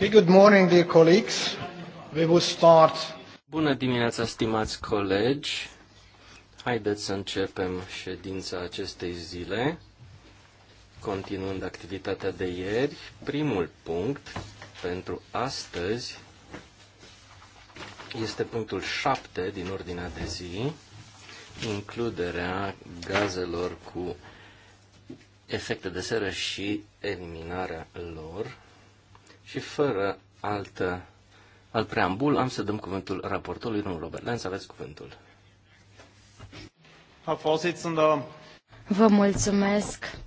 Okay, good morning, dear colleagues. We will start. Bună dimineața, stimați colegi. Haideți să începem ședința acestei zile, continuând activitatea de ieri. Primul punct pentru astăzi este punctul 7 din ordinea de zi, includerea gazelor cu efecte de seră și eliminarea lor și fără altă, alt preambul, am să dăm cuvântul raportorului, domnul Robert Lenz, aveți cuvântul. Vă mulțumesc.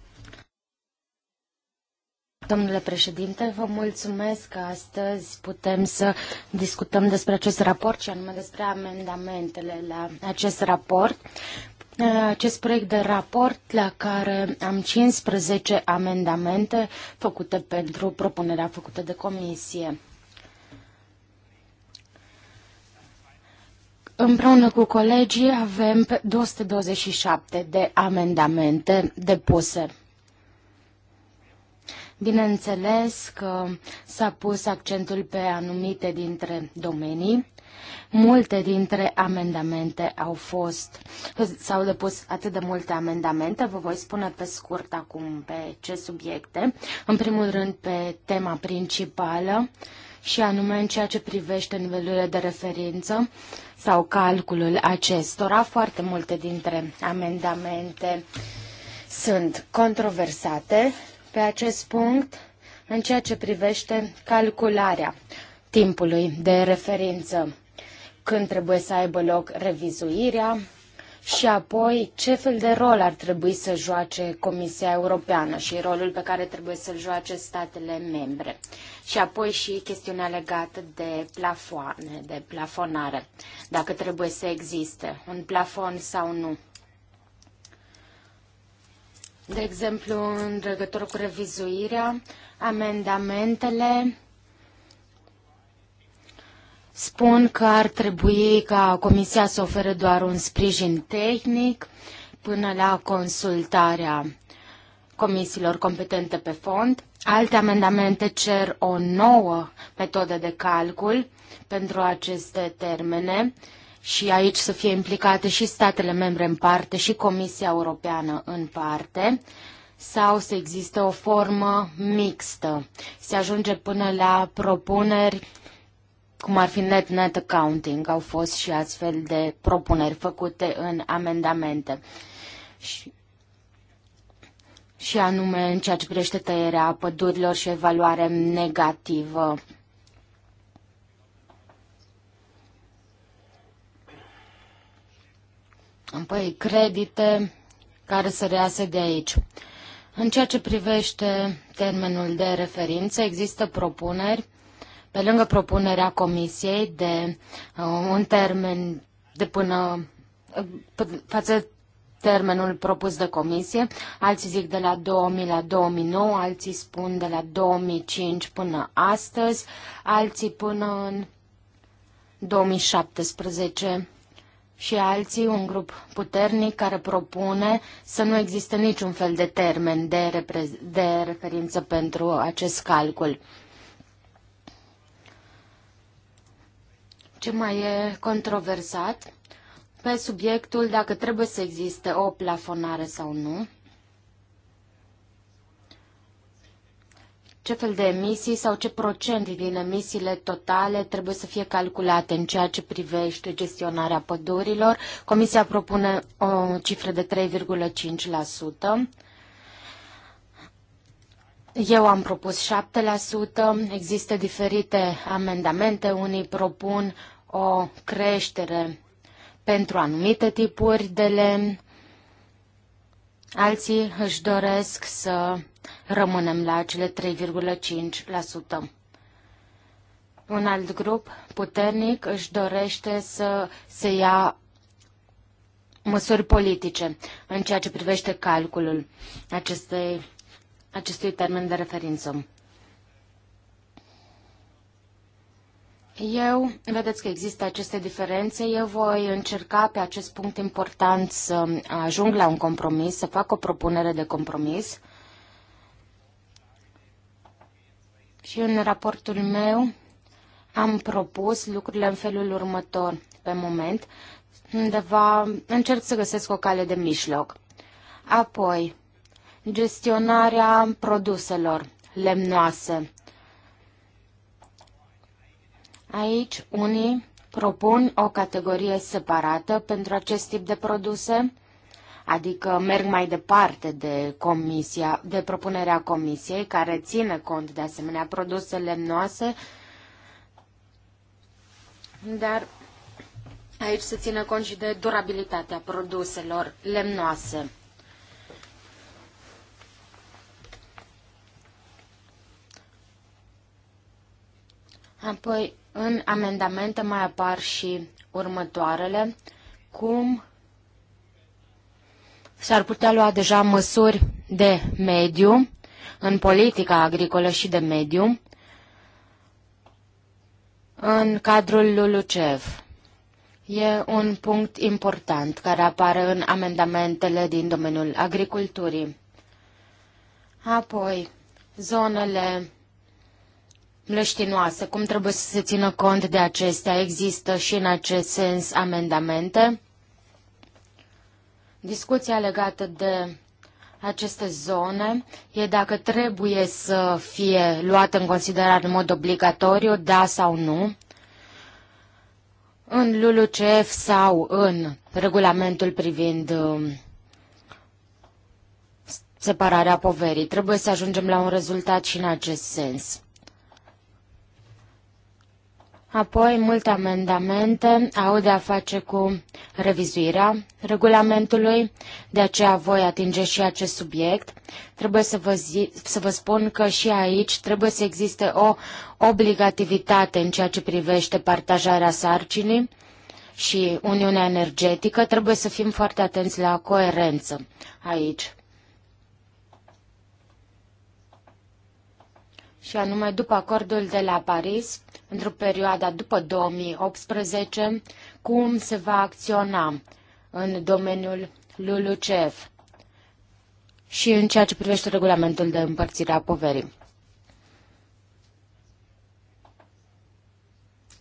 Domnule președinte, vă mulțumesc că astăzi putem să discutăm despre acest raport și anume despre amendamentele la acest raport acest proiect de raport la care am 15 amendamente făcute pentru propunerea făcută de comisie. Împreună cu colegii avem 227 de amendamente depuse. Bineînțeles că s-a pus accentul pe anumite dintre domenii Multe dintre amendamente au fost, s-au depus atât de multe amendamente, vă voi spune pe scurt acum pe ce subiecte. În primul rând pe tema principală și anume în ceea ce privește nivelurile de referință sau calculul acestora. Foarte multe dintre amendamente sunt controversate pe acest punct în ceea ce privește calcularea timpului de referință când trebuie să aibă loc revizuirea și apoi ce fel de rol ar trebui să joace Comisia Europeană și rolul pe care trebuie să-l joace statele membre. Și apoi și chestiunea legată de plafoane, de plafonare, dacă trebuie să existe un plafon sau nu. De exemplu, în legătură cu revizuirea, amendamentele spun că ar trebui ca Comisia să ofere doar un sprijin tehnic până la consultarea comisiilor competente pe fond. Alte amendamente cer o nouă metodă de calcul pentru aceste termene și aici să fie implicate și statele membre în parte și Comisia Europeană în parte sau să existe o formă mixtă. Se ajunge până la propuneri cum ar fi net-net accounting, au fost și astfel de propuneri făcute în amendamente. Și, și anume în ceea ce privește tăierea pădurilor și evaluare negativă. Apoi credite care să reasă de aici. În ceea ce privește termenul de referință, există propuneri pe lângă propunerea Comisiei de uh, un termen de până uh, față termenul propus de comisie, alții zic de la 2000 la 2009, alții spun de la 2005 până astăzi, alții până în 2017 și alții, un grup puternic care propune să nu existe niciun fel de termen de, de referință pentru acest calcul. ce mai e controversat pe subiectul dacă trebuie să existe o plafonare sau nu. ce fel de emisii sau ce procent din emisiile totale trebuie să fie calculate în ceea ce privește gestionarea pădurilor. Comisia propune o cifră de 3,5%. Eu am propus 7%, există diferite amendamente, unii propun o creștere pentru anumite tipuri de lemn, alții își doresc să rămânem la acele 3,5%. Un alt grup puternic își dorește să se ia măsuri politice în ceea ce privește calculul acestei, acestui termen de referință. Eu, vedeți că există aceste diferențe, eu voi încerca pe acest punct important să ajung la un compromis, să fac o propunere de compromis. Și în raportul meu am propus lucrurile în felul următor pe moment. Undeva încerc să găsesc o cale de mijloc. Apoi, gestionarea produselor lemnoase Aici unii propun o categorie separată pentru acest tip de produse, adică merg mai departe de, comisia, de propunerea comisiei care ține cont de asemenea produse lemnoase, dar aici se ține cont și de durabilitatea produselor lemnoase. Apoi, în amendamente mai apar și următoarele, cum s-ar putea lua deja măsuri de mediu în politica agricolă și de mediu în cadrul LULUCEV. E un punct important care apare în amendamentele din domeniul agriculturii. Apoi, zonele leștinoasă. cum trebuie să se țină cont de acestea? Există și în acest sens amendamente? Discuția legată de aceste zone e dacă trebuie să fie luată în considerare în mod obligatoriu, da sau nu, în LULUCF sau în regulamentul privind um, separarea poverii. Trebuie să ajungem la un rezultat și în acest sens. Apoi, multe amendamente au de a face cu revizuirea regulamentului, de aceea voi atinge și acest subiect. Trebuie să vă, zi, să vă spun că și aici trebuie să existe o obligativitate în ceea ce privește partajarea sarcinii și Uniunea Energetică. Trebuie să fim foarte atenți la coerență aici. și anume după acordul de la Paris, pentru perioada după 2018, cum se va acționa în domeniul LULUCF și în ceea ce privește regulamentul de împărțire a poverii.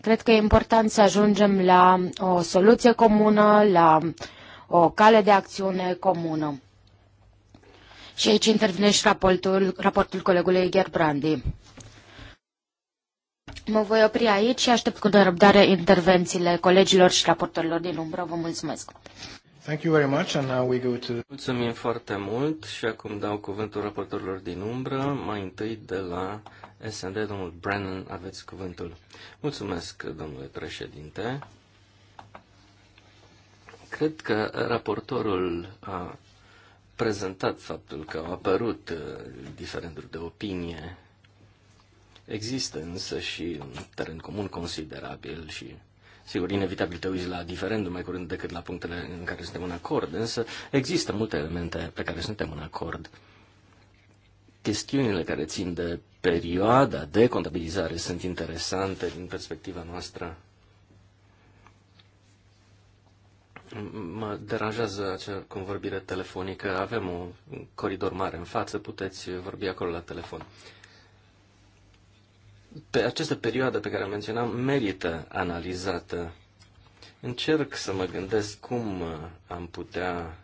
Cred că e important să ajungem la o soluție comună, la o cale de acțiune comună. Și aici intervine și raportul, raportul colegului Gerbrandi. Mă voi opri aici și aștept cu nerăbdare intervențiile colegilor și raportorilor din umbră. Vă mulțumesc! Thank you very much, and now we go to... Mulțumim foarte mult și acum dau cuvântul raportorilor din umbră. Mai întâi de la SND, domnul Brennan, aveți cuvântul. Mulțumesc, domnule președinte. Cred că raportorul a prezentat faptul că au apărut uh, diferenduri de opinie. Există însă și un teren comun considerabil și Sigur, inevitabil te uiți la diferendum mai curând decât la punctele în care suntem în acord, însă există multe elemente pe care suntem în acord. Chestiunile care țin de perioada de contabilizare sunt interesante din perspectiva noastră. Mă deranjează acea convorbire telefonică. Avem un coridor mare în față, puteți vorbi acolo la telefon. Pe această perioadă pe care am menționat merită analizată. Încerc să mă gândesc cum am putea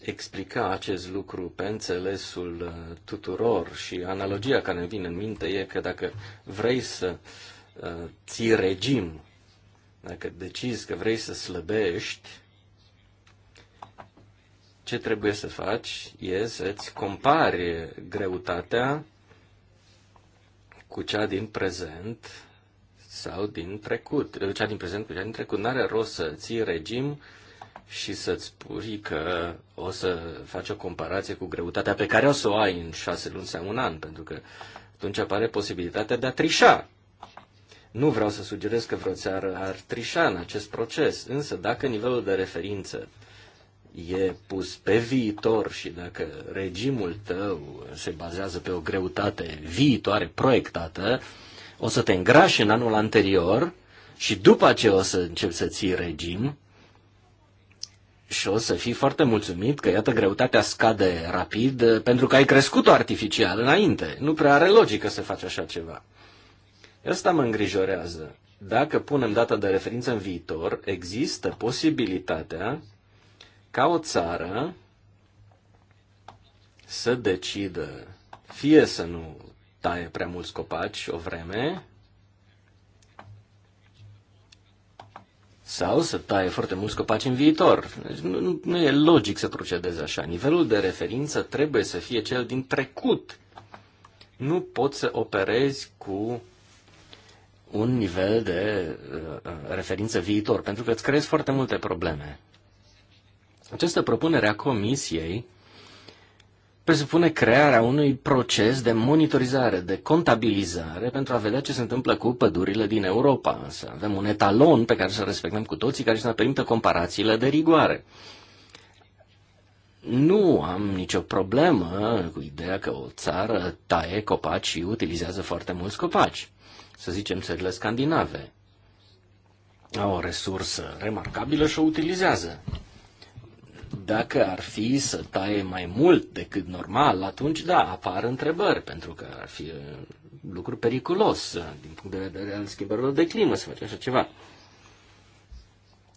explica acest lucru pe înțelesul tuturor și analogia care îmi vine în minte e că dacă vrei să uh, ții regim dacă decizi că vrei să slăbești, ce trebuie să faci e să-ți compari greutatea cu cea din prezent sau din trecut. Eh, cea din prezent cu cea din trecut. N-are rost să ții regim și să-ți spui că o să faci o comparație cu greutatea pe care o să o ai în șase luni sau un an, pentru că atunci apare posibilitatea de a trișa. Nu vreau să sugerez că vreo țară ar trișa în acest proces, însă dacă nivelul de referință e pus pe viitor și dacă regimul tău se bazează pe o greutate viitoare proiectată, o să te îngrași în anul anterior și după ce o să începi să ții regim și o să fii foarte mulțumit că, iată, greutatea scade rapid pentru că ai crescut-o artificial înainte. Nu prea are logică să faci așa ceva. Asta mă îngrijorează. Dacă punem data de referință în viitor, există posibilitatea ca o țară să decidă fie să nu taie prea mulți copaci o vreme, sau să taie foarte mulți copaci în viitor. Deci nu, nu, nu e logic să procedeze așa. Nivelul de referință trebuie să fie cel din trecut. Nu poți să operezi cu un nivel de uh, uh, referință viitor, pentru că îți creezi foarte multe probleme. Această propunere a Comisiei presupune crearea unui proces de monitorizare, de contabilizare pentru a vedea ce se întâmplă cu pădurile din Europa. Însă avem un etalon pe care să respectăm cu toții, care să ne permită comparațiile de rigoare. Nu am nicio problemă cu ideea că o țară taie copaci și utilizează foarte mulți copaci să zicem, țările scandinave. Au o resursă remarcabilă și o utilizează. Dacă ar fi să taie mai mult decât normal, atunci da, apar întrebări, pentru că ar fi uh, lucru periculos uh, din punct de vedere al schimbărilor de climă să face așa ceva.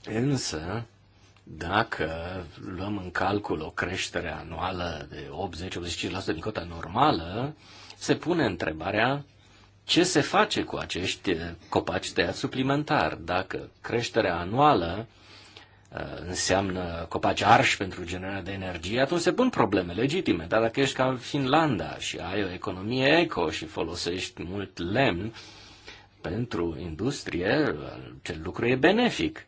Însă, dacă luăm în calcul o creștere anuală de 80-85% din cota normală, se pune întrebarea ce se face cu acești eh, copaci tăiați suplimentar? Dacă creșterea anuală eh, înseamnă copaci arși pentru generarea de energie, atunci se pun probleme legitime. Dar dacă ești ca Finlanda și ai o economie eco și folosești mult lemn pentru industrie, acel lucru e benefic.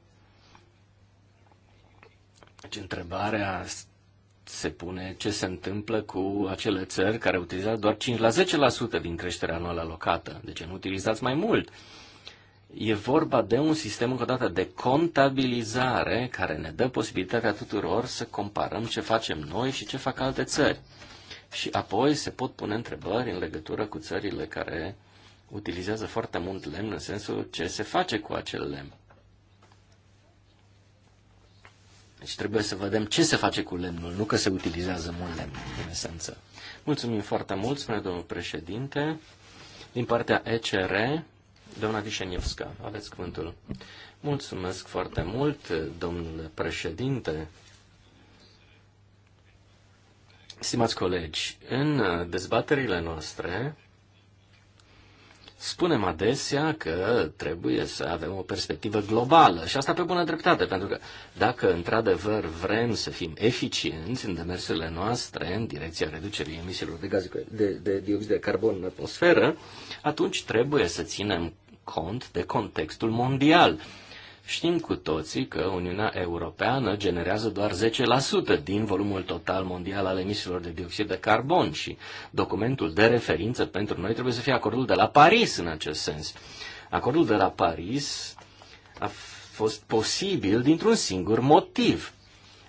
Deci întrebarea se pune ce se întâmplă cu acele țări care utilizează doar 5 la 10% din creșterea anuală alocată. Deci nu utilizați mai mult. E vorba de un sistem, încă o dată, de contabilizare care ne dă posibilitatea tuturor să comparăm ce facem noi și ce fac alte țări. Și apoi se pot pune întrebări în legătură cu țările care utilizează foarte mult lemn, în sensul ce se face cu acel lemn. Deci trebuie să vedem ce se face cu lemnul, nu că se utilizează mult lemn, în esență. Mulțumim foarte mult, spune domnul președinte. Din partea ECR, doamna Vișenievska, aveți cuvântul. Mulțumesc foarte mult, domnule președinte. Stimați colegi, în dezbaterile noastre Spunem adesea că trebuie să avem o perspectivă globală și asta pe bună dreptate, pentru că dacă într-adevăr vrem să fim eficienți în demersurile noastre în direcția reducerii emisiilor de gaze de, de dioxid de carbon în atmosferă, atunci trebuie să ținem cont de contextul mondial Știm cu toții că Uniunea Europeană generează doar 10% din volumul total mondial al emisiilor de dioxid de carbon și documentul de referință pentru noi trebuie să fie acordul de la Paris în acest sens. Acordul de la Paris a fost posibil dintr-un singur motiv.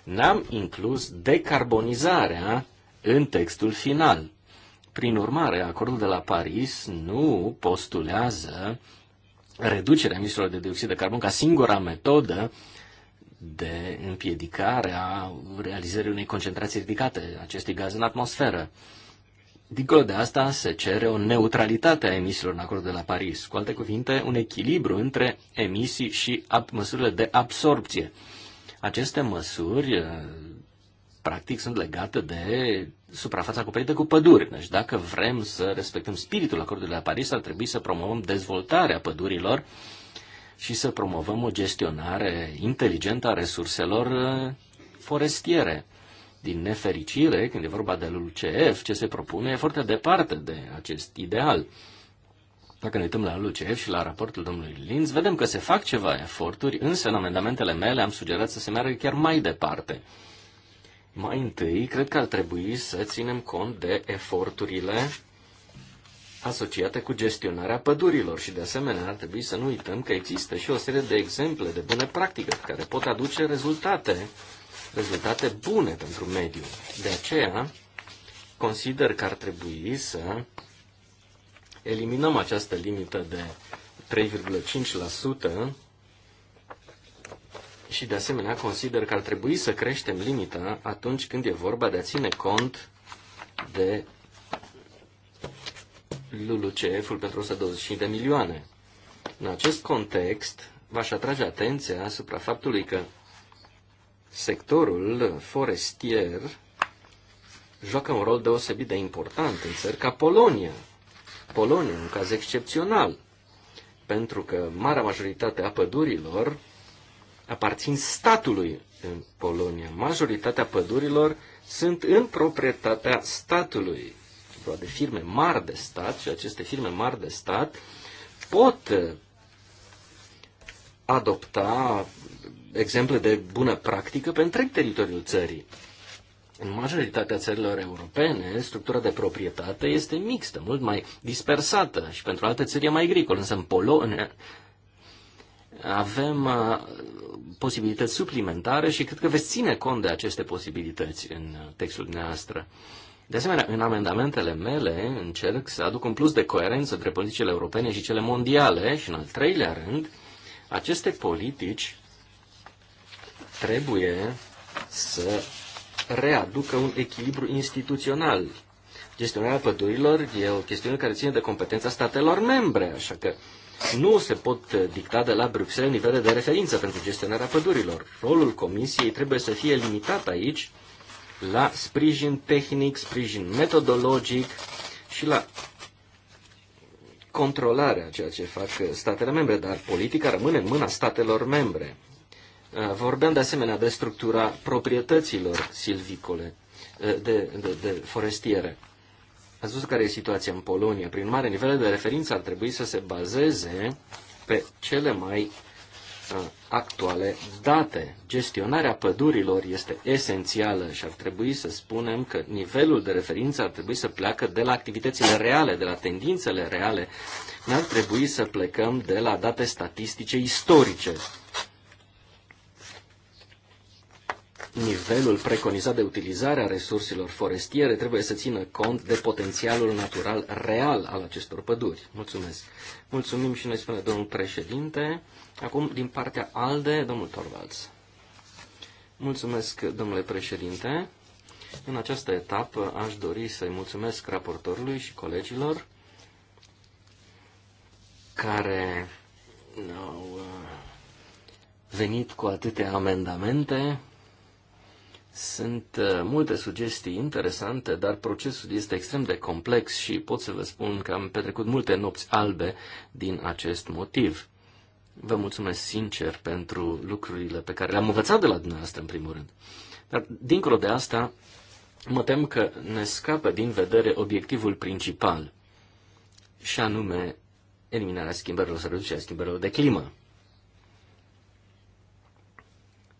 N-am inclus decarbonizarea în textul final. Prin urmare, acordul de la Paris nu postulează reducerea emisiilor de dioxid de carbon ca singura metodă de împiedicare a realizării unei concentrații ridicate acestui gaz în atmosferă. Dincolo de asta, se cere o neutralitate a emisiilor în acordul de la Paris, cu alte cuvinte, un echilibru între emisii și măsurile de absorpție. Aceste măsuri, practic, sunt legate de suprafața acoperită cu păduri. Deci dacă vrem să respectăm spiritul acordului de la Paris, ar trebui să promovăm dezvoltarea pădurilor și să promovăm o gestionare inteligentă a resurselor uh, forestiere. Din nefericire, când e vorba de LULCF, ce se propune e foarte departe de acest ideal. Dacă ne uităm la LUCF și la raportul domnului Linz, vedem că se fac ceva eforturi, însă în amendamentele mele am sugerat să se meargă chiar mai departe. Mai întâi, cred că ar trebui să ținem cont de eforturile asociate cu gestionarea pădurilor și, de asemenea, ar trebui să nu uităm că există și o serie de exemple de bune practică care pot aduce rezultate, rezultate bune pentru mediu. De aceea, consider că ar trebui să eliminăm această limită de 3,5% și de asemenea consider că ar trebui să creștem limita atunci când e vorba de a ține cont de LULUCF-ul pentru 125 de milioane. În acest context, v-aș atrage atenția asupra faptului că sectorul forestier joacă un rol deosebit de important în țări ca Polonia. Polonia, un caz excepțional, pentru că marea majoritate a pădurilor aparțin statului în Polonia. Majoritatea pădurilor sunt în proprietatea statului, de firme mari de stat și aceste firme mari de stat pot uh, adopta exemple de bună practică pe întreg teritoriul țării. În majoritatea țărilor europene, structura de proprietate este mixtă, mult mai dispersată și pentru alte țări e mai agricol, însă în Polonia avem uh, posibilități suplimentare și cred că veți ține cont de aceste posibilități în uh, textul dumneavoastră. De asemenea, în amendamentele mele încerc să aduc un plus de coerență între politicile europene și cele mondiale și, în al treilea rând, aceste politici trebuie să readucă un echilibru instituțional. Gestionarea pădurilor e o chestiune care ține de competența statelor membre, așa că nu se pot eh, dicta de la Bruxelles nivele de referință pentru gestionarea pădurilor. Rolul Comisiei trebuie să fie limitat aici la sprijin tehnic, sprijin metodologic și la controlarea ceea ce fac statele membre, dar politica rămâne în mâna statelor membre. Eh, vorbeam de asemenea de structura proprietăților silvicole, eh, de, de, de forestiere. Ați văzut care e situația în Polonia. Prin mare nivel de referință ar trebui să se bazeze pe cele mai uh, actuale date. Gestionarea pădurilor este esențială și ar trebui să spunem că nivelul de referință ar trebui să pleacă de la activitățile reale, de la tendințele reale. N-ar trebui să plecăm de la date statistice istorice. nivelul preconizat de utilizare a resurselor forestiere trebuie să țină cont de potențialul natural real al acestor păduri. Mulțumesc. Mulțumim și noi spune domnul președinte. Acum, din partea ALDE, domnul Torvalds. Mulțumesc, domnule președinte. În această etapă aș dori să-i mulțumesc raportorului și colegilor care au uh, venit cu atâtea amendamente sunt uh, multe sugestii interesante, dar procesul este extrem de complex și pot să vă spun că am petrecut multe nopți albe din acest motiv. Vă mulțumesc sincer pentru lucrurile pe care le-am învățat de la dumneavoastră, în primul rând. Dar, dincolo de asta, mă tem că ne scapă din vedere obiectivul principal, și anume eliminarea schimbărilor, să reducerea schimbărilor de climă.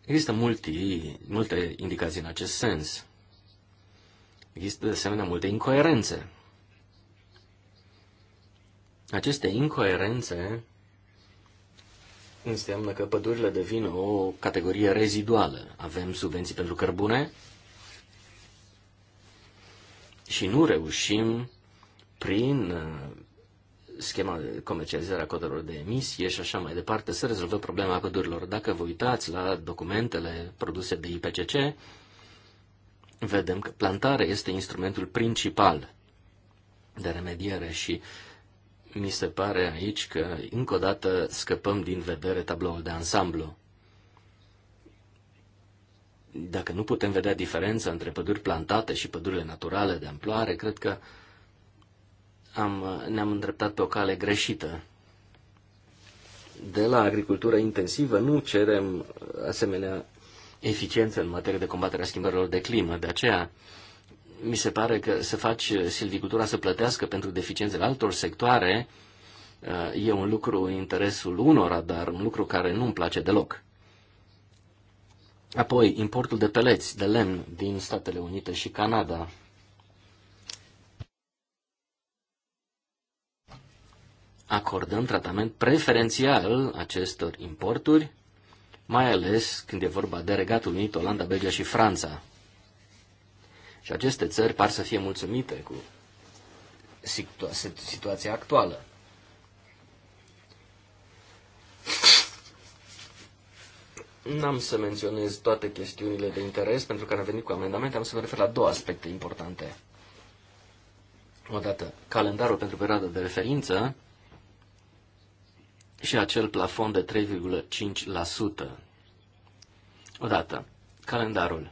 Există multe, multe indicații în acest sens. Există de asemenea multe incoerențe. Aceste incoerențe înseamnă că pădurile devin o categorie reziduală. Avem subvenții pentru cărbune și nu reușim prin uh, schema de comercializare a cotelor de emisie și așa mai departe, să rezolvă problema pădurilor Dacă vă uitați la documentele produse de IPCC, vedem că plantarea este instrumentul principal de remediere și mi se pare aici că încă o dată scăpăm din vedere tabloul de ansamblu. Dacă nu putem vedea diferența între păduri plantate și pădurile naturale de amploare, cred că uh, am, ne-am îndreptat pe o cale greșită. De la agricultură intensivă nu cerem uh, asemenea eficiență în materie de combatere a schimbărilor de climă. De aceea, mi se pare că să faci silvicultura să plătească pentru deficiențele altor sectoare uh, e un lucru în interesul unora, dar un lucru care nu-mi place deloc. Apoi, importul de peleți, de lemn din Statele Unite și Canada. acordăm tratament preferențial acestor importuri, mai ales când e vorba de Regatul Unit, Olanda, Belgia și Franța. Și aceste țări par să fie mulțumite cu situa- situația actuală. N-am să menționez toate chestiunile de interes pentru că am venit cu amendamente, am să mă refer la două aspecte importante. Odată, calendarul pentru perioada de referință, și acel plafon de 3,5%. Odată, calendarul.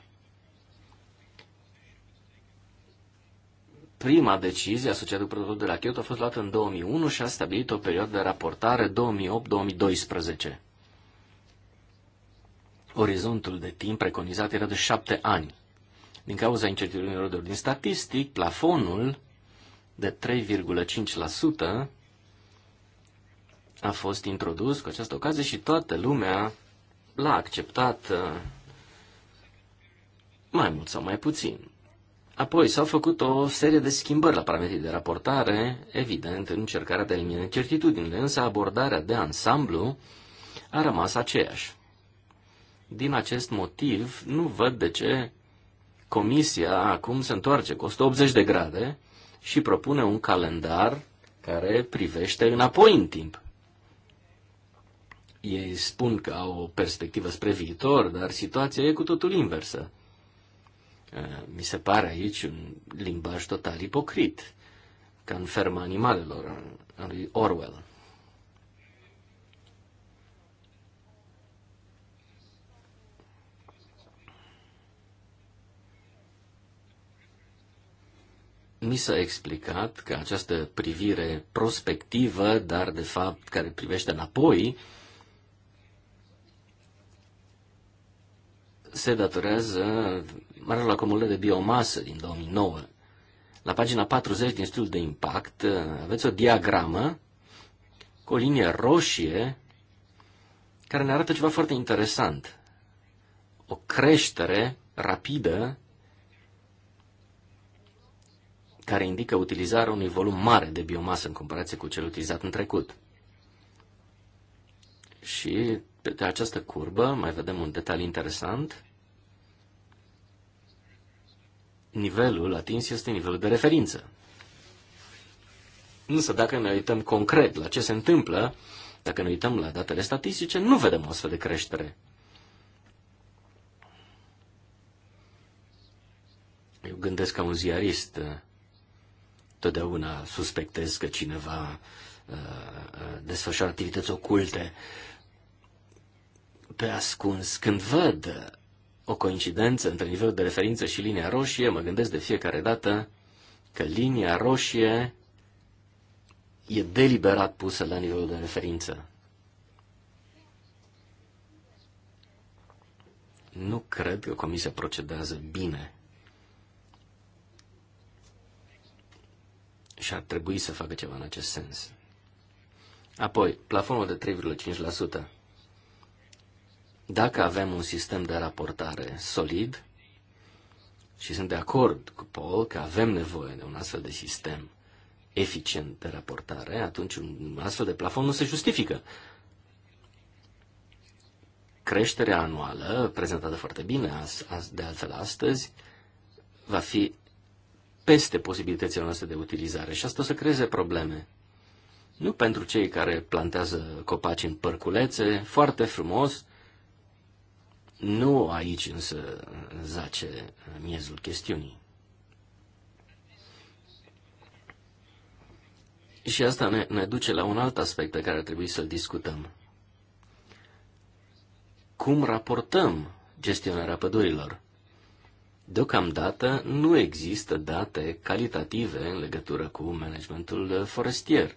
Prima decizie asociată cu protocolul de la Kyoto a fost luată în 2001 și a stabilit o perioadă de raportare 2008-2012. Orizontul de timp preconizat era de șapte ani. Din cauza incertitudinilor de ordin statistic, plafonul de 3,5% a fost introdus cu această ocazie și toată lumea l-a acceptat uh, mai mult sau mai puțin. Apoi s-au făcut o serie de schimbări la parametrii de raportare, evident în încercarea de a elimina incertitudinile, însă abordarea de ansamblu a rămas aceeași. Din acest motiv, nu văd de ce Comisia acum se întoarce cu 180 de grade și propune un calendar care privește înapoi în timp. Ei spun că au o perspectivă spre viitor, dar situația e cu totul inversă. Mi se pare aici un limbaj total ipocrit, ca în ferma animalelor a lui Orwell. mi s-a explicat că această privire prospectivă, dar de fapt care privește înapoi, se datorează la acumulări de biomasă din 2009. La pagina 40 din studiul de impact uh, aveți o diagramă cu o linie roșie care ne arată ceva foarte interesant. O creștere rapidă care indică utilizarea unui volum mare de biomasă în comparație cu cel utilizat în trecut. Și pe această curbă mai vedem un detaliu interesant. nivelul atins este nivelul de referință. Însă dacă ne uităm concret la ce se întâmplă, dacă ne uităm la datele statistice, nu vedem o astfel de creștere. Eu gândesc ca un ziarist, uh, totdeauna suspectez că cineva uh, uh, desfășoară activități oculte pe ascuns. Când văd o coincidență între nivelul de referință și linia roșie, mă gândesc de fiecare dată că linia roșie e deliberat pusă la nivelul de referință. Nu cred că comisia procedează bine. Și ar trebui să facă ceva în acest sens. Apoi, plafonul de 3,5%. Dacă avem un sistem de raportare solid, și sunt de acord cu Paul că avem nevoie de un astfel de sistem eficient de raportare, atunci un astfel de plafon nu se justifică. Creșterea anuală, prezentată foarte bine de altfel astăzi, va fi peste posibilitățile noastre de utilizare și asta o să creeze probleme. Nu pentru cei care plantează copaci în părculețe, foarte frumos, nu aici însă zace miezul chestiunii. Și asta ne, ne duce la un alt aspect pe care ar trebui să-l discutăm. Cum raportăm gestionarea pădurilor? Deocamdată nu există date calitative în legătură cu managementul forestier.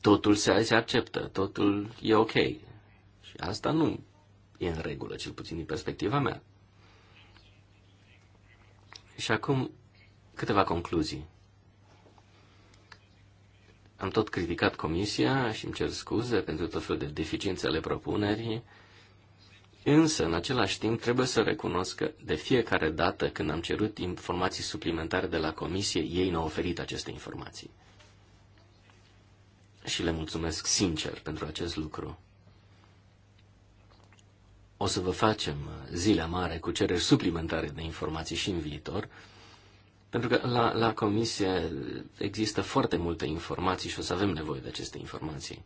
Totul se, se acceptă, totul e ok. Asta nu e în regulă, cel puțin din perspectiva mea. Și acum câteva concluzii. Am tot criticat comisia și îmi cer scuze pentru tot felul de deficiențe ale propunerii, însă, în același timp, trebuie să recunosc că de fiecare dată când am cerut informații suplimentare de la comisie, ei ne-au oferit aceste informații. Și le mulțumesc sincer pentru acest lucru o să vă facem zile mare cu cereri suplimentare de informații și în viitor, pentru că la, la comisie există foarte multe informații și o să avem nevoie de aceste informații.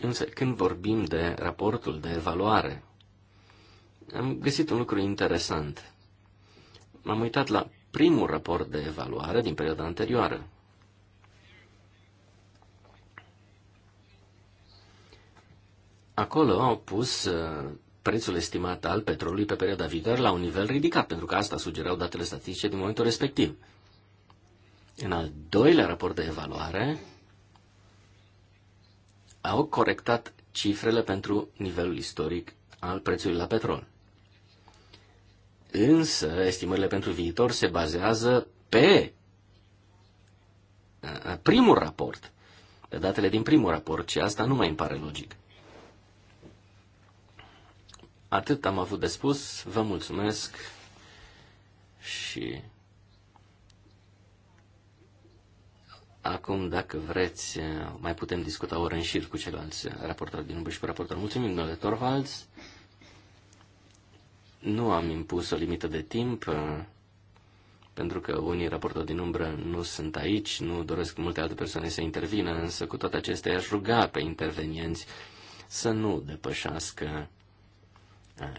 Însă, când vorbim de raportul de evaluare, am găsit un lucru interesant. M-am uitat la primul raport de evaluare din perioada anterioară. Acolo au pus uh, prețul estimat al petrolului pe perioada viitoare la un nivel ridicat, pentru că asta sugerau datele statistice din momentul respectiv. În al doilea raport de evaluare, au corectat cifrele pentru nivelul istoric al prețului la petrol. Însă, estimările pentru viitor se bazează pe uh, primul raport, pe datele din primul raport, și asta nu mai îmi pare logic. Atât am avut de spus, vă mulțumesc și acum, dacă vreți, mai putem discuta ore în șir cu ceilalți raportori din umbră și cu raportori. Mulțumim, domnule Torvalds. Nu am impus o limită de timp, uh, pentru că unii raportori din umbră nu sunt aici, nu doresc multe alte persoane să intervină, însă cu toate acestea aș ruga pe intervenienți să nu depășească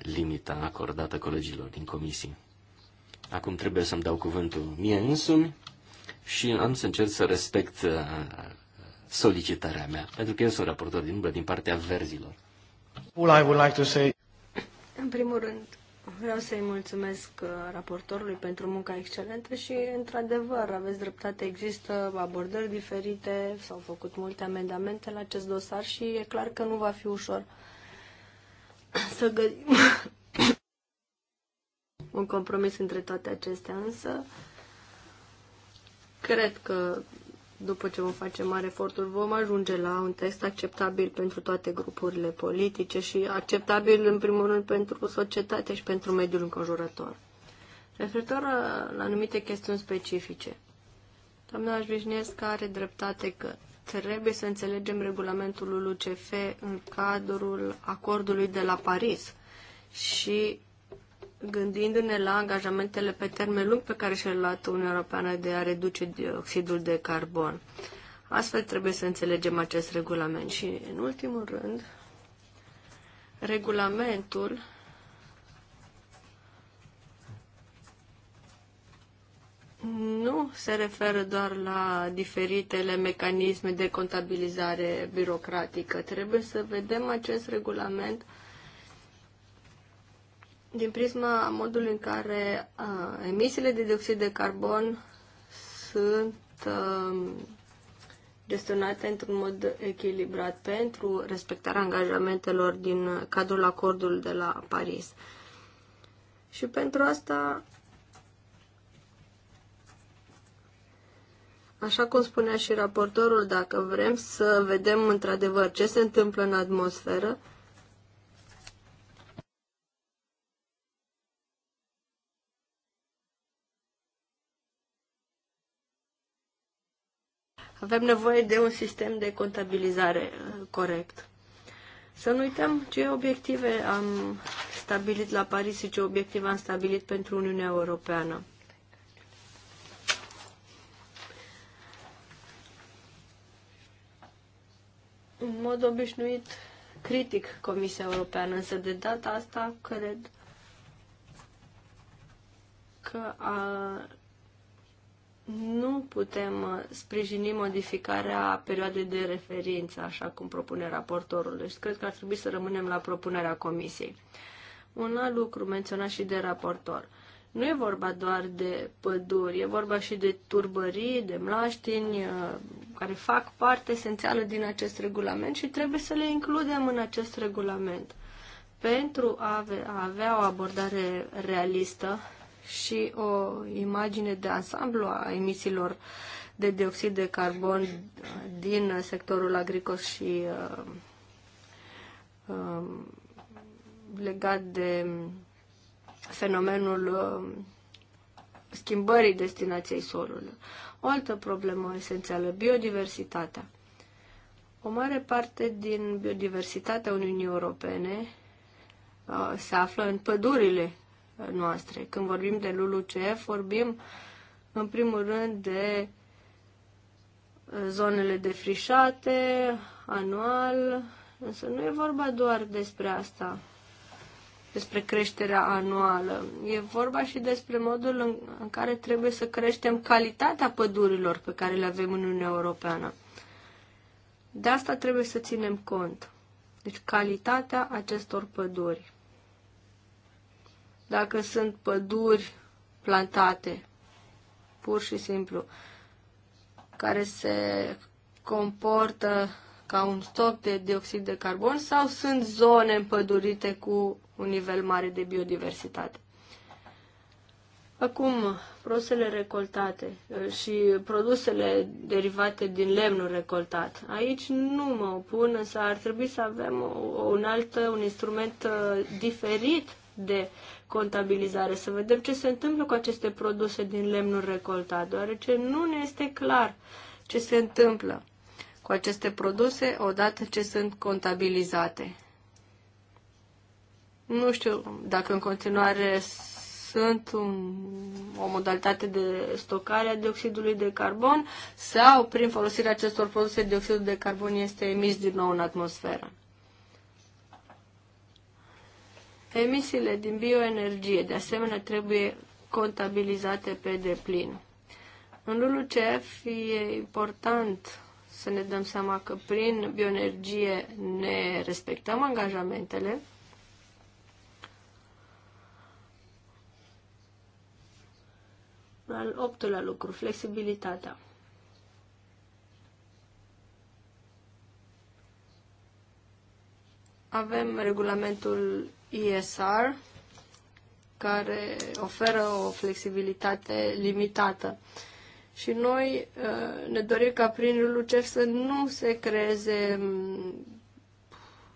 limita acordată colegilor din comisii. Acum trebuie să-mi dau cuvântul mie însumi și am să încerc să respect uh, solicitarea mea, pentru că eu sunt raportor din umbră din partea verzilor. Well, I would like to say... În primul rând, vreau să-i mulțumesc uh, raportorului pentru munca excelentă și, într-adevăr, aveți dreptate, există abordări diferite, s-au făcut multe amendamente la acest dosar și e clar că nu va fi ușor să găsim un compromis între toate acestea, însă cred că după ce vom face mare eforturi, vom ajunge la un text acceptabil pentru toate grupurile politice și acceptabil, în primul rând, pentru societate și pentru mediul înconjurător. Referitor la anumite chestiuni specifice, doamna Jvișnescu are dreptate că trebuie să înțelegem regulamentul UCF în cadrul acordului de la Paris și gândindu-ne la angajamentele pe termen lung pe care și-a luat Uniunea Europeană de a reduce dioxidul de carbon. Astfel trebuie să înțelegem acest regulament. Și, în ultimul rând, regulamentul nu se referă doar la diferitele mecanisme de contabilizare birocratică. Trebuie să vedem acest regulament din prisma modului în care a, emisiile de dioxid de carbon sunt a, gestionate într-un mod echilibrat pentru respectarea angajamentelor din cadrul acordului de la Paris. Și pentru asta Așa cum spunea și raportorul, dacă vrem să vedem într-adevăr ce se întâmplă în atmosferă, avem nevoie de un sistem de contabilizare uh, corect. Să nu uităm ce obiective am stabilit la Paris și ce obiective am stabilit pentru Uniunea Europeană. în mod obișnuit critic Comisia Europeană, însă de data asta cred că a, nu putem uh, sprijini modificarea perioadei de referință, așa cum propune raportorul. Deci cred că ar trebui să rămânem la propunerea Comisiei. Un alt lucru menționat și de raportor – nu e vorba doar de păduri, e vorba și de turbării, de mlaștini, uh, care fac parte esențială din acest regulament și trebuie să le includem în acest regulament pentru a avea o abordare realistă și o imagine de ansamblu a emisiilor de dioxid de carbon din sectorul agricol și uh, uh, legat de fenomenul uh, schimbării destinației solului. O altă problemă esențială, biodiversitatea. O mare parte din biodiversitatea Uniunii Europene uh, se află în pădurile uh, noastre. Când vorbim de LULUCF, vorbim în primul rând de zonele defrișate anual, însă nu e vorba doar despre asta despre creșterea anuală. E vorba și despre modul în, în care trebuie să creștem calitatea pădurilor pe care le avem în Uniunea Europeană. De asta trebuie să ținem cont. Deci calitatea acestor păduri. Dacă sunt păduri plantate, pur și simplu, care se comportă ca un stoc de dioxid de carbon sau sunt zone împădurite cu un nivel mare de biodiversitate. Acum, produsele recoltate uh, și produsele derivate din lemnul recoltat. Aici nu mă opun, însă ar trebui să avem un alt, uh, un instrument uh, diferit de contabilizare, să vedem ce se întâmplă cu aceste produse din lemnul recoltat, deoarece nu ne este clar ce se întâmplă cu aceste produse odată ce sunt contabilizate. Nu știu dacă în continuare sunt un, o modalitate de stocare a dioxidului de carbon sau prin folosirea acestor produse dioxidul de carbon este emis din nou în atmosferă. Emisiile din bioenergie, de asemenea, trebuie contabilizate pe deplin. În CF e important să ne dăm seama că prin bioenergie ne respectăm angajamentele, al optulea lucru, flexibilitatea. Avem regulamentul ISR, care oferă o flexibilitate limitată. Și noi uh, ne dorim ca prin LUCEF să nu se creeze mm,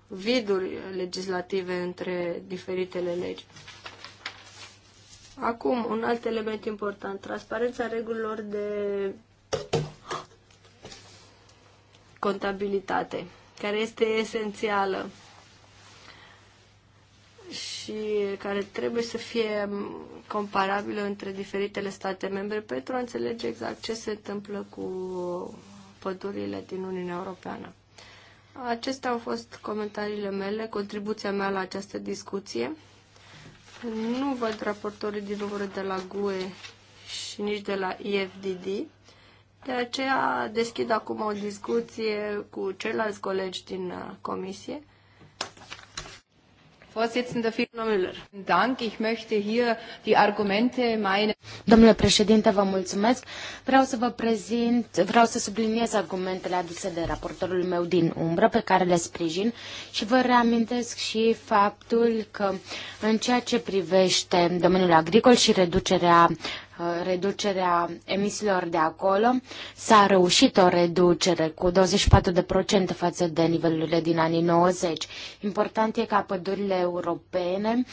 viduri legislative între diferitele legi. Acum, un alt element important, transparența regulilor de contabilitate, care este esențială și care trebuie să fie comparabilă între diferitele state membre pentru a înțelege exact ce se întâmplă cu pădurile din Uniunea Europeană. Acestea au fost comentariile mele, contribuția mea la această discuție. Nu văd raportorii din umbră de la GUE și nici de la IFDD. De aceea deschid acum o discuție cu ceilalți colegi din uh, comisie Vorsitzender, Müller. Dank. Ich möchte hier die Argumente meine. Domnule președinte, vă mulțumesc. Vreau să vă prezint, vreau să subliniez argumentele aduse de raportorul meu din umbră, pe care le sprijin și vă reamintesc și faptul că în ceea ce privește domeniul agricol și reducerea Uh, reducerea emisiilor de acolo. S-a reușit o reducere cu 24% față de nivelurile din anii 90. Important e ca pădurile europene,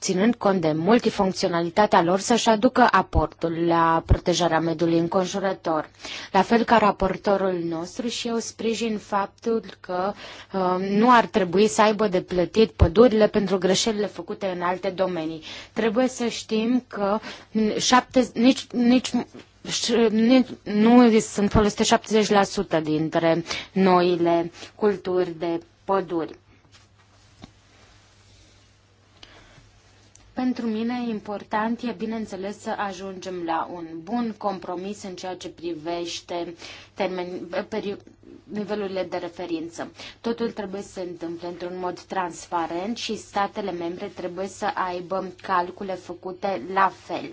ținând cont de multifuncționalitatea lor, să-și aducă aportul la protejarea mediului înconjurător. La fel ca raportorul nostru și eu sprijin faptul că uh, nu ar trebui să aibă de plătit pădurile pentru greșelile făcute în alte domenii. Trebuie să știm că 70 nici, nici nu sunt folosite 70% dintre noile culturi de păduri. Pentru mine important e, bineînțeles, să ajungem la un bun compromis în ceea ce privește termen, nivelurile de referință. Totul trebuie să se întâmple într-un mod transparent și statele membre trebuie să aibă calcule făcute la fel.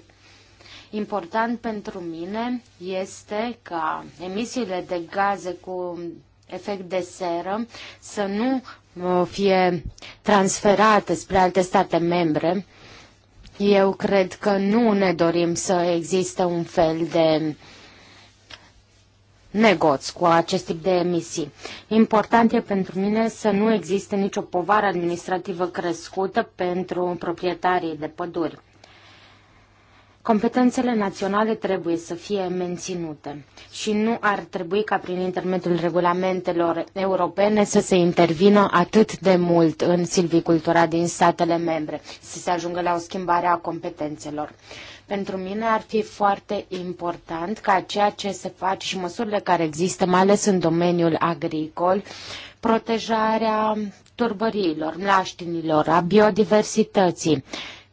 Important pentru mine este ca emisiile de gaze cu efect de seră să nu uh, fie transferate spre alte state membre. Eu cred că nu ne dorim să existe un fel de negoți cu acest tip de emisii. Important e pentru mine să nu existe nicio povară administrativă crescută pentru proprietarii de păduri. Competențele naționale trebuie să fie menținute și nu ar trebui ca prin intermediul regulamentelor europene să se intervină atât de mult în silvicultura din statele membre, să se ajungă la o schimbare a competențelor. Pentru mine ar fi foarte important ca ceea ce se face și măsurile care există, mai ales în domeniul agricol, protejarea turbărilor, mlaștinilor, a biodiversității,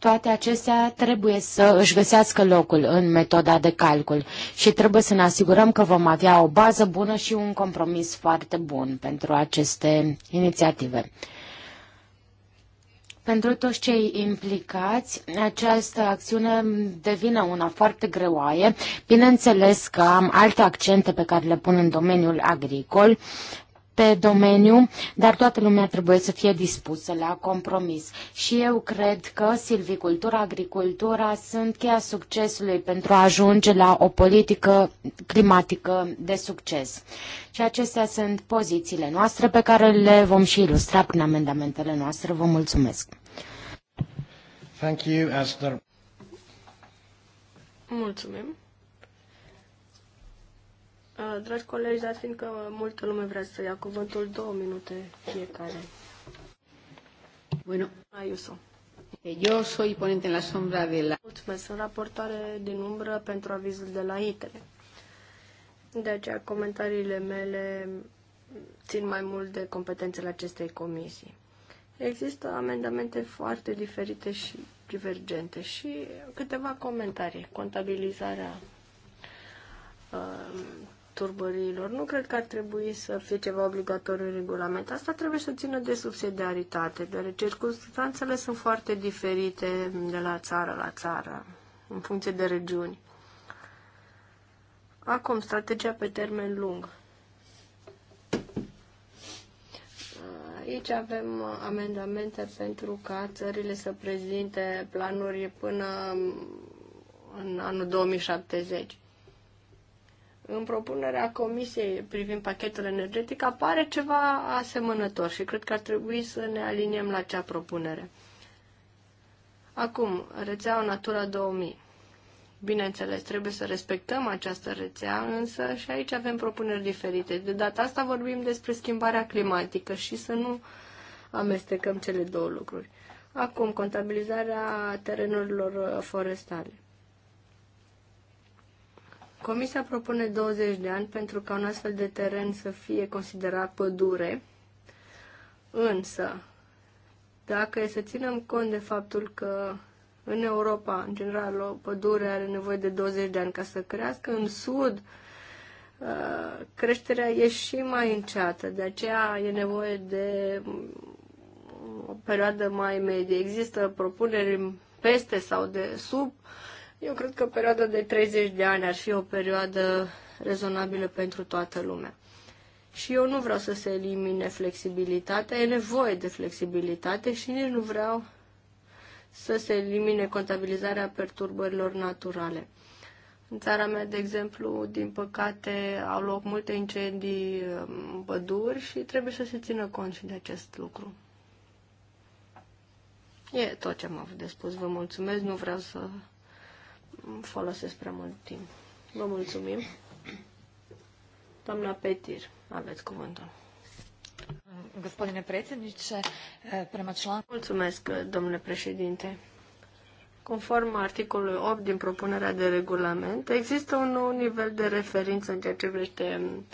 toate acestea trebuie să își găsească locul în metoda de calcul și trebuie să ne asigurăm că vom avea o bază bună și un compromis foarte bun pentru aceste inițiative. Pentru toți cei implicați, această acțiune devine una foarte greoaie. Bineînțeles că am alte accente pe care le pun în domeniul agricol, pe domeniu, dar toată lumea trebuie să fie dispusă la compromis. Și eu cred că silvicultura, agricultura sunt cheia succesului pentru a ajunge la o politică climatică de succes. Și acestea sunt pozițiile noastre pe care le vom și ilustra prin amendamentele noastre. Vă mulțumesc! Thank you, Esther. Mulțumim! Uh, dragi colegi, dar fiindcă multă lume vrea să ia cuvântul, două minute fiecare. Bueno. Ayuso. Ah, eu eh, soy ponente în la sombra de la... Mulțumesc, sunt raportare din umbră pentru avizul de la ITRE. De aceea, comentariile mele țin mai mult de competențele acestei comisii. Există amendamente foarte diferite și divergente și câteva comentarii. Contabilizarea uh, turbărilor. Nu cred că ar trebui să fie ceva obligatoriu în regulament. Asta trebuie să țină de subsidiaritate, deoarece circunstanțele sunt foarte diferite de la țară la țară, în funcție de regiuni. Acum, strategia pe termen lung. Aici avem amendamente pentru ca țările să prezinte planuri până în anul 2070. În propunerea comisiei privind pachetul energetic apare ceva asemănător și cred că ar trebui să ne aliniem la acea propunere. Acum, rețeaua Natura 2000. Bineînțeles, trebuie să respectăm această rețea, însă și aici avem propuneri diferite. De data asta vorbim despre schimbarea climatică și să nu amestecăm cele două lucruri. Acum, contabilizarea terenurilor forestale. Comisia propune 20 de ani pentru ca un astfel de teren să fie considerat pădure, însă dacă e să ținem cont de faptul că în Europa, în general, o pădure are nevoie de 20 de ani ca să crească, în Sud uh, creșterea e și mai înceată, de aceea e nevoie de o perioadă mai medie. Există propuneri peste sau de sub uh, eu cred că perioada de 30 de ani ar fi o perioadă rezonabilă pentru toată lumea. Și eu nu vreau să se elimine flexibilitatea, e nevoie de flexibilitate și nici nu vreau să se elimine contabilizarea perturbărilor naturale. În țara mea, de exemplu, din păcate, au loc multe incendii um, în păduri și trebuie să se țină cont și de acest lucru. E tot ce am avut de spus. Vă mulțumesc, nu vreau să folosesc prea mult timp. Vă mulțumim. Doamna Petir, aveți cuvântul. Gospodine predsjedniče, eh, prema članku... Mulțumesc, domnule președinte. Conform articolului 8 din propunerea de regulament, există un nou nivel de referință în ceea ce privește mm,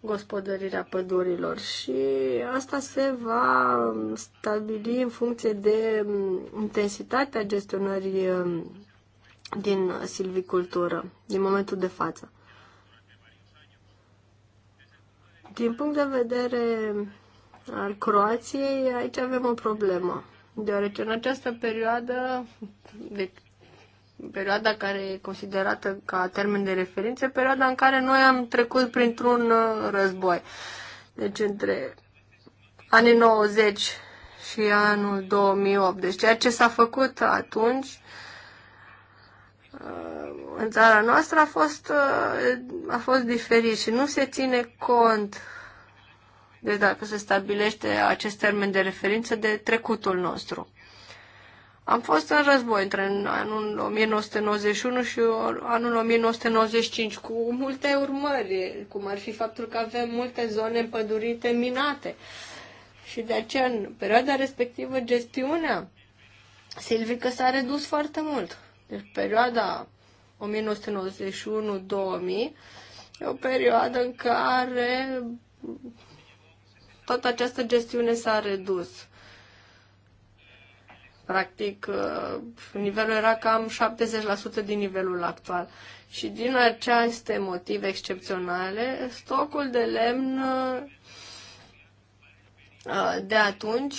gospodărirea pădurilor și asta se va mm, stabili în funcție de mm, intensitatea gestionării din silvicultură, din momentul de față. Din punct de vedere al Croației, aici avem o problemă, deoarece în această perioadă, de perioada care e considerată ca termen de referință, perioada în care noi am trecut printr-un uh, război. Deci între anii 90 și anul 2008. Deci ceea ce s-a făcut atunci în țara noastră a fost, a fost diferit și nu se ține cont de dacă se stabilește acest termen de referință de trecutul nostru. Am fost în război între anul 1991 și anul 1995, cu multe urmări, cum ar fi faptul că avem multe zone împădurite, minate. Și de aceea, în perioada respectivă, gestiunea silvică s-a redus foarte mult. Deci perioada 1991-2000 e o perioadă în care toată această gestiune s-a redus. Practic, uh, nivelul era cam 70% din nivelul actual. Și din aceste motive excepționale, stocul de lemn uh, de atunci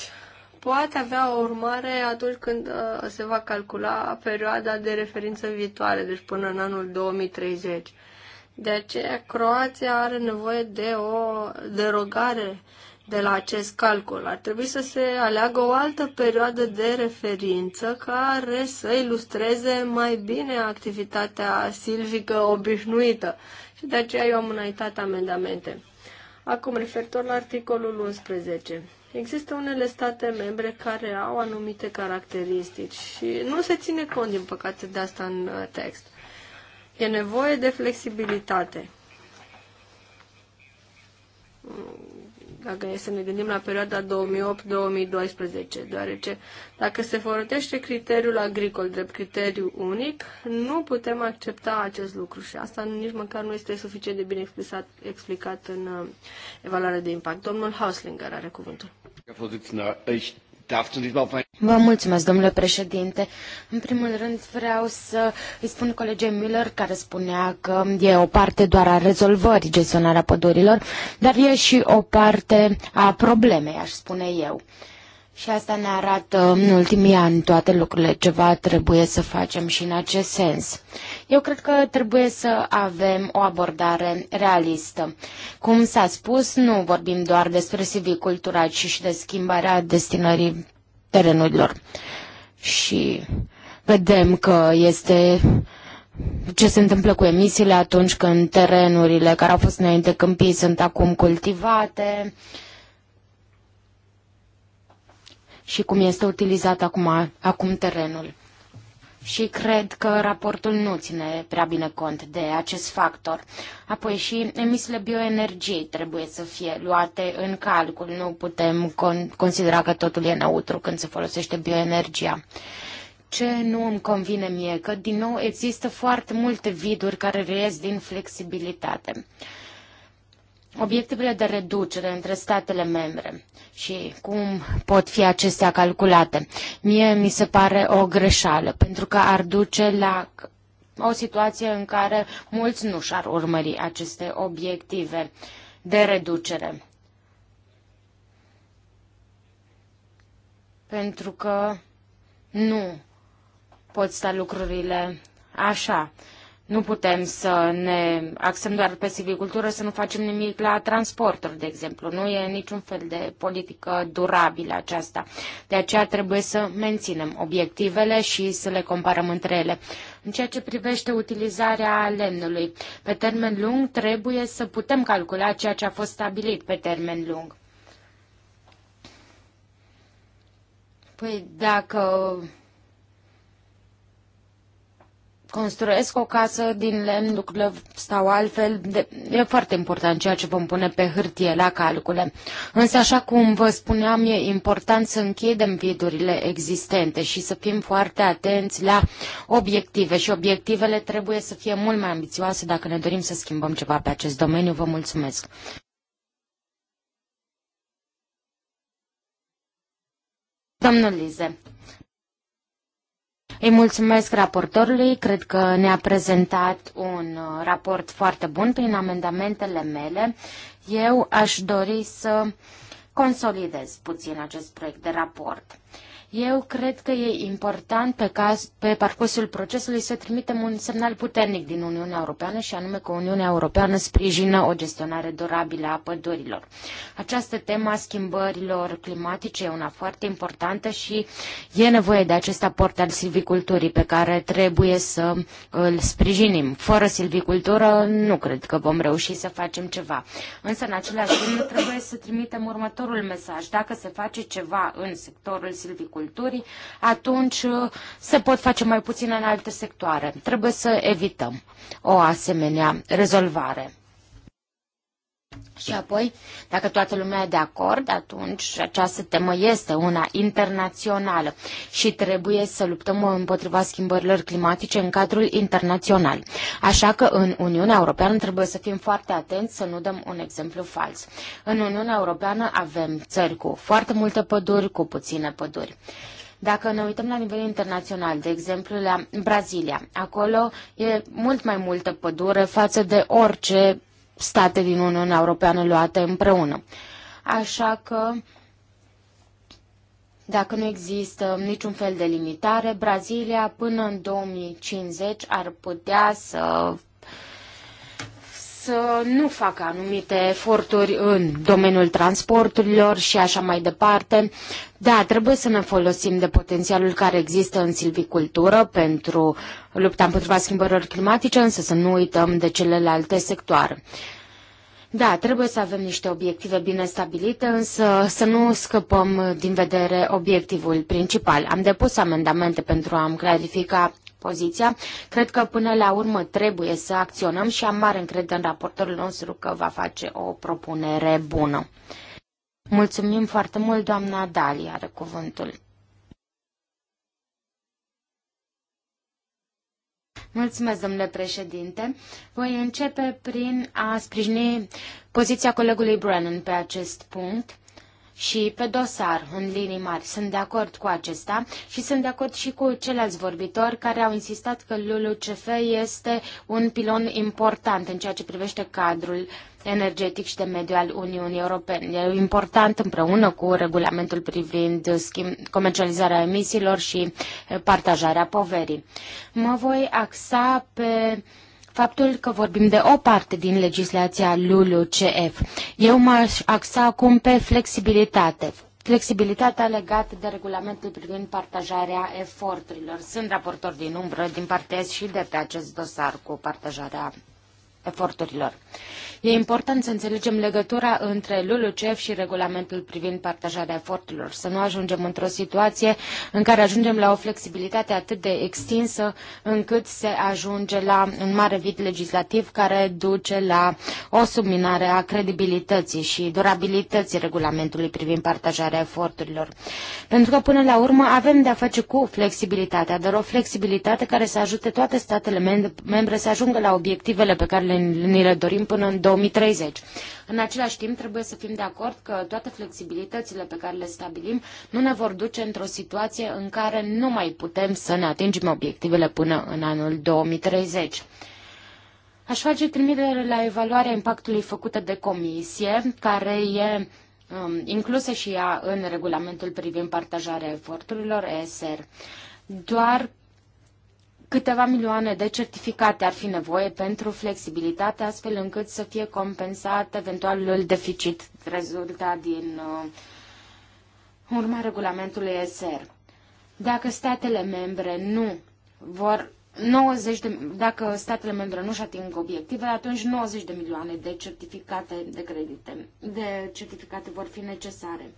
poate avea o urmare atunci când uh, se va calcula perioada de referință viitoare, deci până în anul 2030. De aceea, Croația are nevoie de o derogare de la acest calcul. Ar trebui să se aleagă o altă perioadă de referință care să ilustreze mai bine activitatea silvică obișnuită. Și de aceea eu am înaintat amendamente. Acum, referitor la articolul 11. Există unele state membre care au anumite caracteristici și nu se ține cont, din păcate, de asta în uh, text. E nevoie de flexibilitate dacă e să ne gândim la perioada 2008-2012, deoarece dacă se folosește criteriul agricol drept criteriu unic, nu putem accepta acest lucru și asta nici măcar nu este suficient de bine explicat, explicat în uh, evaluarea de impact. Domnul Hauslinger are cuvântul. Vă mulțumesc, domnule președinte. În primul rând vreau să îi spun colegei Miller, care spunea că e o parte doar a rezolvării gestionarea pădurilor, dar e și o parte a problemei, aș spune eu. Uh, și asta ne arată în ultimii ani toate lucrurile. Ceva trebuie să facem și în acest sens. Eu cred că trebuie să avem o abordare realistă. Cum s-a spus, nu vorbim doar despre civicultura, ci și de schimbarea destinării terenurilor. Și vedem că este ce se întâmplă cu emisiile atunci când terenurile care au fost înainte câmpii sunt acum cultivate și cum este utilizat acum, acum terenul. Și cred că raportul nu ține prea bine cont de acest factor. Apoi și emisiile bioenergiei trebuie să fie luate în calcul. Nu putem con- considera că totul e neutru când se folosește bioenergia. Ce nu îmi convine mie, că din nou există foarte multe viduri care reiesc din flexibilitate. Uh, obiectivele de reducere între statele membre și cum pot fi acestea calculate. Mie mi se pare o greșeală, pentru că ar duce la o situație în care mulți nu și-ar urmări aceste obiective de reducere. Pentru că nu pot sta lucrurile așa. Nu putem să ne axăm doar pe silvicultură, să nu facem nimic la transporturi, de exemplu. Nu e niciun fel de politică durabilă aceasta. De aceea trebuie să menținem obiectivele și să le comparăm între ele. În ceea ce privește utilizarea lemnului, pe termen lung trebuie să putem calcula ceea ce a fost stabilit pe termen lung. Păi dacă construiesc o casă din lemn, lucrurile stau altfel. De, e foarte important ceea ce vom pune pe hârtie la calcule. Însă, așa cum vă spuneam, e important să închidem vidurile existente și să fim foarte atenți la obiective și obiectivele trebuie să fie mult mai ambițioase dacă ne dorim să schimbăm ceva pe acest domeniu. Vă mulțumesc! Domnul Lize. Îi mulțumesc raportorului, cred că ne-a prezentat un uh, raport foarte bun prin amendamentele mele. Eu aș dori să consolidez puțin acest proiect de raport. Eu cred că e important pe, caz, pe parcursul procesului să trimitem un semnal puternic din Uniunea Europeană și anume că Uniunea Europeană sprijină o gestionare durabilă a pădurilor. Această temă a schimbărilor climatice e una foarte importantă și e nevoie de acest aport al silviculturii pe care trebuie să îl sprijinim. Fără silvicultură nu cred că vom reuși să facem ceva. Însă în același timp trebuie să trimitem următorul mesaj. Dacă se face ceva în sectorul silviculturii, agriculturii, atunci uh, se pot face mai puțin în alte sectoare. Trebuie să evităm o asemenea rezolvare. Și apoi, dacă toată lumea e de acord, atunci această temă este una internațională și trebuie să luptăm împotriva schimbărilor climatice în cadrul internațional. Așa că în Uniunea Europeană trebuie să fim foarte atenți să nu dăm un exemplu fals. În Uniunea Europeană avem țări cu foarte multe păduri, cu puține păduri. Dacă ne uităm la nivel internațional, de exemplu la Brazilia, acolo e mult mai multă pădure față de orice state din Uniunea Europeană luate împreună. Așa că dacă nu există niciun fel de limitare, Brazilia până în 2050 ar putea să să nu facă anumite eforturi în domeniul transporturilor și așa mai departe. Da, trebuie să ne folosim de potențialul care există în silvicultură pentru lupta împotriva schimbărilor climatice, însă să nu uităm de celelalte sectoare. Da, trebuie să avem niște obiective bine stabilite, însă să nu scăpăm din vedere obiectivul principal. Am depus amendamente pentru a-mi clarifica poziția. Cred că până la urmă trebuie să acționăm și am mare încredere în raportorul nostru că va face o propunere bună. Mulțumim foarte mult, doamna Dali are cuvântul. Mulțumesc, domnule președinte. Voi începe prin a sprijini poziția colegului Brennan pe acest punct și pe dosar, în linii mari. Sunt de acord cu acesta și sunt de acord și cu ceilalți vorbitori care au insistat că LULUCF este un pilon important în ceea ce privește cadrul energetic și de mediu al Uniunii Europene. E important împreună cu regulamentul privind schimb, comercializarea emisiilor și eh, partajarea poverii. Mă voi axa pe uh, faptul că vorbim de o parte din legislația LULU-CF. Eu m-aș axa acum pe flexibilitate, flexibilitatea legată de regulamentul privind partajarea eforturilor. Sunt raportor din umbră din partea și de pe acest dosar cu partajarea eforturilor. Uh, E important să înțelegem legătura între LULUCEF și regulamentul privind partajarea eforturilor, să nu ajungem într-o situație în care ajungem la o flexibilitate atât de extinsă încât se ajunge la un mare vid legislativ care duce la o subminare a credibilității și durabilității regulamentului privind partajarea eforturilor. Pentru că până la urmă avem de-a face cu flexibilitatea, dar o flexibilitate care să ajute toate statele membre să ajungă la obiectivele pe care ni le dorim până în 2020. 2030. În același timp, trebuie să fim de acord că toate flexibilitățile pe care le stabilim nu ne vor duce într-o situație în care nu mai putem să ne atingem obiectivele până în anul 2030. Aș face trimitere la evaluarea impactului făcută de comisie, care e um, inclusă și ea în regulamentul privind partajarea eforturilor ESR. Doar Câteva milioane de certificate ar fi nevoie pentru flexibilitate, astfel încât să fie compensat eventualul deficit rezultat din uh, urma regulamentului ESR. Dacă statele membre nu vor 90 de, dacă statele membre nu-și ating obiectivele, atunci 90 de milioane de certificate de credite, de certificate vor fi necesare.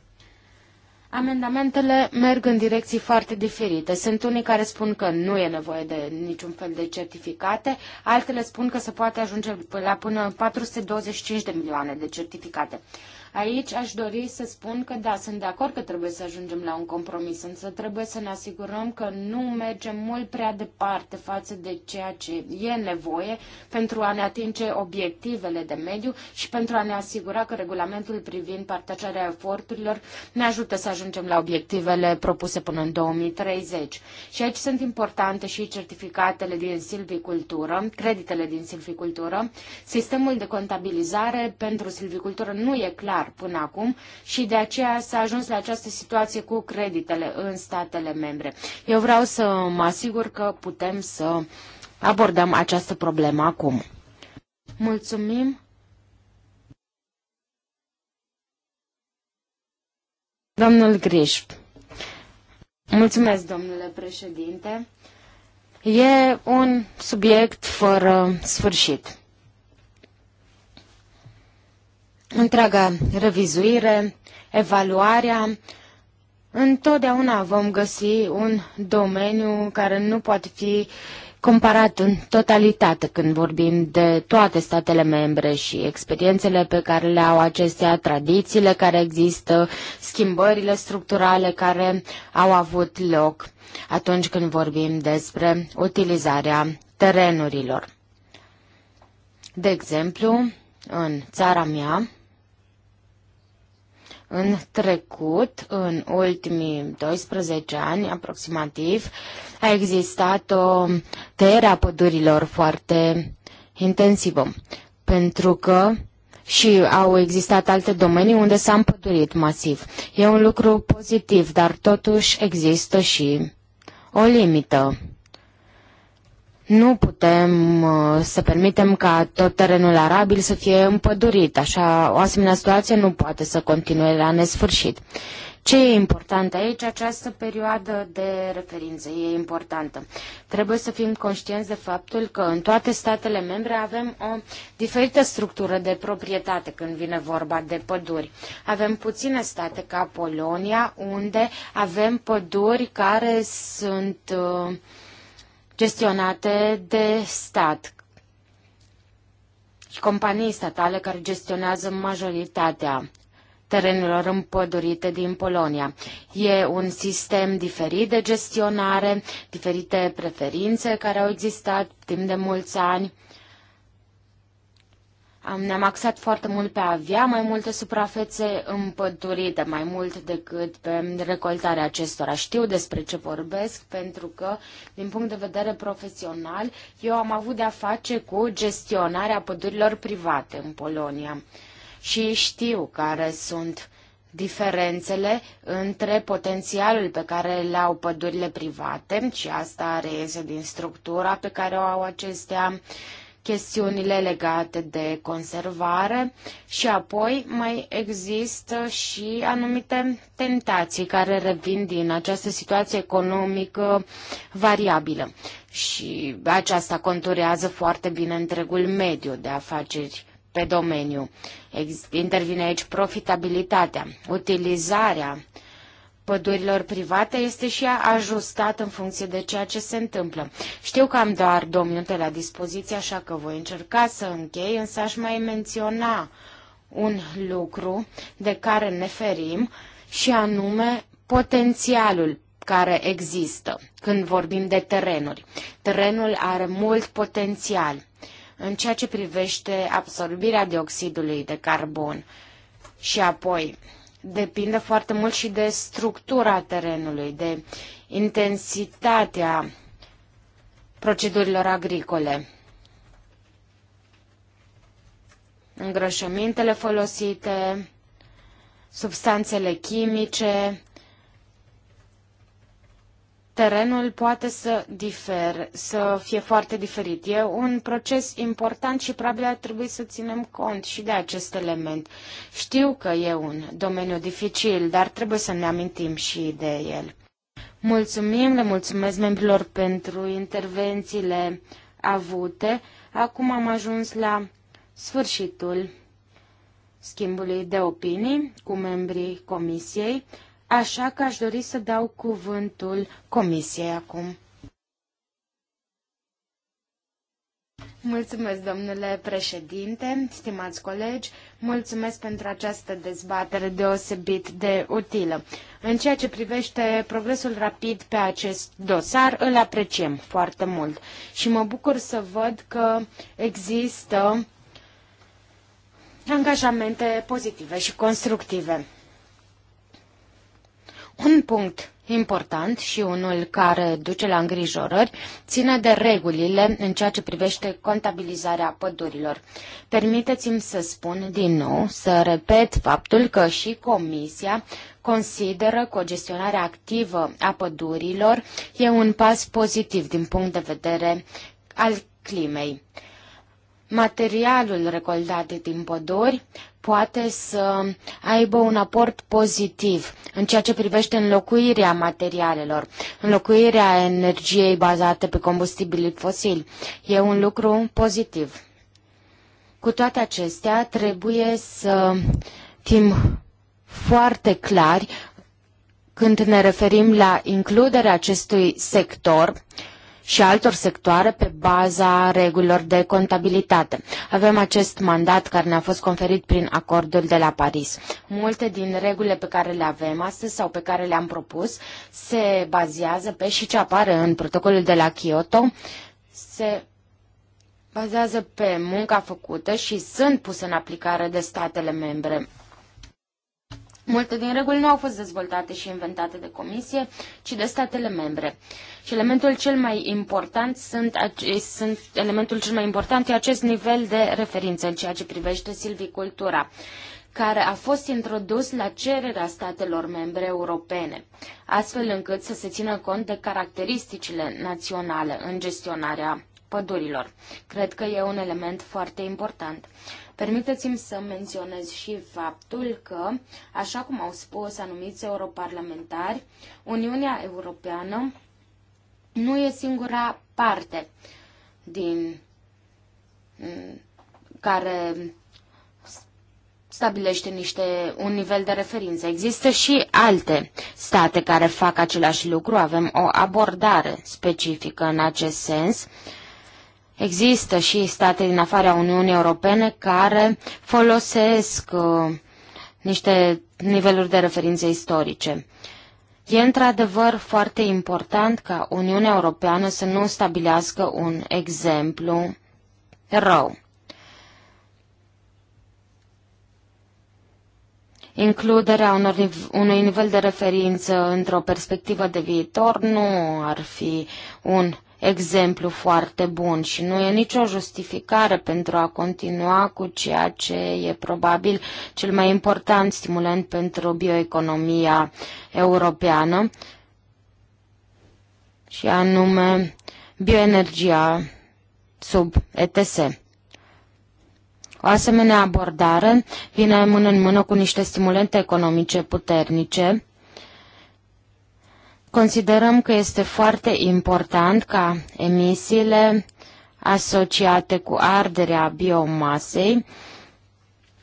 Amendamentele merg în direcții foarte diferite. Sunt unii care spun că nu e nevoie de niciun fel de certificate, altele spun că se poate ajunge la până 425 de milioane de certificate. Aici aș dori să spun că da, sunt de acord că trebuie să ajungem la un compromis, însă trebuie să ne asigurăm că nu mergem mult prea departe față de ceea ce e nevoie pentru a ne atinge obiectivele de mediu și pentru a ne asigura că regulamentul privind partajarea eforturilor ne ajută să ajungem la obiectivele propuse până în 2030. Și aici sunt importante și certificatele din silvicultură, creditele din silvicultură. Sistemul de contabilizare pentru silvicultură nu e clar clar până acum și de aceea s-a ajuns la această situație cu creditele în statele membre. Eu vreau să mă asigur că putem să abordăm această problemă acum. Mulțumim! Domnul Grișp. Mulțumesc, domnule președinte. E un subiect fără sfârșit. întreaga revizuire, evaluarea, întotdeauna vom găsi un domeniu care nu poate fi comparat în totalitate când vorbim de toate statele membre și experiențele pe care le au acestea, tradițiile care există, schimbările structurale care au avut loc atunci când vorbim despre utilizarea terenurilor. De exemplu, în țara mea, în trecut, în ultimii 12 ani aproximativ, a existat o tăiere a pădurilor foarte intensivă, pentru că și au existat alte domenii unde s-a împădurit masiv. E un lucru pozitiv, dar totuși există și o limită. Nu putem uh, să permitem ca tot terenul arabil să fie împădurit. Așa, o asemenea situație nu poate să continue la nesfârșit. Ce e important aici? Această perioadă de referință e importantă. Trebuie să fim conștienți de faptul că în toate statele membre avem o diferită structură de proprietate când vine vorba de păduri. Avem puține state ca Polonia unde avem păduri care sunt uh, gestionate de stat și companii statale care gestionează majoritatea terenurilor împădurite din Polonia. E un sistem diferit de gestionare, diferite preferințe care au existat timp de mulți ani ne-am axat foarte mult pe a avea mai multe suprafețe împăturite, mai mult decât pe recoltarea acestora. Știu despre ce vorbesc, pentru că, din punct de vedere profesional, eu am avut de-a face cu gestionarea pădurilor private în Polonia. Și știu care sunt diferențele între potențialul pe care le au pădurile private și asta reiese din structura pe care o au acestea chestiunile legate de conservare și apoi mai există și anumite tentații care revin din această situație economică variabilă. Și aceasta conturează foarte bine întregul mediu de afaceri pe domeniu. Intervine aici profitabilitatea, utilizarea pădurilor private este și ea ajustat în funcție de ceea ce se întâmplă. Știu că am doar două minute la dispoziție, așa că voi încerca să închei, însă aș mai menționa un lucru de care ne ferim și anume potențialul care există când vorbim de terenuri. Terenul are mult potențial în ceea ce privește absorbirea dioxidului de carbon și apoi depinde foarte mult și de structura terenului, de intensitatea procedurilor agricole. Îngrășămintele folosite, substanțele chimice, terenul poate să difer, să fie foarte diferit. E un proces important și probabil ar trebui să ținem cont și de acest element. Știu că e un domeniu dificil, dar trebuie să ne amintim și de el. Mulțumim, le mulțumesc membrilor pentru intervențiile avute. Acum am ajuns la sfârșitul schimbului de opinii cu membrii comisiei. Așa că aș dori să dau cuvântul comisiei acum. Mulțumesc, domnule președinte, stimați colegi, mulțumesc pentru această dezbatere deosebit de utilă. În ceea ce privește progresul rapid pe acest dosar, îl apreciem foarte mult și mă bucur să văd că există angajamente pozitive și constructive. Un punct important și unul care duce la îngrijorări ține de regulile în ceea ce privește contabilizarea pădurilor. Permiteți-mi să spun din nou, să repet faptul că și Comisia consideră că o gestionare activă a pădurilor e un pas pozitiv din punct de vedere al climei. Materialul recoltat din păduri poate să aibă un aport pozitiv în ceea ce privește înlocuirea materialelor, înlocuirea energiei bazate pe combustibili fosili. E un lucru pozitiv. Cu toate acestea, trebuie să fim foarte clari când ne referim la includerea acestui sector și altor sectoare pe baza regulilor de contabilitate. Avem acest mandat care ne-a fost conferit prin acordul de la Paris. Multe din regulile pe care le avem astăzi sau pe care le-am propus se bazează pe și ce apare în protocolul de la Kyoto, se bazează pe munca făcută și sunt puse în aplicare de statele membre. Multe din reguli nu au fost dezvoltate și inventate de comisie, ci de statele membre. Și elementul cel mai important sunt, sunt elementul cel mai important e acest nivel de referință în ceea ce privește silvicultura care a fost introdus la cererea statelor membre europene, astfel încât să se țină cont de caracteristicile naționale în gestionarea pădurilor. Cred că e un element foarte important. Permiteți-mi să menționez și faptul că, așa cum au spus anumiți europarlamentari, Uniunea Europeană nu e singura parte din mm, care stabilește niște, un nivel de referință. Există și alte state care fac același lucru, avem o abordare specifică în acest sens. Uh, Există și state din afara Uniunii Europene care folosesc uh, niște niveluri de referințe istorice. E într-adevăr foarte important ca Uniunea Europeană să nu stabilească un exemplu rău. Includerea unor, unui nivel de referință într-o perspectivă de viitor nu ar fi un exemplu foarte bun și nu e nicio justificare pentru a continua cu ceea ce e probabil cel mai important stimulant pentru bioeconomia europeană și anume bioenergia sub ETS. O asemenea abordare vine mână în mână cu niște stimulente economice puternice Considerăm că este foarte important ca emisiile asociate cu arderea biomasei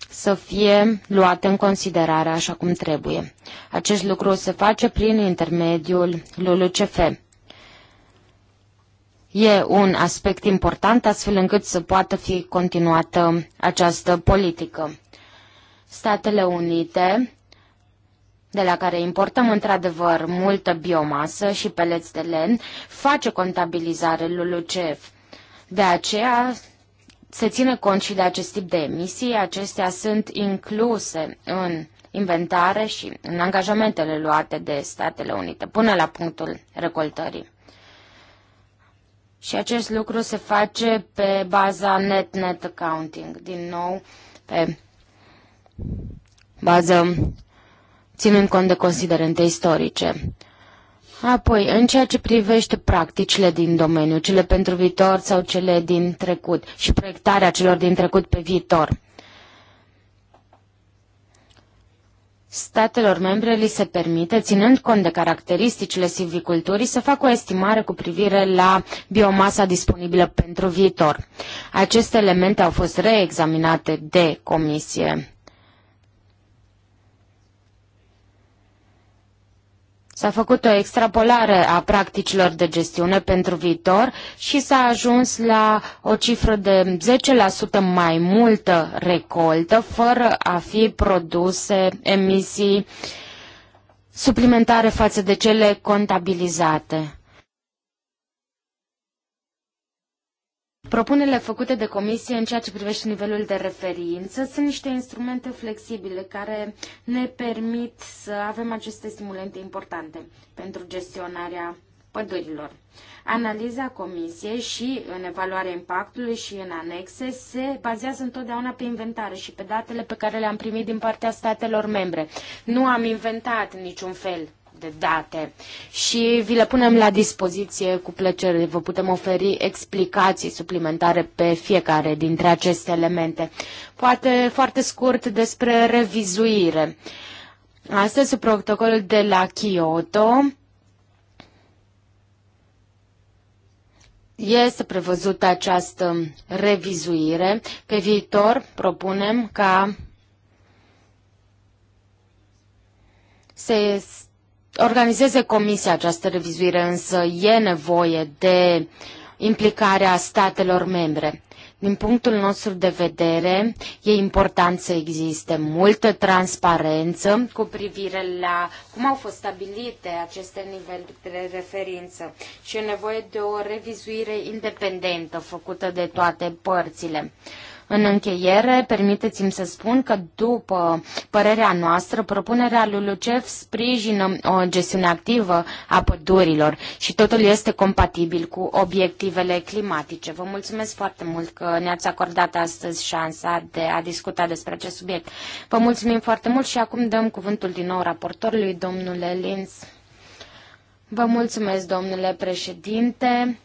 să fie luate în considerare așa cum trebuie. Acest lucru se face prin intermediul LULUCF. E un aspect important astfel încât să poată fi continuată această politică. Statele Unite de la care importăm într-adevăr multă biomasă și peleți de lemn, face contabilizare LULUCEF. De aceea se ține cont și de acest tip de emisii, acestea sunt incluse în inventare și în angajamentele luate de Statele Unite până la punctul recoltării. Și acest lucru se face pe baza net-net accounting, din nou pe bază ținând cont de considerente istorice. Apoi, în ceea ce privește practicile din domeniu, cele pentru viitor sau cele din trecut și proiectarea celor din trecut pe viitor, Statelor membre li se permite, ținând cont de caracteristicile silviculturii, să facă o estimare cu privire la biomasa disponibilă pentru viitor. Aceste elemente au fost reexaminate de comisie. S-a făcut o extrapolare a practicilor de gestiune pentru viitor și s-a ajuns la o cifră de 10% mai multă recoltă, fără a fi produse emisii suplimentare față de cele contabilizate. Propunerile făcute de comisie în ceea ce privește nivelul de referință sunt niște instrumente flexibile care ne permit să avem aceste stimulente importante pentru gestionarea pădurilor. Analiza comisiei și în evaluarea impactului și în anexe se bazează întotdeauna pe inventare și pe datele pe care le-am primit din partea statelor membre. Nu am inventat niciun fel de date și vi le punem la dispoziție cu plăcere. Vă putem oferi explicații suplimentare pe fiecare dintre aceste elemente. Poate foarte scurt despre revizuire. Astăzi, protocolul de la Kyoto, este prevăzută această revizuire. Pe viitor propunem ca să organizeze comisia această revizuire, însă e nevoie de implicarea statelor membre. Din punctul nostru de vedere, e important să existe multă transparență cu privire la cum au fost stabilite aceste niveluri de referință și e nevoie de o revizuire independentă făcută de toate părțile. Uh, în încheiere, permiteți-mi să spun că, după părerea noastră, propunerea lui Lucev sprijină o gestiune activă a pădurilor și totul este compatibil cu obiectivele climatice. Vă mulțumesc foarte mult că ne-ați acordat astăzi șansa de a discuta despre acest subiect. Vă mulțumim foarte mult și acum dăm cuvântul din nou raportorului, domnule Lins. Vă mulțumesc, domnule președinte.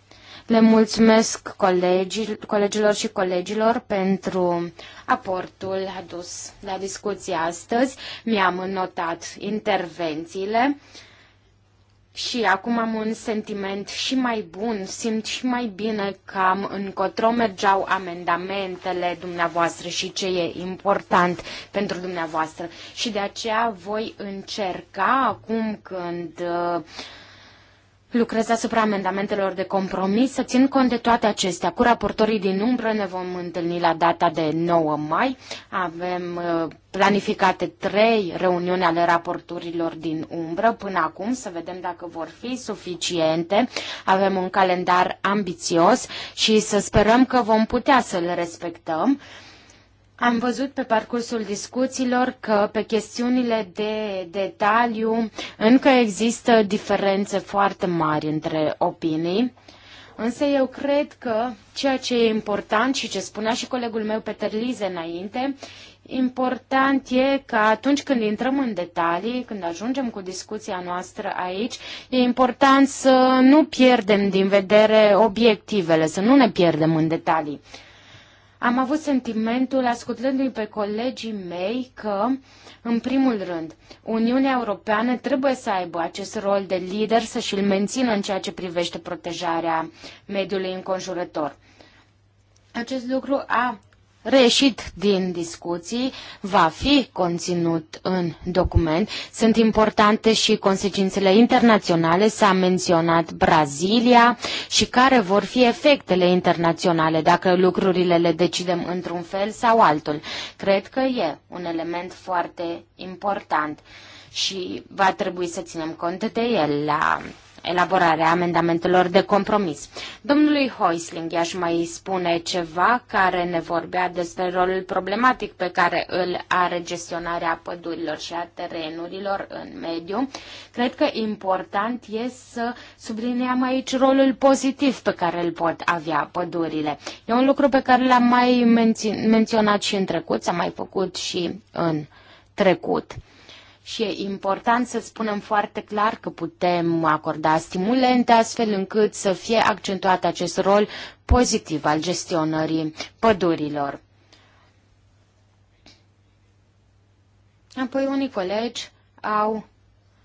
Le mulțumesc colegii, colegilor și colegilor pentru aportul adus la discuția astăzi. Mi-am notat intervențiile și acum am un sentiment și mai bun, simt și mai bine cam încotro mergeau amendamentele dumneavoastră și ce e important pentru dumneavoastră. Și de aceea voi încerca acum când uh, lucrez asupra amendamentelor de compromis, să țin cont de toate acestea. Cu raportorii din umbră ne vom întâlni la data de 9 mai. Avem uh, planificate trei reuniuni ale raporturilor din umbră până acum, să vedem dacă vor fi suficiente. Avem un calendar ambițios și să sperăm că vom putea să le respectăm. Am văzut pe parcursul discuțiilor că pe chestiunile de detaliu încă există diferențe foarte mari între opinii, însă eu cred că ceea ce e important și ce spunea și colegul meu Peter Lize înainte, important e că atunci când intrăm în detalii, când ajungem cu discuția noastră aici, e important să nu pierdem din vedere obiectivele, să nu ne pierdem în detalii am avut sentimentul, ascultându-i pe colegii mei, că, în primul rând, Uniunea Europeană trebuie să aibă acest rol de lider, să și-l mențină în ceea ce privește protejarea mediului înconjurător. Acest lucru a reșit din discuții va fi conținut în document. Sunt importante și consecințele internaționale, s-a menționat Brazilia și care vor fi efectele internaționale dacă lucrurile le decidem într-un fel sau altul. Cred că e un element foarte important și va trebui să ținem cont de el la elaborarea amendamentelor de compromis. Domnului Hoisling i-aș mai spune ceva care ne vorbea despre rolul problematic pe care îl are gestionarea pădurilor și a terenurilor în mediu. Cred că important e să subliniem aici rolul pozitiv pe care îl pot avea pădurile. E un lucru pe care l-am mai menționat și în trecut, s-a mai făcut și în trecut și e important să spunem foarte clar că putem acorda stimulente astfel încât să fie accentuat acest rol pozitiv al gestionării pădurilor. Apoi unii colegi au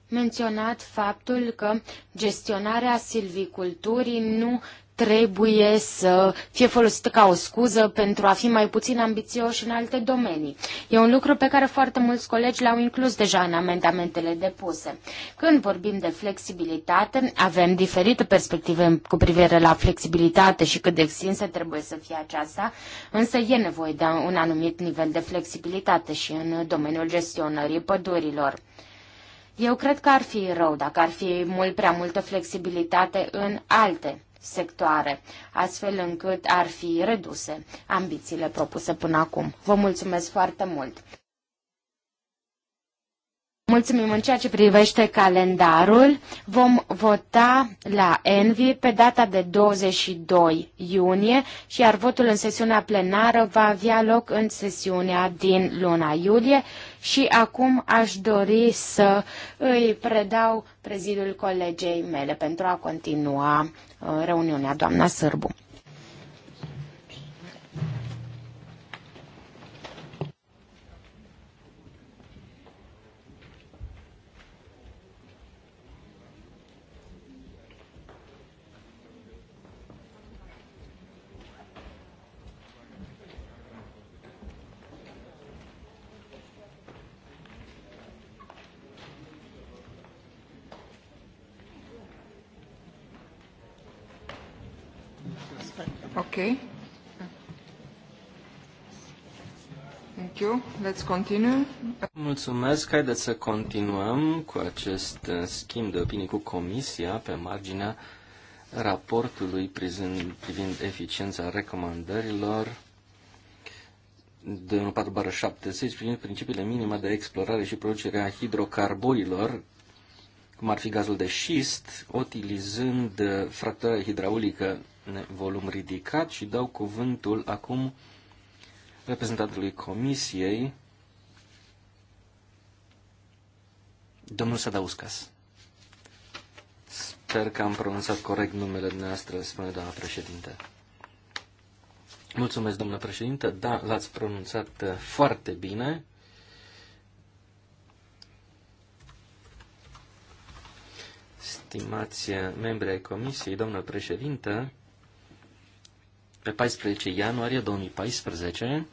menționat faptul că gestionarea silviculturii nu trebuie să fie folosită ca o scuză pentru a fi mai puțin ambițioși în alte domenii. E un lucru pe care foarte mulți colegi l-au inclus deja în amendamentele depuse. Când vorbim de flexibilitate, avem diferite perspective cu privire la flexibilitate și cât de extinsă trebuie să fie aceasta, însă e nevoie de un anumit nivel de flexibilitate și în domeniul gestionării pădurilor. Eu cred că ar fi rău dacă ar fi mult prea multă flexibilitate în alte sectoare, astfel încât ar fi reduse ambițiile propuse până acum. Vă mulțumesc foarte mult! Mulțumim în ceea ce privește calendarul. Vom vota la Envi pe data de 22 iunie și iar votul în sesiunea plenară va avea loc în sesiunea din luna iulie și acum aș dori să îi predau prezidul colegei mele pentru a continua uh, reuniunea, doamna Sârbu. Okay. Thank you. Let's continue. Mulțumesc. Haideți să continuăm cu acest uh, schimb de opinii cu Comisia pe marginea raportului privind, eficiența recomandărilor de 1470 privind principiile minime de explorare și producere a hidrocarburilor, cum ar fi gazul de șist, utilizând uh, fractura hidraulică volum ridicat și dau cuvântul acum reprezentantului Comisiei, domnul Sadauskas. Sper că am pronunțat corect numele dumneavoastră, spune doamna președinte. Mulțumesc, domnule președinte. Da, l-ați pronunțat uh, foarte bine. Stimați uh, membri ai Comisiei, domnule președinte, pe 14 ianuarie 2014,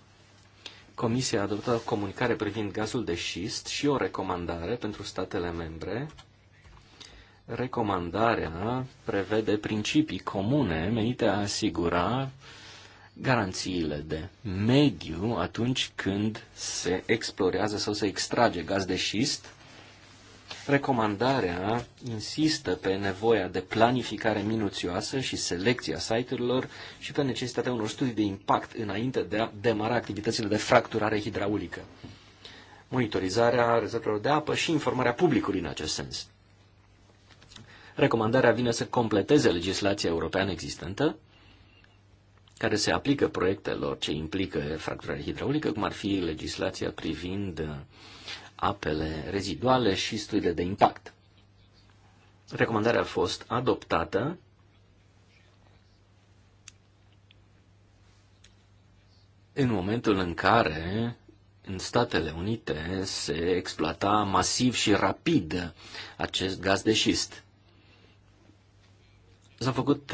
Comisia a adoptat o comunicare privind gazul de șist și o recomandare pentru statele membre. Recomandarea prevede principii comune menite a asigura garanțiile de mediu atunci când se explorează sau se extrage gaz de șist Recomandarea insistă pe nevoia de planificare minuțioasă și selecția site-urilor și pe necesitatea unor studii de impact înainte de a demara activitățile de fracturare hidraulică, monitorizarea rezervelor de apă și informarea publicului în acest sens. Recomandarea vine să completeze legislația europeană existentă, care se aplică proiectelor ce implică fracturare hidraulică, cum ar fi legislația privind uh, apele reziduale și studiile de impact. Recomandarea a fost adoptată în momentul în care în Statele Unite se exploata masiv și rapid acest gaz de șist. S-a făcut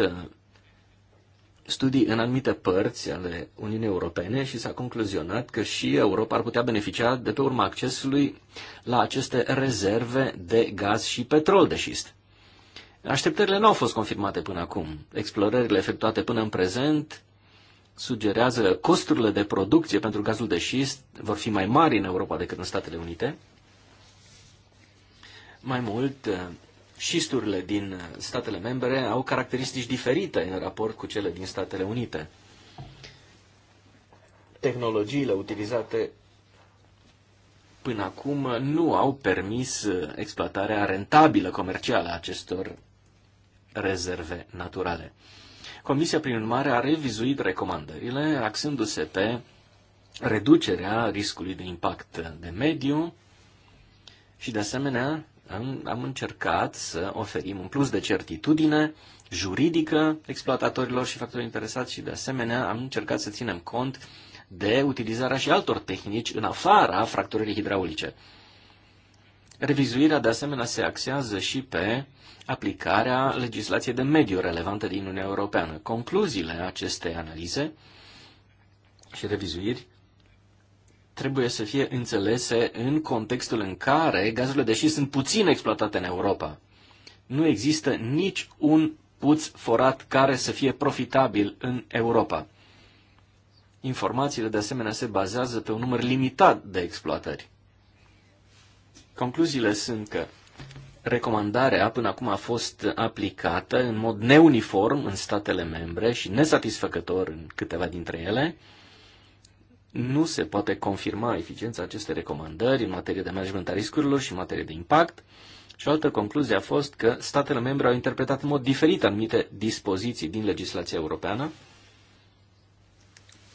studii în anumite părți ale Uniunii Europene și s-a concluzionat că și Europa ar putea beneficia de pe urma accesului la aceste rezerve de gaz și petrol de șist. Așteptările nu au fost confirmate până acum. Explorările efectuate până în prezent sugerează că costurile de producție pentru gazul de șist vor fi mai mari în Europa decât în Statele Unite. Mai mult, șisturile din statele membre au caracteristici diferite în raport cu cele din Statele Unite. Tehnologiile utilizate până acum nu au permis exploatarea rentabilă comercială a acestor rezerve naturale. Comisia, prin urmare, a revizuit recomandările, axându-se pe reducerea riscului de impact de mediu și, de asemenea, am, am încercat să oferim un plus de certitudine juridică exploatatorilor și factorilor interesați și de asemenea am încercat să ținem cont de utilizarea și altor tehnici în afara fracturării hidraulice. Revizuirea de asemenea se axează și pe aplicarea legislației de mediu relevante din Uniunea Europeană. Concluziile acestei analize și revizuiri trebuie să fie înțelese în contextul în care gazurile de șist sunt puțin exploatate în Europa. Nu există nici un puț forat care să fie profitabil în Europa. Informațiile de asemenea se bazează pe un număr limitat de exploatări. Concluziile sunt că recomandarea până acum a fost aplicată în mod neuniform în statele membre și nesatisfăcător în câteva dintre ele, nu se poate confirma eficiența acestei recomandări în materie de management a riscurilor și în materie de impact. Și o altă concluzie a fost că statele membre au interpretat în mod diferit anumite dispoziții din legislația europeană.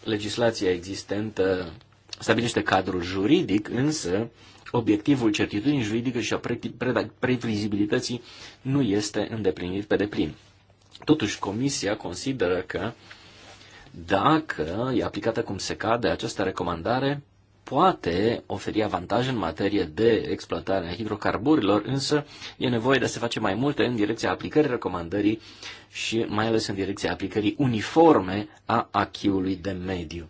Legislația existentă stabilește cadrul juridic, însă obiectivul certitudinii juridică și a previzibilității nu este îndeplinit pe deplin. Totuși, Comisia consideră că dacă e aplicată cum se cade, această recomandare poate oferi avantaje în materie de exploatare a hidrocarburilor, însă e nevoie de a se face mai multe în direcția aplicării recomandării și mai ales în direcția aplicării uniforme a achiului de mediu.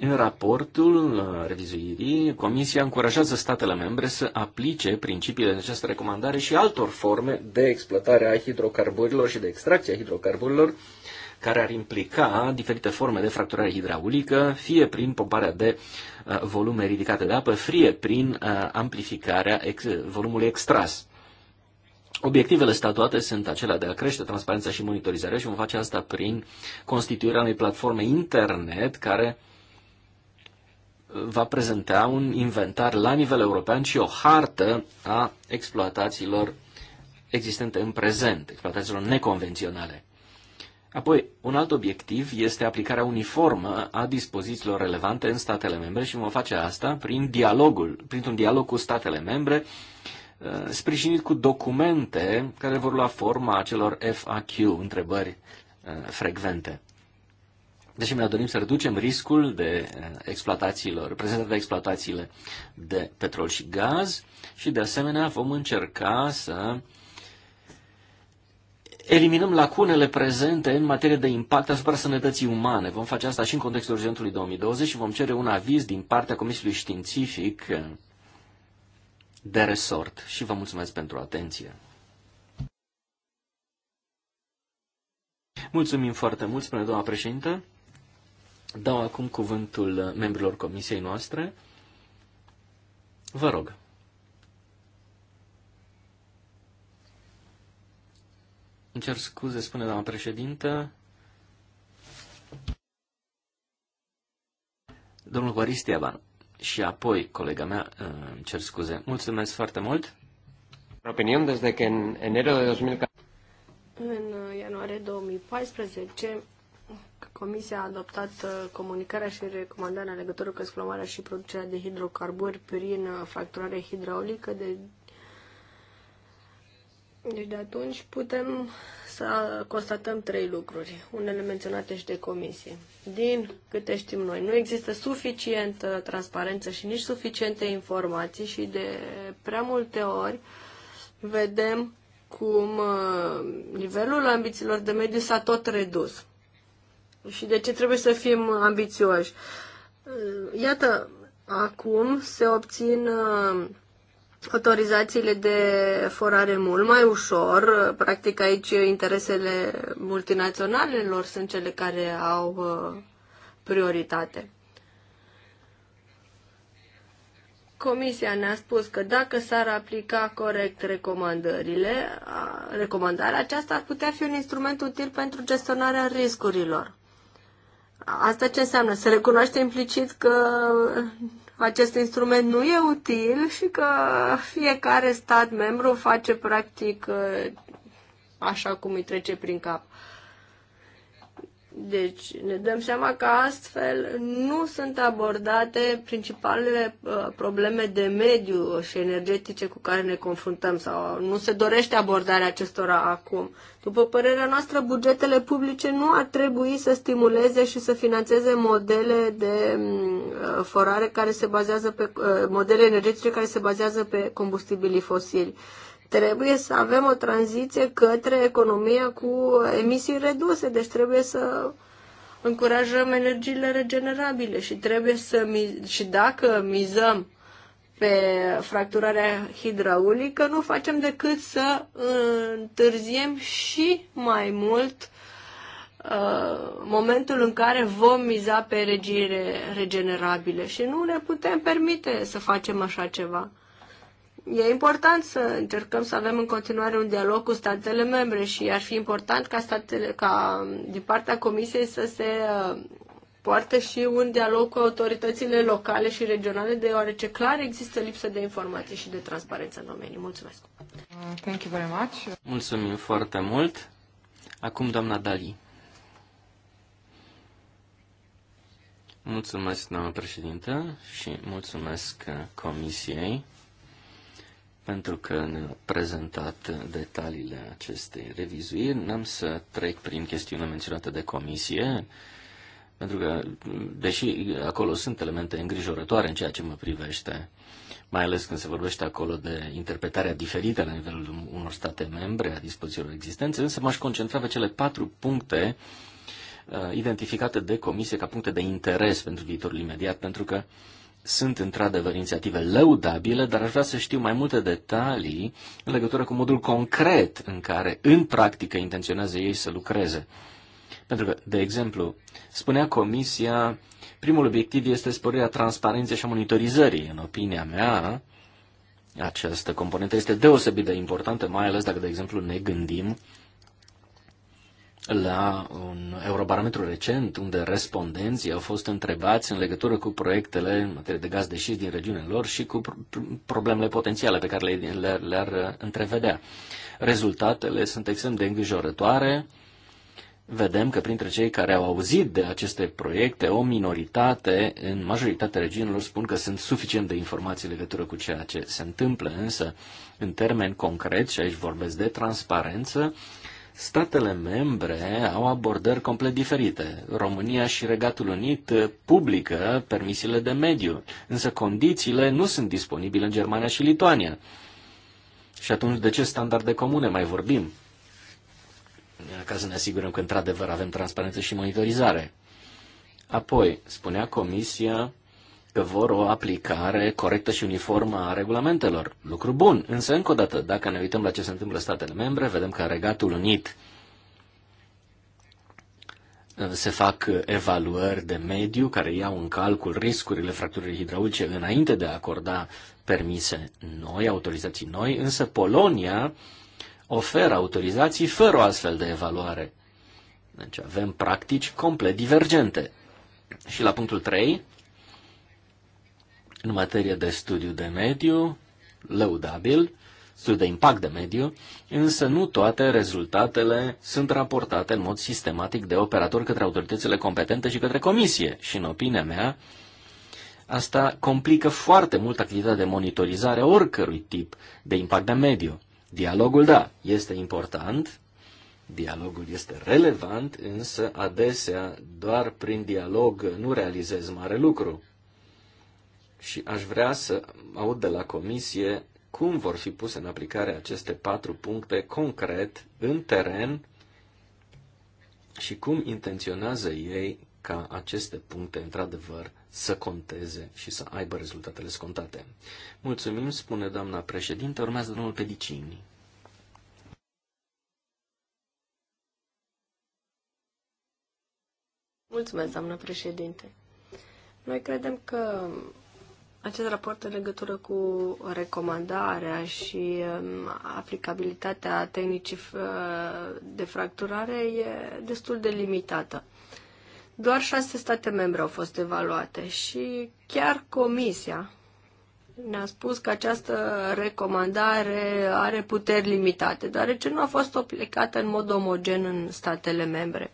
În raportul uh, revizuirii, Comisia încurajează statele membre să aplice principiile în această recomandare și altor forme de exploatare a hidrocarburilor și de extracție a hidrocarburilor, care ar implica diferite forme de fracturare hidraulică, fie prin pomparea de uh, volume ridicate de apă, fie prin uh, amplificarea volumului extras. Obiectivele statuate sunt acelea de a crește transparența și monitorizarea și vom face asta prin constituirea unei platforme internet care uh, va prezenta un inventar la nivel european și o hartă a exploatațiilor existente în prezent, exploatațiilor neconvenționale. Apoi, un alt obiectiv este aplicarea uniformă a dispozițiilor relevante în statele membre și vom face asta prin dialogul, printr-un dialog cu statele membre, uh, sprijinit cu documente care vor lua forma acelor FAQ, întrebări uh, frecvente. Deși ne dorim să reducem riscul de uh, exploatațiilor, prezentat de exploatațiile de petrol și gaz și de asemenea vom încerca să uh, eliminăm lacunele prezente în materie de impact asupra sănătății umane. Vom face asta și în contextul urgentului 2020 și vom cere un aviz din partea Comisiei Științific de resort. Și vă mulțumesc pentru atenție. Mulțumim foarte mult, spune doamna președintă. Dau acum cuvântul membrilor comisiei noastre. Vă rog. Îmi cer scuze, spune doamna președintă. Domnul Baristiaban și apoi colega mea, uh, îmi cer scuze. Mulțumesc foarte mult. Opinion desde que en enero de 2014 în uh, ianuarie 2014, Comisia a adoptat uh, comunicarea și recomandarea legătură cu exploarea și producerea de hidrocarburi prin fracturare hidraulică de deci de atunci putem să constatăm trei lucruri, unele menționate și de comisie. Din câte știm noi, nu există suficientă transparență și nici suficiente informații și de prea multe ori vedem cum uh, nivelul ambițiilor de mediu s-a tot redus. Și de ce trebuie să fim ambițioși? Uh, iată, acum se obțin uh, autorizațiile de forare mult mai ușor. Practic aici interesele multinaționalelor sunt cele care au uh, prioritate. Comisia ne-a spus că dacă s-ar aplica corect recomandările, recomandarea aceasta ar putea fi un instrument util pentru gestionarea riscurilor. Asta ce înseamnă? Să recunoaște implicit că acest instrument nu e util și că fiecare stat membru face practic uh, așa cum îi trece prin cap. Deci ne dăm seama că astfel nu sunt abordate principalele uh, probleme de mediu și energetice cu care ne confruntăm sau nu se dorește abordarea acestora acum. După părerea noastră, bugetele publice nu ar trebui să stimuleze și să financeze modele de mm, uh, forare care se bazează pe uh, modele energetice care se bazează pe combustibilii fosili trebuie să avem o tranziție către economia cu emisii reduse, deci trebuie să încurajăm energiile regenerabile și trebuie să și dacă mizăm pe fracturarea hidraulică, nu facem decât să întârziem și mai mult uh, momentul în care vom miza pe regiile regenerabile și nu ne putem permite să facem așa ceva. E important să încercăm să avem în continuare un dialog cu statele membre și ar fi important ca, statele, ca din partea Comisiei să se uh, poartă și un dialog cu autoritățile locale și regionale, deoarece clar există lipsă de informații și de transparență în domeniu. Mulțumesc! Uh, thank you very much. Mulțumim foarte mult! Acum doamna Dali. Mulțumesc, doamna președintă, și mulțumesc uh, Comisiei pentru că ne-a prezentat detaliile acestei revizuiri. N-am să trec prin chestiunea menționată de comisie, pentru că, deși acolo sunt elemente îngrijorătoare în ceea ce mă privește, mai ales când se vorbește acolo de interpretarea diferită la nivelul unor state membre a dispozițiilor existențe, însă m-aș concentra pe cele patru puncte uh, identificate de comisie ca puncte de interes pentru viitorul imediat, pentru că uh, sunt într-adevăr inițiative lăudabile, dar aș vrea să știu mai multe detalii în legătură cu modul concret în care, în practică, intenționează ei să lucreze. Pentru că, de exemplu, spunea Comisia, primul obiectiv este sporirea transparenței și a monitorizării. În opinia mea, această componentă este deosebit de importantă, mai ales dacă, de exemplu, ne gândim la un eurobarometru recent unde respondenții au fost întrebați în legătură cu proiectele în materie de gaz de șist din regiunea lor și cu problemele potențiale pe care le, le, le-ar întrevedea. Rezultatele sunt extrem de îngrijorătoare. Vedem că printre cei care au auzit de aceste proiecte, o minoritate, în majoritatea regiunilor, spun că sunt suficient de informații în legătură cu ceea ce se întâmplă, însă, în termeni concret, și aici vorbesc de transparență, statele membre au abordări complet diferite. România și Regatul Unit publică permisiile de mediu, însă condițiile nu sunt disponibile în Germania și Lituania. Și atunci de ce standarde comune mai vorbim? Ca să ne asigurăm că într-adevăr avem transparență și monitorizare. Apoi, spunea Comisia că vor o aplicare corectă și uniformă a regulamentelor. Lucru bun. Însă, încă o dată, dacă ne uităm la ce se întâmplă statele membre, vedem că Regatul Unit uh, se fac uh, evaluări de mediu care iau în calcul riscurile fracturii hidraulice înainte de a acorda permise noi, autorizații noi, însă Polonia oferă autorizații fără o astfel de evaluare. Deci avem practici complet divergente. Și la punctul 3, în materie de studiu de mediu, lăudabil, studiu de impact de mediu, însă nu toate rezultatele sunt raportate în mod sistematic de operator către autoritățile competente și către comisie. Și în opinia mea, asta complică foarte mult activitatea de monitorizare oricărui tip de impact de mediu. Dialogul, da, este important, dialogul este relevant, însă adesea doar prin dialog nu realizezi mare lucru și aș vrea să aud de la comisie cum vor fi puse în aplicare aceste patru puncte concret, în teren, și cum intenționează ei ca aceste puncte, într-adevăr, să conteze și să aibă rezultatele scontate. Mulțumim, spune doamna președinte, urmează domnul Pedicini. Mulțumesc, doamnă președinte. Noi credem că acest raport în legătură cu recomandarea și um, aplicabilitatea tehnicii uh, de fracturare e destul de limitată. Doar șase state membre au fost evaluate și chiar Comisia ne-a spus că această recomandare are puteri limitate, deoarece nu a fost aplicată în mod omogen în statele membre.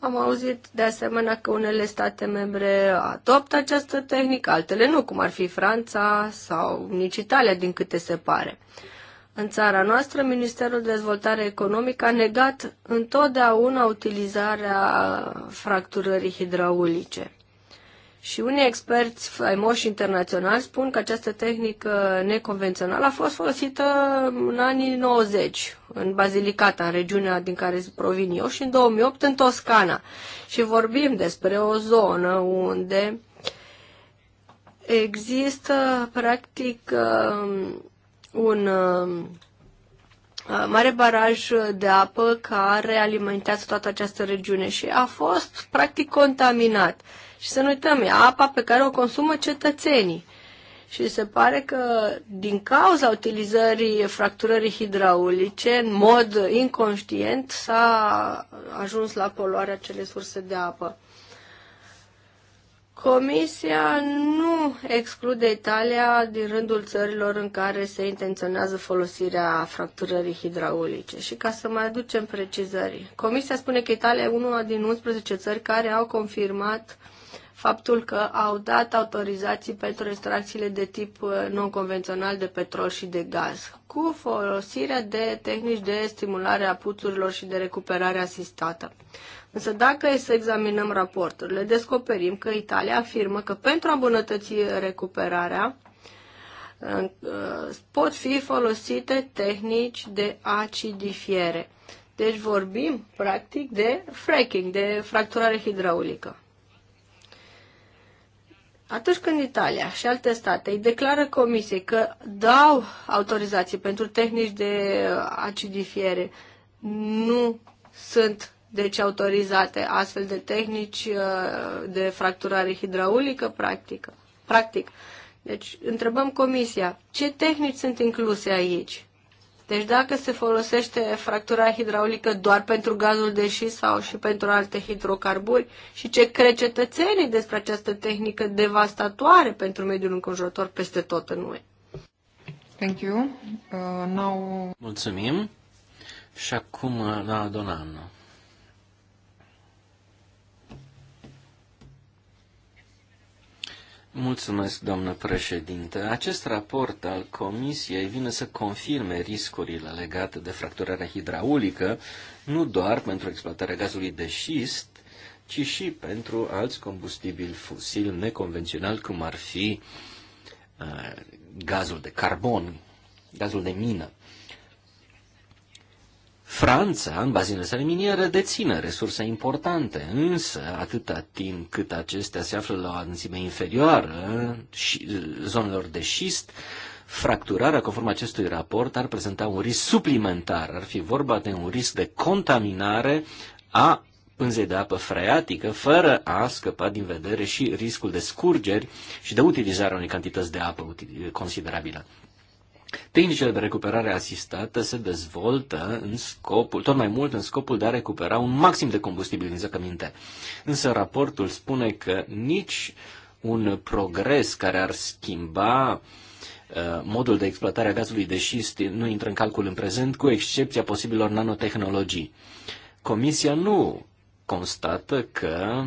Am auzit de asemenea că unele state membre adoptă această tehnică, altele nu, cum ar fi Franța sau nici Italia, din câte se pare. În țara noastră, Ministerul de Dezvoltare Economică a negat întotdeauna utilizarea fracturării hidraulice. Și unii experți faimoși internaționali spun că această tehnică neconvențională a fost folosită în anii 90 în Bazilicata, în regiunea din care provin eu, și în 2008 în Toscana. Și vorbim despre o zonă unde există practic um, un um, uh, mare baraj de apă care alimentează toată această regiune și a fost practic contaminat. Și să nu uităm, e apa pe care o consumă cetățenii. Și se pare că din cauza utilizării fracturării hidraulice, în mod inconștient, s-a ajuns la poluarea acelei surse de apă. Comisia nu exclude Italia din rândul țărilor în care se intenționează folosirea fracturării hidraulice. Și ca să mai aducem precizări, Comisia spune că Italia e una din 11 țări care au confirmat uh, faptul că au dat autorizații pentru extracțiile de tip uh, non-convențional de petrol și de gaz, cu folosirea de tehnici de stimulare a puțurilor și de recuperare asistată. Însă dacă e să examinăm raporturile, descoperim că Italia afirmă că pentru a îmbunătăți recuperarea, uh, pot fi folosite tehnici de acidifiere. Deci vorbim, practic, de fracking, de fracturare hidraulică. Atunci când Italia și alte state îi declară comisiei că dau autorizații pentru tehnici de acidifiere, nu sunt deci autorizate astfel de tehnici uh, de fracturare hidraulică practică. Practic. Deci întrebăm comisia, ce tehnici sunt incluse aici? Deci dacă se folosește fractura hidraulică doar pentru gazul de șist sau și pentru alte hidrocarburi și ce cred cetățenii despre această tehnică devastatoare pentru mediul înconjurător peste tot în noi. Thank you. Uh, now... Mulțumim. Și acum uh, la Donano. Mulțumesc, doamnă președinte. Acest raport al Comisiei vine să confirme riscurile legate de fracturarea hidraulică, nu doar pentru exploatarea gazului de șist, ci și pentru alți combustibili fosili neconvenționali, cum ar fi uh, gazul de carbon, gazul de mină. Franța, în bazinele sale miniere, deține resurse importante, însă atâta timp cât acestea se află la o adâncime inferioară și zonelor de șist, fracturarea conform acestui raport ar prezenta un risc suplimentar. Ar fi vorba de un risc de contaminare a pânzei de apă freatică, fără a scăpa din vedere și riscul de scurgeri și de utilizarea unei cantități de apă considerabilă. Tehnicile de recuperare asistată se dezvoltă în scopul, tot mai mult în scopul de a recupera un maxim de combustibil din zăcăminte. Însă raportul spune că nici un progres care ar schimba uh, modul de exploatare a gazului de șist nu intră în calcul în prezent, cu excepția posibilor nanotehnologii. Comisia nu constată că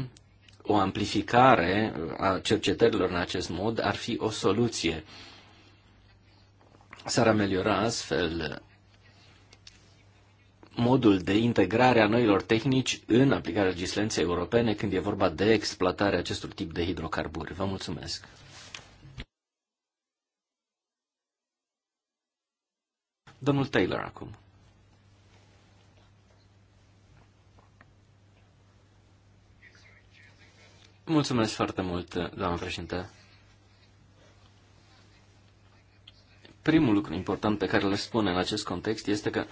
o amplificare a cercetărilor în acest mod ar fi o soluție. S-ar ameliora astfel modul de integrare a noilor tehnici în aplicarea legislației europene când e vorba de exploatarea acestor tip de hidrocarburi. Vă mulțumesc! Domnul Taylor acum. Mulțumesc foarte mult, doamnă președinte. primul lucru important pe care le spune în acest context este că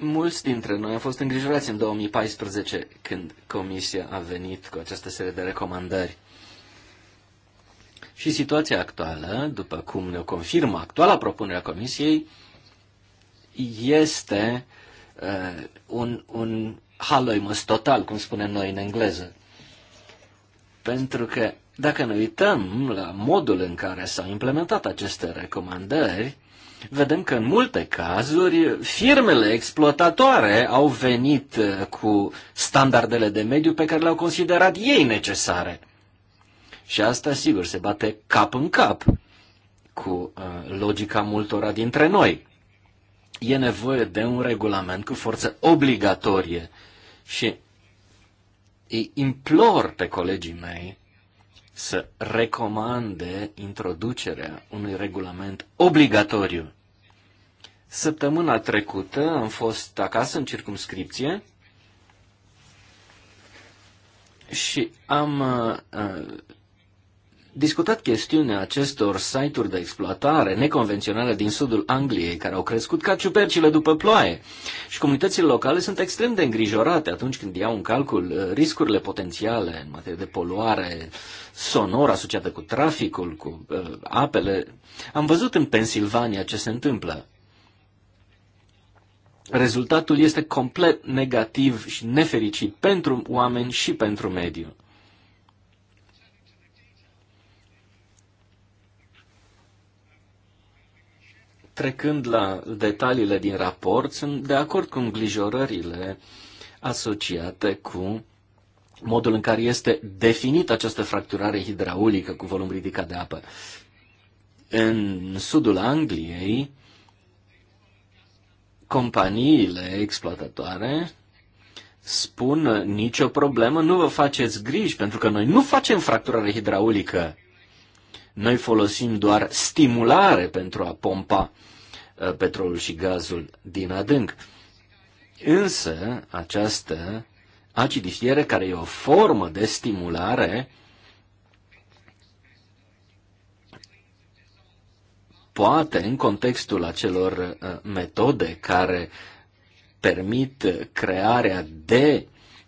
Mulți dintre noi am fost îngrijorați în 2014 când Comisia a venit cu această serie de recomandări. Și situația actuală, după cum ne confirmă actuala propunere a Comisiei, este uh, un, un Haloimus total, cum spunem noi în engleză. Pentru că dacă ne uităm la modul în care s-au implementat aceste recomandări, vedem că în multe cazuri firmele exploatatoare au venit uh, cu standardele de mediu pe care le-au considerat ei necesare. Și asta, sigur, se bate cap în cap cu uh, logica multora dintre noi. E nevoie de un regulament cu forță obligatorie și îi implor pe colegii mei să recomande introducerea unui regulament obligatoriu. Săptămâna trecută am fost acasă în circumscripție și am uh, uh discutat chestiunea acestor site-uri de exploatare neconvenționale din sudul Angliei, care au crescut ca ciupercile după ploaie. Și comunitățile locale sunt extrem de îngrijorate atunci când iau în calcul uh, riscurile potențiale în materie de poluare sonoră asociată cu traficul, cu uh, apele. Am văzut în Pennsylvania ce se întâmplă. Rezultatul este complet negativ și nefericit pentru oameni și pentru mediu. Trecând la detaliile din raport, sunt de acord cu îngrijorările asociate cu modul în care este definită această fracturare hidraulică cu volum ridicat de apă. În sudul Angliei, companiile exploatatoare spun nicio problemă, nu vă faceți griji, pentru că noi nu facem fracturare hidraulică. Noi folosim doar stimulare pentru a pompa uh, petrolul și gazul din adânc. Însă, această acidifiere, care e o formă de stimulare, poate, în contextul acelor uh, metode care permit crearea de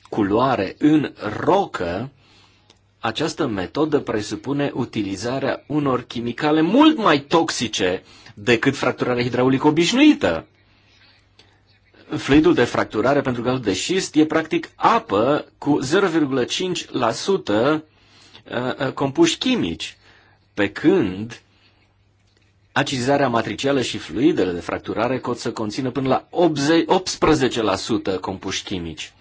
culoare în rocă, această metodă presupune utilizarea unor chimicale mult mai toxice decât fracturarea hidraulică obișnuită. Fluidul de fracturare pentru gazul de șist e practic apă cu 0,5% uh, uh, compuși chimici, pe când acizarea matricială și fluidele de fracturare pot să conțină până la 18% compuși chimici.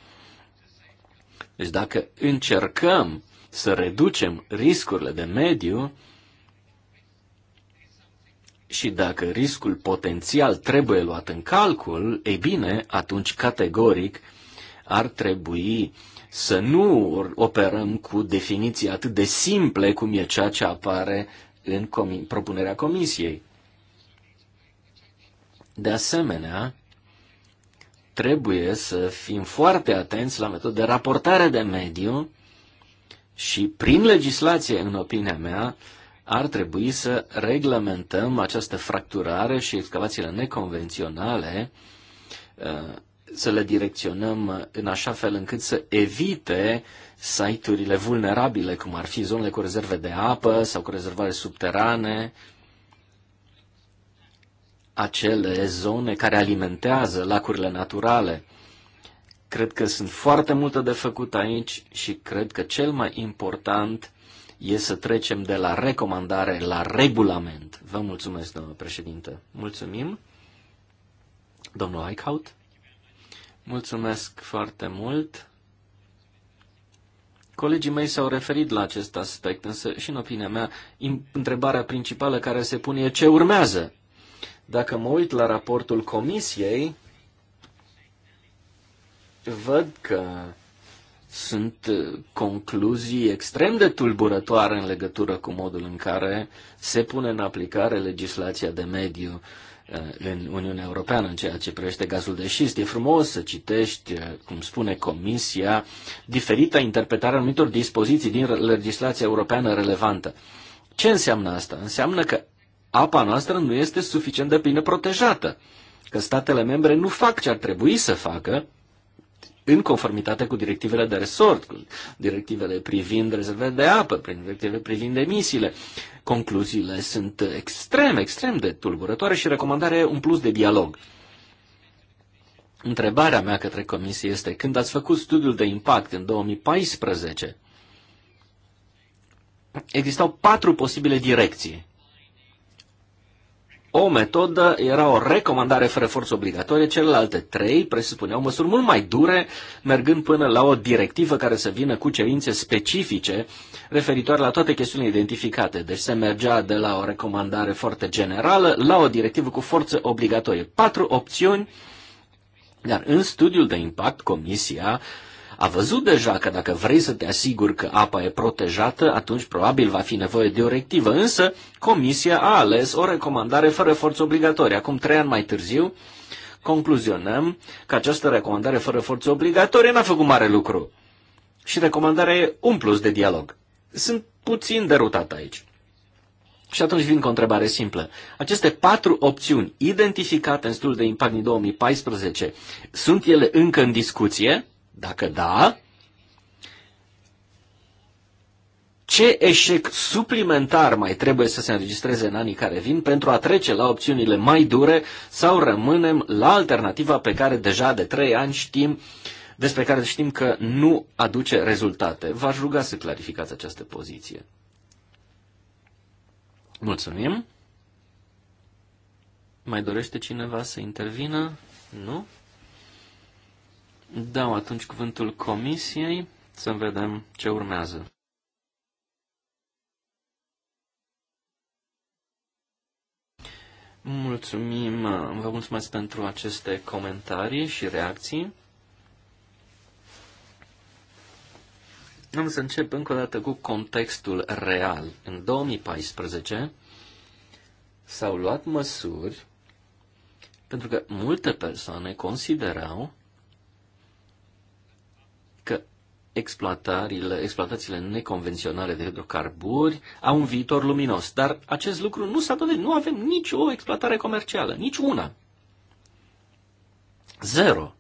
Deci dacă încercăm să reducem riscurile de mediu și dacă riscul potențial trebuie luat în calcul, ei bine, atunci categoric ar trebui să nu operăm cu definiții atât de simple cum e ceea ce apare în comi- propunerea comisiei. De asemenea, trebuie să fim foarte atenți la metode de raportare de mediu și prin legislație, în opinia mea, ar trebui să reglementăm această fracturare și excavațiile neconvenționale, uh, să le direcționăm în așa fel încât să evite site-urile vulnerabile, cum ar fi zonele cu rezerve de apă sau cu rezervare subterane, acele zone care alimentează lacurile naturale. Cred că sunt foarte multe de făcut aici și cred că cel mai important e să trecem de la recomandare la regulament. Vă mulțumesc, domnule președinte. Mulțumim. Domnul Eichhout. Mulțumesc foarte mult. Colegii mei s-au referit la acest aspect, însă și în opinia mea, întrebarea principală care se pune e ce urmează. Dacă mă uit la raportul comisiei, văd că sunt concluzii extrem de tulburătoare în legătură cu modul în care se pune în aplicare legislația de mediu uh, în Uniunea Europeană în ceea ce privește gazul de șist. E frumos să citești, uh, cum spune Comisia, diferita interpretare a anumitor dispoziții din legislația europeană relevantă. Ce înseamnă asta? Înseamnă că apa noastră nu este suficient de bine protejată, că statele membre nu fac ce ar trebui să facă în conformitate cu directivele de resort, cu directivele privind rezervele de apă, prin directivele privind emisiile. Concluziile sunt extrem, extrem de tulburătoare și recomandarea un plus de dialog. Întrebarea mea către comisie este, când ați făcut studiul de impact în 2014, existau patru posibile direcții o metodă era o recomandare fără forță obligatorie, celelalte trei presupuneau măsuri mult mai dure, mergând până la o directivă care să vină cu cerințe specifice referitoare la toate chestiunile identificate. Deci se mergea de la o recomandare foarte generală la o directivă cu forță obligatorie. Patru opțiuni, dar în studiul de impact, Comisia uh, a văzut deja că dacă vrei să te asiguri că apa e protejată, atunci probabil va fi nevoie de o rectivă, însă Comisia a ales o recomandare fără forță obligatorie. Acum trei ani mai târziu, concluzionăm că această recomandare fără forță obligatorie n-a făcut mare lucru. Și recomandarea e un plus de dialog. Sunt puțin derutat aici. Și atunci vin cu o întrebare simplă. Aceste patru opțiuni identificate în studiul de impact din 2014, sunt ele încă în discuție? Dacă da, ce eșec suplimentar mai trebuie să se înregistreze în anii care vin pentru a trece la opțiunile mai dure sau rămânem la alternativa pe care deja de trei ani știm, despre care știm că nu aduce rezultate. V-aș ruga să clarificați această poziție. Mulțumim. Mai dorește cineva să intervină? Nu? Dau atunci cuvântul comisiei să vedem ce urmează. Mulțumim, vă mulțumesc pentru aceste comentarii și reacții. Am să încep încă o dată cu contextul real. În 2014 s-au luat măsuri pentru că multe persoane considerau că exploatările, exploatațiile neconvenționale de hidrocarburi au un viitor luminos. Dar acest lucru nu s-a dovedit. Nu avem nicio exploatare comercială, nici una. Zero.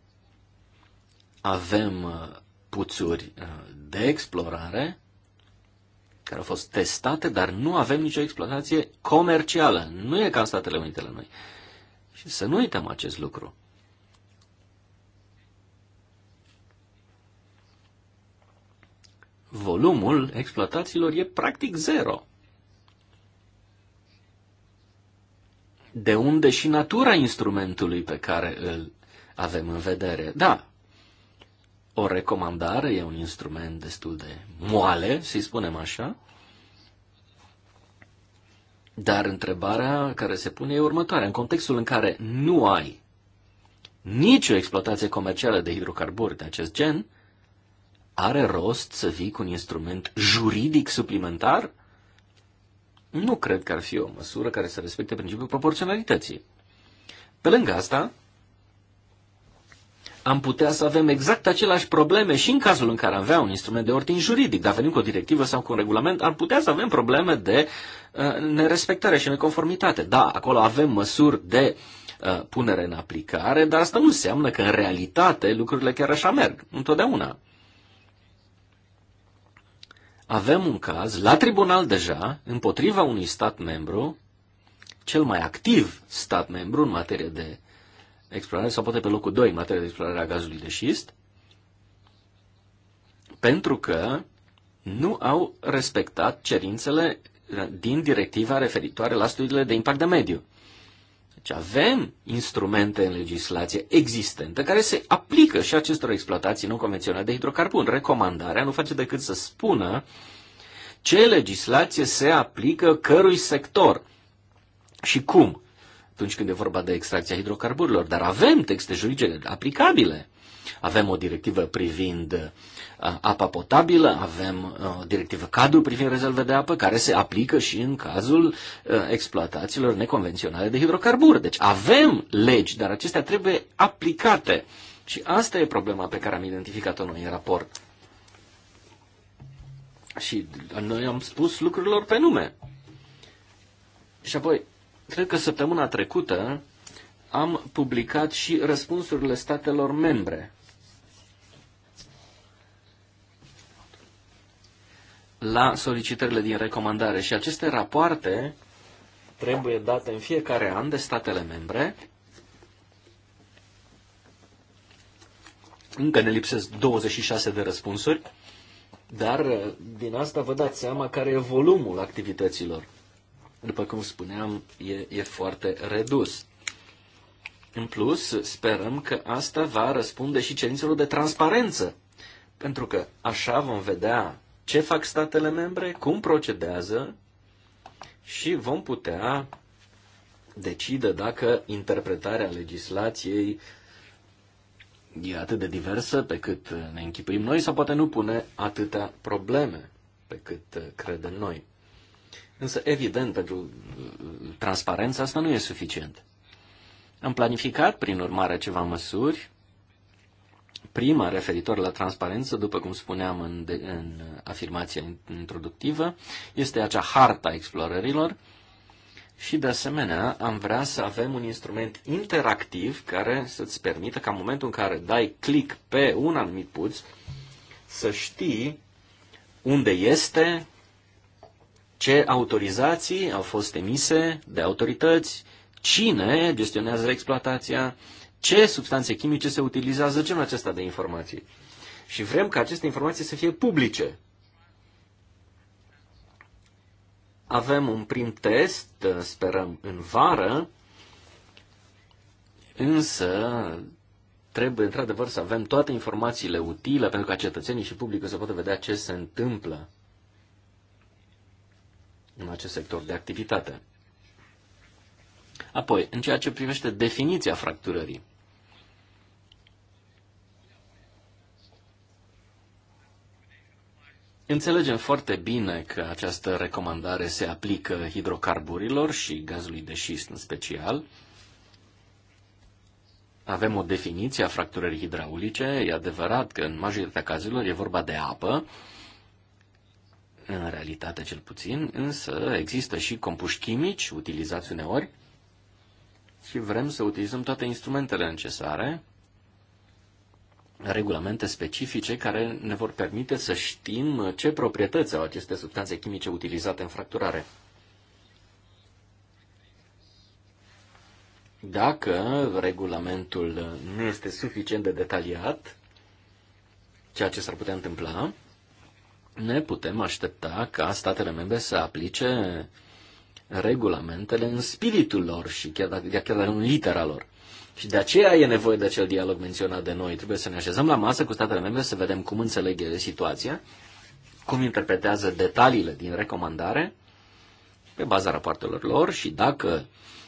Avem uh, puțuri uh, de explorare care au fost testate, dar nu avem nicio exploatație comercială. Nu e ca în Statele Unite la noi. Și să nu uităm acest lucru. volumul exploatațiilor e practic zero. De unde și natura instrumentului pe care îl avem în vedere. Da, o recomandare e un instrument destul de moale, să-i spunem așa, dar întrebarea care se pune e următoarea. În contextul în care nu ai nicio exploatație comercială de hidrocarburi de acest gen, are rost să vii cu un instrument juridic suplimentar? Nu cred că ar fi o măsură care să respecte principiul proporționalității. Pe lângă asta, am putea să avem exact aceleași probleme și în cazul în care avea un instrument de ordin juridic. Dacă venim cu o directivă sau cu un regulament, am putea să avem probleme de uh, nerespectare și neconformitate. Da, acolo avem măsuri de uh, punere în aplicare, dar asta nu înseamnă că în realitate lucrurile chiar așa merg, întotdeauna avem un caz la tribunal deja împotriva unui stat membru, cel mai activ stat membru în materie de explorare, sau poate pe locul 2 în materie de explorare a gazului de șist, pentru că nu au respectat cerințele din directiva referitoare la studiile de impact de mediu. Deci avem instrumente în legislație existentă care se aplică și acestor exploatații nu convenționale de hidrocarburi. Recomandarea nu face decât să spună ce legislație se aplică cărui sector și cum atunci când e vorba de extracția hidrocarburilor, dar avem texte juridice aplicabile. Avem o directivă privind apa potabilă, avem o uh, directivă cadru privind rezerve de apă care se aplică și în cazul uh, exploatațiilor neconvenționale de hidrocarburi. Deci avem legi, dar acestea trebuie aplicate. Și asta e problema pe care am identificat-o noi în raport. Și noi am spus lucrurilor pe nume. Și apoi, cred că săptămâna trecută am publicat și răspunsurile statelor membre la solicitările din recomandare și aceste rapoarte trebuie date în fiecare an de statele membre. Încă ne lipsesc 26 de răspunsuri, dar uh, din asta vă dați seama care e volumul activităților. După cum spuneam, e, e foarte redus. În plus, sperăm că asta va răspunde și cerințelor de transparență, pentru că așa vom vedea ce fac statele membre, cum procedează și vom putea decide dacă interpretarea legislației e atât de diversă pe cât ne închipuim noi sau poate nu pune atâtea probleme pe cât uh, credem noi. Însă, evident, pentru uh, transparența asta nu e suficient. Am planificat, prin urmare, ceva măsuri Prima, referitor la transparență, după cum spuneam în, de, în afirmația introductivă, este acea harta explorărilor și, de asemenea, am vrea să avem un instrument interactiv care să-ți permită ca în momentul în care dai click pe un anumit puț, să știi unde este, ce autorizații au fost emise de autorități, cine gestionează exploatația, ce substanțe chimice se utilizează genul acesta de informații. Și vrem ca aceste informații să fie publice. Avem un prim test, uh, sperăm, în vară, însă trebuie într-adevăr să avem toate informațiile utile pentru ca cetățenii și publicul să poată vedea ce se întâmplă în acest sector de activitate. Apoi, în ceea ce privește definiția fracturării, Înțelegem foarte bine că această recomandare se aplică hidrocarburilor și gazului de șist în special. Avem o definiție a fracturării hidraulice. E adevărat că în majoritatea cazurilor e vorba de apă, în realitate cel puțin, însă există și compuși chimici utilizați uneori și vrem să utilizăm toate instrumentele necesare, regulamente specifice care ne vor permite să știm ce proprietăți au aceste substanțe chimice utilizate în fracturare. Dacă regulamentul nu este suficient de detaliat, ceea ce s-ar putea întâmpla, ne putem aștepta ca statele membre să aplice regulamentele în spiritul lor și chiar dacă, chiar dacă în litera lor. Și de aceea e nevoie de acel dialog menționat de noi. Trebuie să ne așezăm la masă cu statele membre să vedem cum înțeleg ele situația, cum interpretează detaliile din recomandare pe baza rapoartelor lor și dacă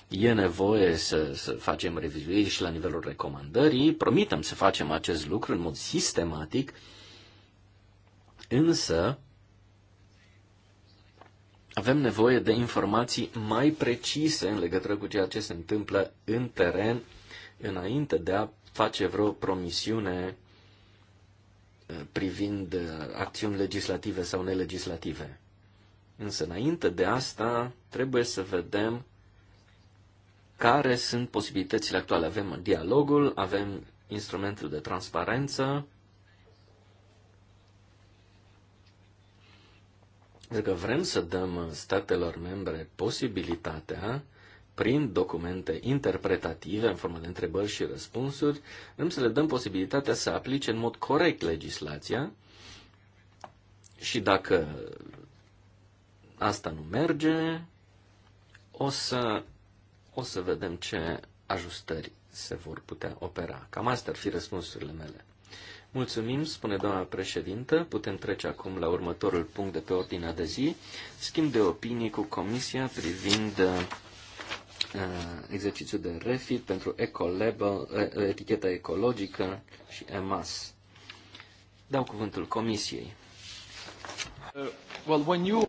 e nevoie să, să facem revizuiri și la nivelul recomandării, promitem să facem acest lucru în mod sistematic, însă avem nevoie de informații mai precise în legătură cu ceea ce se întâmplă în teren înainte de a face vreo promisiune uh, privind uh, acțiuni legislative sau nelegislative. Însă înainte de asta trebuie să vedem care sunt posibilitățile actuale. Avem dialogul, avem instrumentul de transparență, Pentru că vrem să dăm statelor membre posibilitatea, prin documente interpretative, în formă de întrebări și răspunsuri, vrem să le dăm posibilitatea să aplice în mod corect legislația și dacă asta nu merge, o să, o să vedem ce ajustări se vor putea opera. Cam astea ar fi răspunsurile mele. Mulțumim, spune doamna președintă. Putem trece acum la următorul punct de pe ordinea de zi. Schimb de opinii cu Comisia privind uh, uh, exercițiul de refit pentru ecolabel, uh, eticheta ecologică și EMAS. Dau cuvântul Comisiei. Uh, well, when you...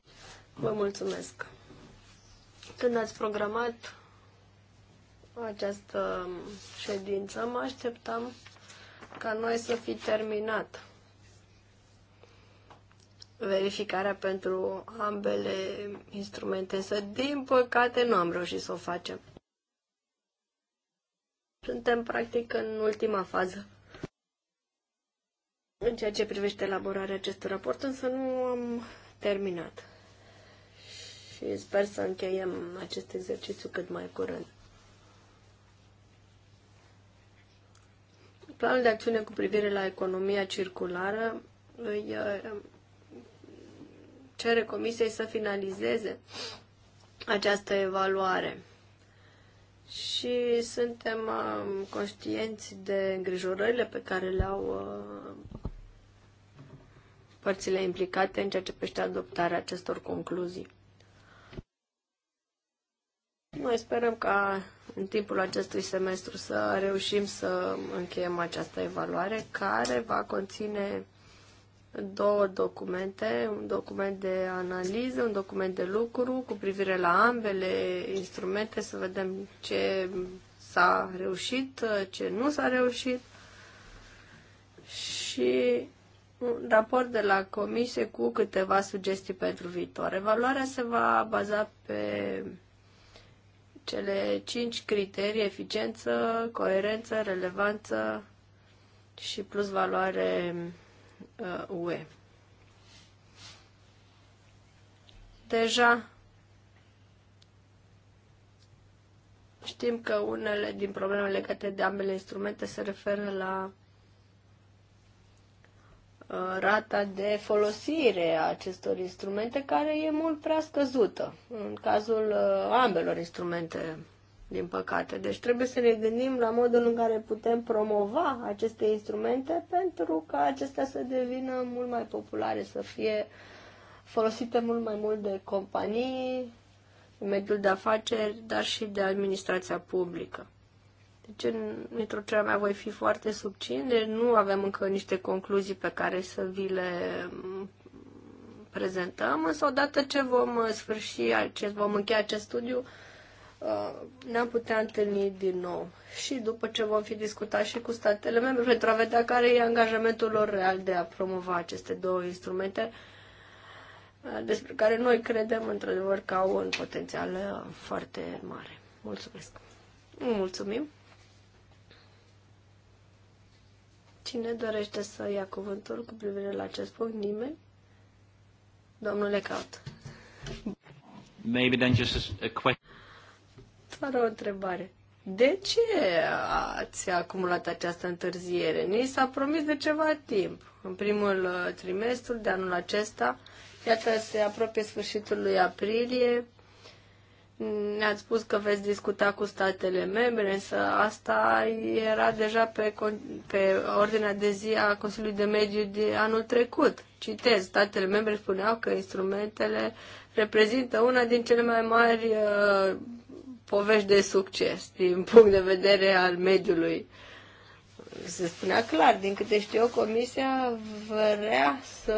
Vă mulțumesc. Când ați programat această ședință, mă așteptam ca noi să fi terminat verificarea pentru ambele instrumente, însă din păcate nu am reușit să o facem. Suntem practic în ultima fază în ceea ce privește elaborarea acestui raport, însă nu am terminat. Și sper să încheiem acest exercițiu cât mai curând. Planul de acțiune cu privire la economia circulară îi uh, cere Comisiei să finalizeze această evaluare. Și suntem um, conștienți de îngrijorările pe care le au uh, părțile implicate în ceea ce pește adoptarea acestor concluzii. Noi sperăm ca în timpul acestui semestru să reușim să încheiem această evaluare care va conține două documente, un document de analiză, un document de lucru cu privire la ambele instrumente, să vedem ce s-a reușit, ce nu s-a reușit și un raport de la comisie cu câteva sugestii pentru viitor. Evaluarea se va baza pe cele cinci criterii, eficiență, coerență, relevanță și plus valoare uh, UE. Deja știm că unele din problemele legate de ambele instrumente se referă la Uh, rata de folosire a acestor instrumente care e mult prea scăzută în cazul uh, ambelor instrumente din păcate. Deci trebuie să ne gândim la modul în care putem promova aceste instrumente pentru ca acestea să devină mult mai populare, să fie folosite mult mai mult de companii, mediul de afaceri, dar și de administrația publică. Deci în introducerea mea voi fi foarte subțin, deci nu avem încă niște concluzii pe care să vi le prezentăm, însă odată ce vom uh, sfârși, ce vom încheia acest studiu, uh, ne-am putea întâlni din nou și după ce vom fi discutat și cu statele membre pentru a vedea care e angajamentul lor real de a promova aceste două instrumente uh, despre care noi credem într-adevăr că au un potențial foarte mare. Mulțumesc! Mulțumim! Cine dorește să ia cuvântul cu privire la acest punct? Nimeni? Domnule Caut. Maybe then just a question. Doar o întrebare. De ce ați acumulat această întârziere? Ni s-a promis de ceva timp. În primul uh, trimestru de anul acesta, iată, se apropie sfârșitul lui aprilie, ne-ați spus că veți discuta cu statele membre, însă asta era deja pe, pe ordinea de zi a Consiliului de Mediu de anul trecut. Citez, statele membre spuneau că instrumentele reprezintă una din cele mai mari uh, povești de succes din punct de vedere al mediului se spunea clar, din câte știu, Comisia vrea să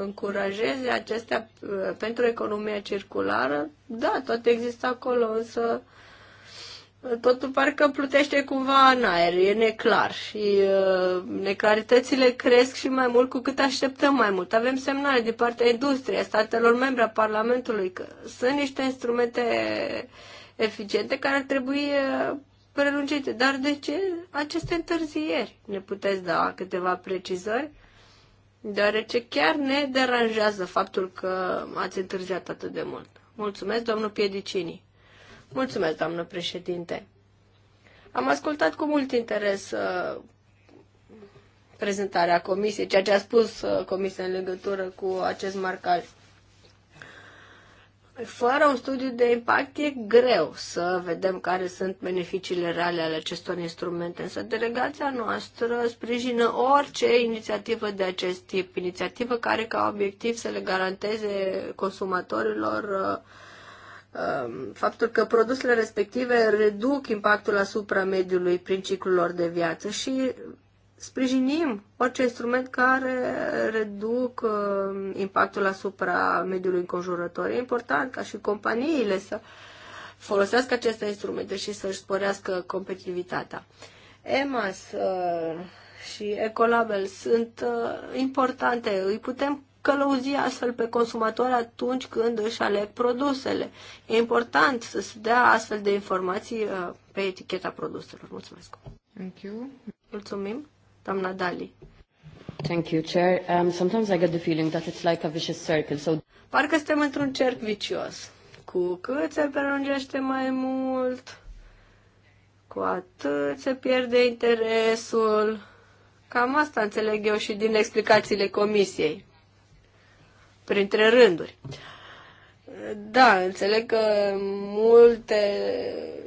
încurajeze acestea uh, pentru economia circulară. Da, tot există acolo, însă uh, totul parcă plutește cumva în aer, e neclar și uh, neclaritățile cresc și mai mult cu cât așteptăm mai mult. Avem semnale din partea industriei, a statelor membre, a Parlamentului că sunt niște instrumente eficiente care ar trebui uh, prelungite. Dar de ce aceste întârzieri? Ne puteți da câteva precizări? Deoarece chiar ne deranjează faptul că ați întârziat atât de mult. Mulțumesc, domnul Piedicini. Mulțumesc, doamnă președinte. Am ascultat cu mult interes uh, prezentarea comisiei, ceea ce a spus uh, comisia în legătură cu acest marcaj. Fără un studiu de impact e greu să vedem care sunt beneficiile reale ale acestor instrumente, însă delegația noastră sprijină orice inițiativă de acest tip, inițiativă care ca obiectiv să le garanteze consumatorilor uh, um, faptul că produsele respective reduc impactul asupra mediului prin ciclul lor de viață și sprijinim orice instrument care reduc uh, impactul asupra mediului înconjurător. E important ca și companiile să folosească aceste instrumente și să-și sporească competitivitatea. EMAS uh, și Ecolabel sunt uh, importante. Îi putem călăuzi astfel pe consumatori atunci când își aleg produsele. E important să se dea astfel de informații uh, pe eticheta produselor. Mulțumesc! Thank you. Mulțumim! Doamna Dali. Thank you, Chair. Um, sometimes I get the feeling that it's like a vicious circle. So... Parcă suntem într-un cerc vicios. Cu cât se prelungește mai mult, cu atât se pierde interesul. Cam asta înțeleg eu și din explicațiile comisiei. Printre rânduri. Da, înțeleg că multe,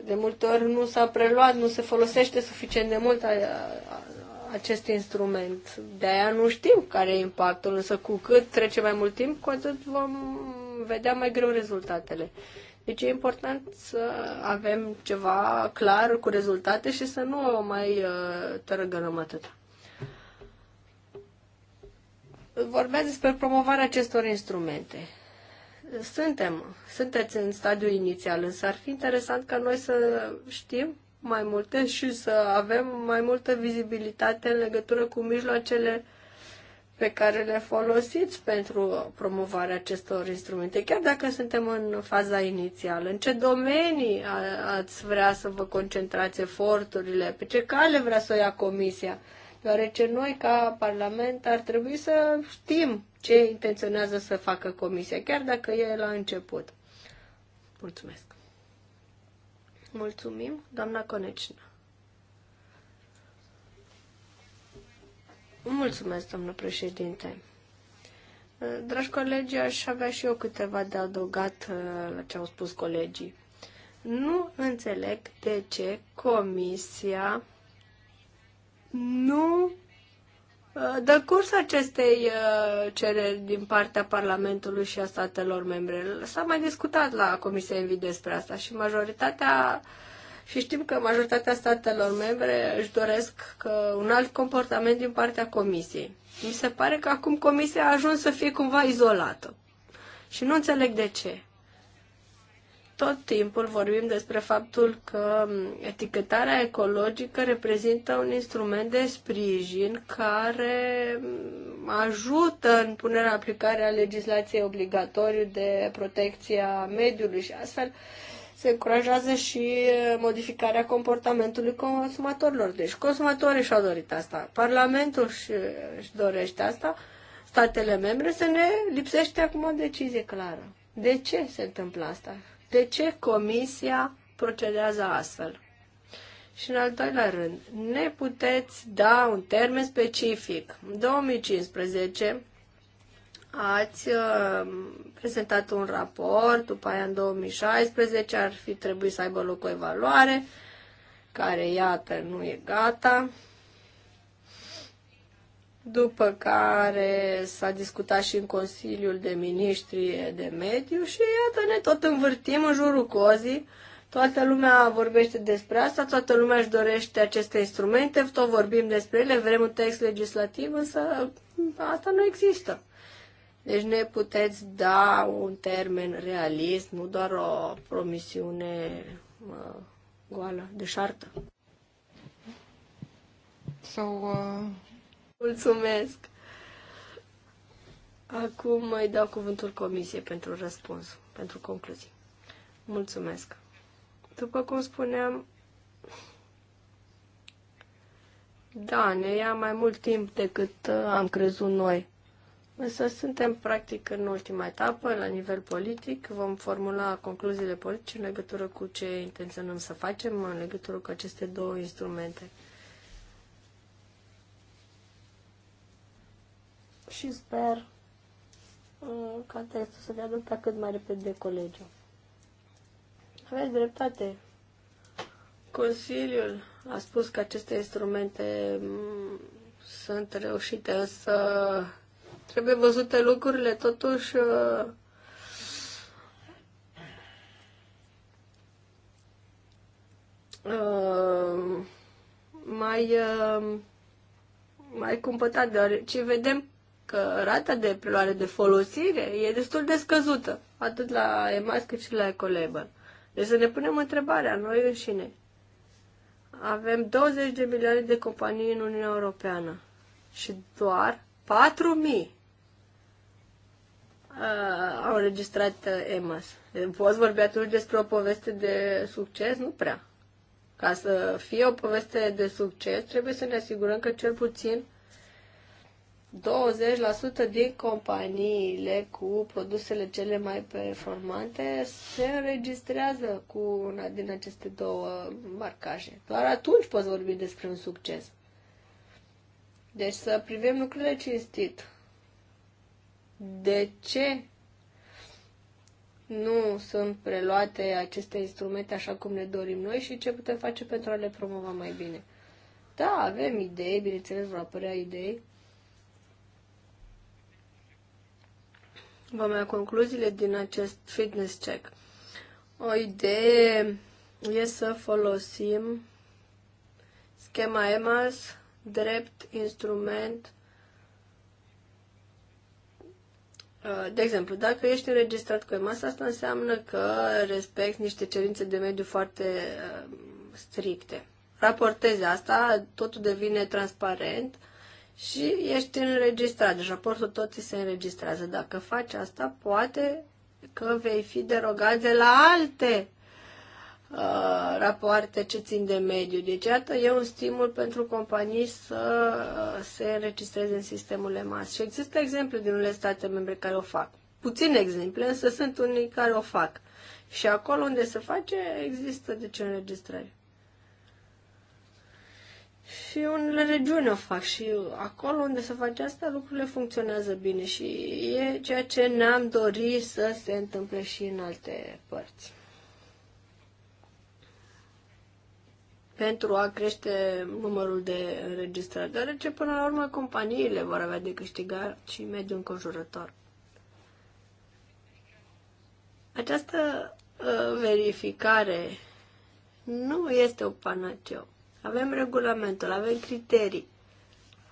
de multe ori nu s-a preluat, nu se folosește suficient de mult acest instrument. De-aia nu știm care e impactul, însă cu cât trece mai mult timp, cu atât vom vedea mai greu rezultatele. Deci e important să avem ceva clar cu rezultate și să nu o mai uh, tărăgănăm atât. Vorbea despre promovarea acestor instrumente. Suntem, sunteți în stadiul inițial, însă ar fi interesant ca noi să știm mai multe și să avem mai multă vizibilitate în legătură cu mijloacele pe care le folosiți pentru promovarea acestor instrumente, chiar dacă suntem în faza inițială. În ce domenii ați vrea să vă concentrați eforturile? Pe ce cale vrea să o ia Comisia? Deoarece noi, ca Parlament, ar trebui să știm ce intenționează să facă Comisia, chiar dacă e la început. Mulțumesc. Mulțumim, doamna Conecina. Mulțumesc, doamnă președinte. Dragi colegi, aș avea și eu câteva de adăugat uh, la ce au spus colegii. Nu înțeleg de ce Comisia nu Uh, dă curs acestei uh, cereri din partea Parlamentului și a statelor membre. S-a mai discutat la Comisia Envi despre asta și majoritatea și știm că majoritatea statelor membre își doresc că un alt comportament din partea Comisiei. Mi se pare că acum Comisia a ajuns să fie cumva izolată. Și nu înțeleg de ce tot timpul vorbim despre faptul că etichetarea ecologică reprezintă un instrument de sprijin care ajută în punerea aplicare a legislației obligatoriu de protecție a mediului și astfel se încurajează și modificarea comportamentului consumatorilor. Deci consumatorii și-au dorit asta, Parlamentul își dorește asta, statele membre, să ne lipsește acum o decizie clară. De ce se întâmplă asta? de ce Comisia procedează astfel. Și în al doilea rând, ne puteți da un termen specific. În 2015 ați uh, prezentat un raport, după aia în 2016 ar fi trebuit să aibă loc o evaluare, care iată nu e gata după care s-a discutat și în Consiliul de Ministri de Mediu și iată ne tot învârtim în jurul cozii. Toată lumea vorbește despre asta, toată lumea își dorește aceste instrumente, tot vorbim despre ele, vrem un text legislativ, însă asta nu există. Deci ne puteți da un termen realist, nu doar o promisiune goală, deșartă. So, uh... Mulțumesc! Acum îi dau cuvântul Comisiei pentru răspuns, pentru concluzii. Mulțumesc! După cum spuneam, da, ne ia mai mult timp decât uh, am crezut noi. Însă suntem practic în ultima etapă, la nivel politic, vom formula concluziile politice în legătură cu ce intenționăm să facem în legătură cu aceste două instrumente. și sper uh, ca te să fie pe cât mai repede de colegiu. Aveți dreptate. Consiliul a spus că aceste instrumente mm, sunt reușite, însă trebuie văzute lucrurile totuși uh, uh, mai mai cumpătat, deoarece vedem că rata de preluare de folosire e destul de scăzută, atât la EMAS cât și la Ecolabel. Deci să ne punem întrebarea noi înșine. Avem 20 de milioane de companii în Uniunea Europeană și doar 4.000 uh, au înregistrat uh, EMAS. Poți vorbi atunci despre o poveste de succes? Nu prea. Ca să fie o poveste de succes, trebuie să ne asigurăm că cel puțin 20% din companiile cu produsele cele mai performante se înregistrează cu una din aceste două marcaje. Doar atunci poți vorbi despre un succes. Deci să privim lucrurile cinstit. De ce nu sunt preluate aceste instrumente așa cum ne dorim noi și ce putem face pentru a le promova mai bine? Da, avem idei, bineînțeles vor apărea idei, vom avea concluziile din acest fitness check. O idee e să folosim schema EMAS drept instrument. Uh, de exemplu, dacă ești înregistrat cu EMAS, asta înseamnă că respecti niște cerințe de mediu foarte uh, stricte. Raportezi asta, totul devine transparent și ești înregistrat. Deci raportul tot se înregistrează. Dacă faci asta, poate că vei fi derogat de la alte uh, rapoarte ce țin de mediu. Deci, iată, e un stimul pentru companii să uh, se înregistreze în sistemul EMAS. Și există exemple din unele state membre care o fac. Puține exemple, însă sunt unii care o fac. Și acolo unde se face, există, deci, înregistrare. Și în regiuni o fac și acolo unde se face asta lucrurile funcționează bine și e ceea ce ne-am dorit să se întâmple și în alte părți. pentru a crește numărul de înregistrări, deoarece până la urmă companiile vor avea de câștigat și mediul înconjurător. Această uh, verificare nu este o panaceu. Avem regulamentul, avem criterii.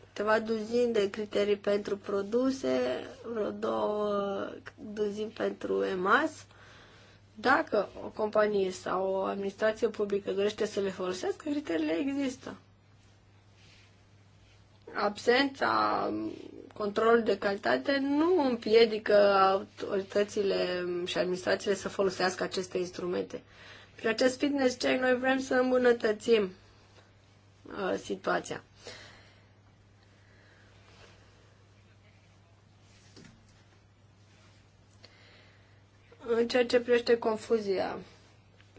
Câteva duzin de criterii pentru produse, vreo două duzin pentru EMAS. Dacă o companie sau o administrație publică dorește să le folosească, criteriile există. Absența controlul de calitate nu împiedică autoritățile și administrațiile să folosească aceste instrumente. Prin acest fitness check noi vrem să îmbunătățim Uh, situația. În ceea ce privește confuzia,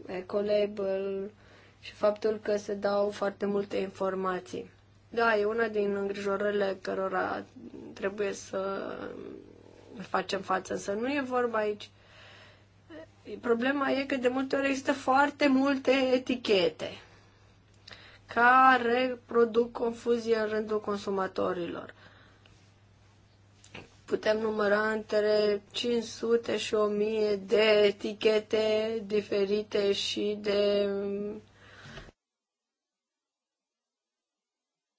ecolabel și faptul că se dau foarte multe informații. Da, e una din îngrijorările cărora trebuie să facem față, însă nu e vorba aici. Problema e că de multe ori există foarte multe etichete care produc confuzie în rândul consumatorilor. Putem număra între 500 și 1000 de etichete diferite și de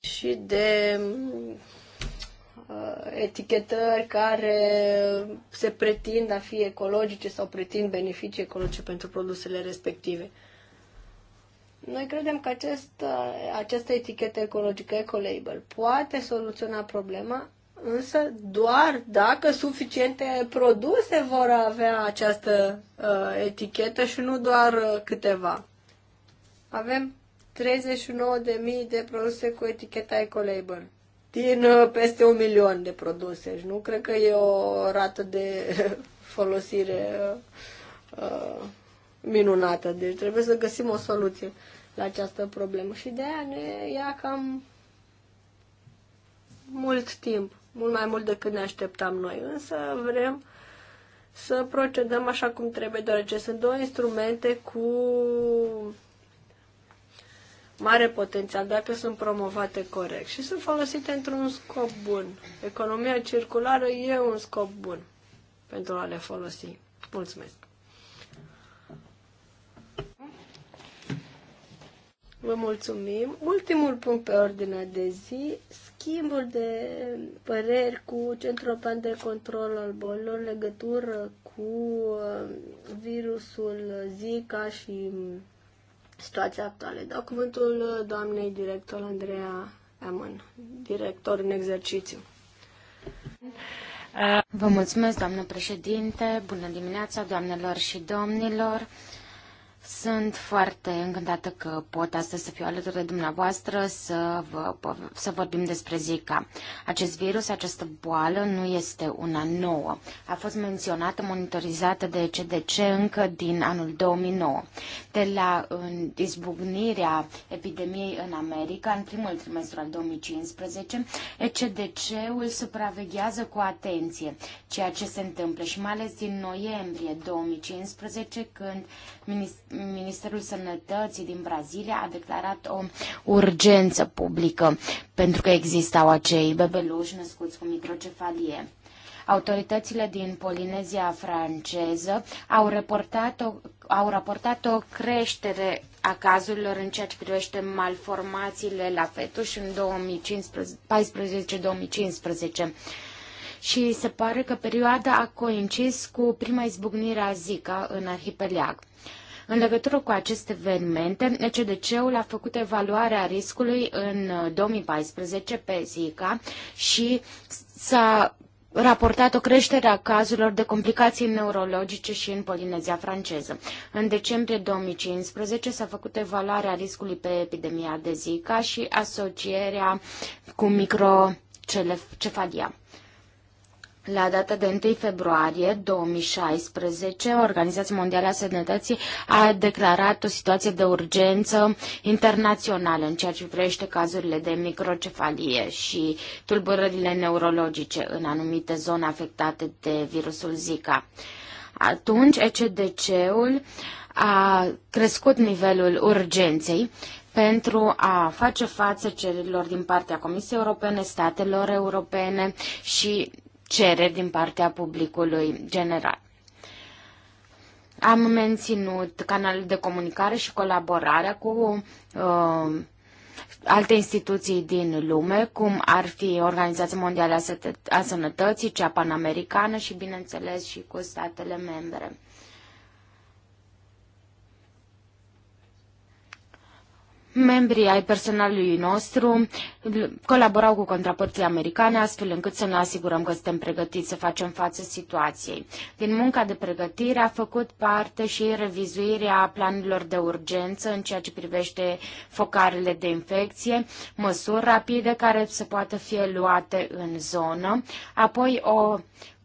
și de uh, etichetări care se pretind a fi ecologice sau pretind beneficii ecologice pentru produsele respective. Noi credem că acest, această etichetă ecologică, ecolabel, poate soluționa problema, însă doar dacă suficiente produse vor avea această uh, etichetă și nu doar uh, câteva. Avem 39.000 de produse cu eticheta Ecolabel din uh, peste un milion de produse și nu cred că e o rată de folosire uh, uh, minunată. Deci trebuie să găsim o soluție la această problemă. Și de aia ne ia cam mult timp, mult mai mult decât ne așteptam noi. Însă vrem să procedăm așa cum trebuie, deoarece sunt două instrumente cu mare potențial dacă sunt promovate corect și sunt folosite într-un scop bun. Economia circulară e un scop bun pentru a le folosi. Mulțumesc! Vă mulțumim. Ultimul punct pe ordinea de zi, schimbul de păreri cu Centrul Pan de Control al Bolilor în legătură cu uh, virusul Zika și mm, situația actuală. Dau cuvântul uh, doamnei director Andreea Amon, director în exercițiu. Vă mulțumesc, doamnă președinte, bună dimineața, doamnelor și domnilor. Sunt foarte încântată că pot astăzi să fiu alături de dumneavoastră să, vă, să vorbim despre Zika. Acest virus, această boală nu este una nouă. A fost menționată, monitorizată de CDC încă din anul 2009. De la izbucnirea epidemiei în America, în primul trimestru al 2015, cdc ul supraveghează cu atenție ceea ce se întâmplă și mai ales din noiembrie 2015, când ministrul Ministerul Sănătății din Brazilia a declarat o urgență publică pentru că existau acei bebeluși născuți cu microcefalie. Autoritățile din Polinezia franceză au raportat o, au raportat o creștere a cazurilor în ceea ce privește malformațiile la fetuș în 2014-2015 și se pare că perioada a coincis cu prima izbucnire a Zika în arhipelag. În legătură cu aceste evenimente, ECDC-ul a făcut evaluarea riscului în 2014 uh, pe Zika și s-a raportat o creștere a cazurilor de complicații neurologice și în Polinezia franceză. În decembrie 2015 s-a făcut evaluarea riscului pe epidemia de Zika și asocierea cu microcefalia. La data de 1 februarie 2016, Organizația Mondială a Sănătății a declarat o situație de urgență internațională în ceea ce privește cazurile de microcefalie și tulburările neurologice în anumite zone afectate de virusul Zika. Atunci, ECDC-ul a crescut nivelul urgenței pentru a face față cererilor din partea Comisiei Europene, statelor europene și cereri din partea publicului general. Am menținut canalul de comunicare și colaborarea cu uh, alte instituții din lume, cum ar fi Organizația Mondială a Sănătății, cea panamericană și, bineînțeles, și cu statele membre. Membrii ai personalului nostru colaborau cu contrapărții americane astfel încât să ne asigurăm că suntem pregătiți să facem față situației. Din munca de pregătire a făcut parte și revizuirea planurilor de urgență în ceea ce privește focarele de infecție, măsuri rapide care se poate fi luate în zonă, apoi o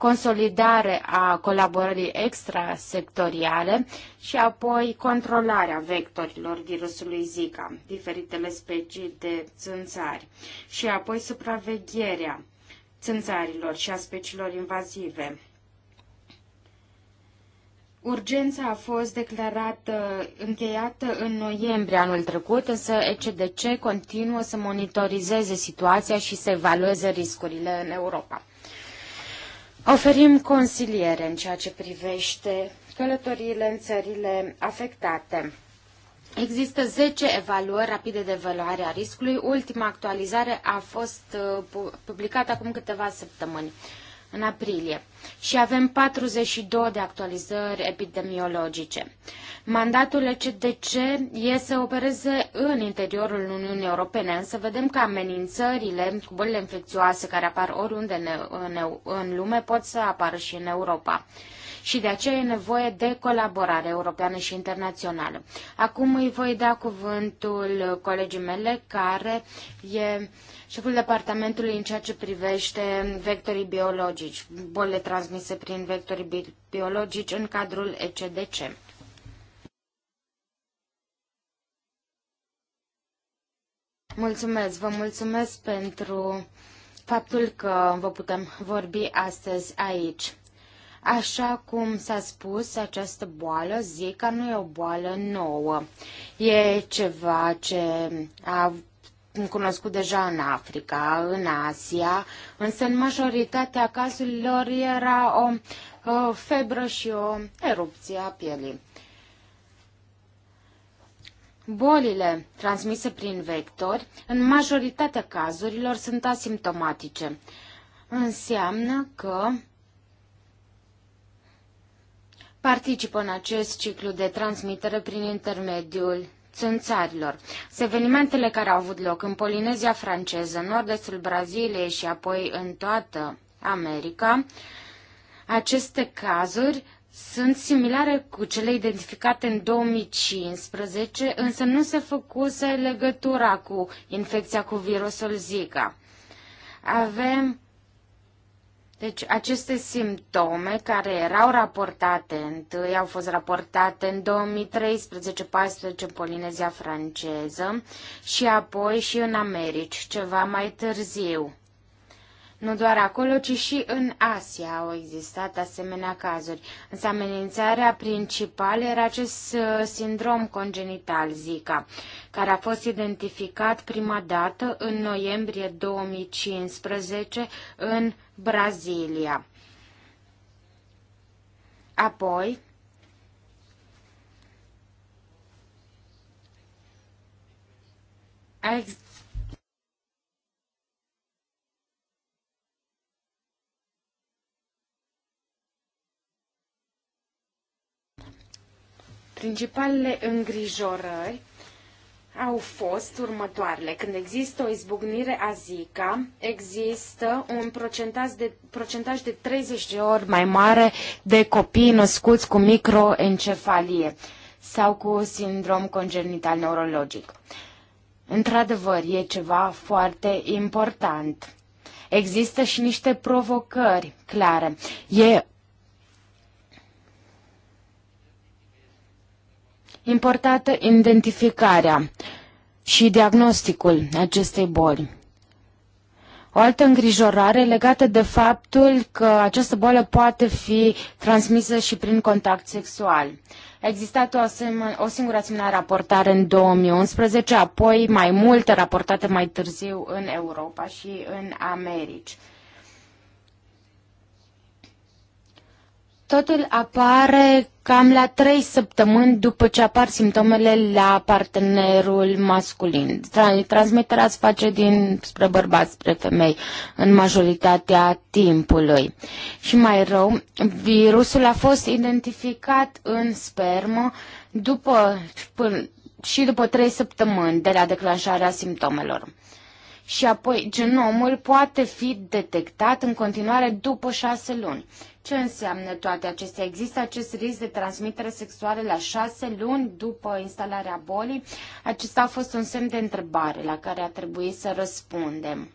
consolidare a colaborării extrasectoriale și apoi controlarea vectorilor virusului Zika, diferitele specii de țânțari și apoi supravegherea țânțarilor și a speciilor invazive. Urgența a fost declarată încheiată în noiembrie anul trecut, însă ECDC continuă să monitorizeze situația și să evalueze riscurile în Europa. Oferim consiliere în ceea ce privește călătoriile în țările afectate. Există 10 evaluări rapide de evaluare a riscului. Ultima actualizare a fost uh, publicată acum câteva săptămâni în aprilie și avem 42 de actualizări epidemiologice. Mandatul ECDC e să opereze în interiorul Uniunii Europene, însă vedem că amenințările cu bolile infecțioase care apar oriunde în lume pot să apară și în Europa și de aceea e nevoie de colaborare europeană și internațională. Acum îi voi da cuvântul colegii mele care e șeful departamentului în ceea ce privește vectorii biologici, bolile transmise prin vectorii bi biologici în cadrul ECDC. Mulțumesc, vă mulțumesc pentru faptul că vă putem vorbi astăzi aici. Așa cum s-a spus, această boală, Zika, nu e o boală nouă. E ceva ce a cunoscut deja în Africa, în Asia, însă în majoritatea cazurilor era o, o febră și o erupție a pielii. Bolile transmise prin vectori, în majoritatea cazurilor, sunt asimptomatice. Înseamnă că participă în acest ciclu de transmitere prin intermediul țânțarilor. Evenimentele care au avut loc în Polinezia franceză, în nord-estul Braziliei și apoi în toată America, aceste cazuri sunt similare cu cele identificate în 2015, însă nu se făcuse legătura cu infecția cu virusul Zika. Avem deci aceste simptome care erau raportate, întâi au fost raportate în 2013-14 în Polinezia franceză și apoi și în Americi, ceva mai târziu. Nu doar acolo, ci și în Asia au existat asemenea cazuri. Însă amenințarea principală era acest uh, sindrom congenital Zika, care a fost identificat prima dată în noiembrie 2015 în Brazilia. Apoi, principalele îngrijorări au fost următoarele. Când există o izbucnire a Zika, există un procentaj de, procentaj de 30 de ori mai mare de copii născuți cu microencefalie sau cu sindrom congenital neurologic. Într-adevăr, e ceva foarte important. Există și niște provocări clare. E Importată identificarea și diagnosticul acestei boli. O altă îngrijorare legată de faptul că această boală poate fi transmisă și prin contact sexual. A existat o, asemen, o singură asemenea raportare în 2011, apoi mai multe raportate mai târziu în Europa și în Americi. Totul apare cam la trei săptămâni după ce apar simptomele la partenerul masculin. Transmiterea se face din spre bărbați, spre femei, în majoritatea timpului. Și mai rău, virusul a fost identificat în spermă după, până, și după trei săptămâni de la declanșarea simptomelor și apoi genomul poate fi detectat în continuare după șase luni. Ce înseamnă toate acestea? Există acest risc de transmitere sexuală la șase luni după instalarea bolii? Acesta a fost un semn de întrebare la care a trebuit să răspundem.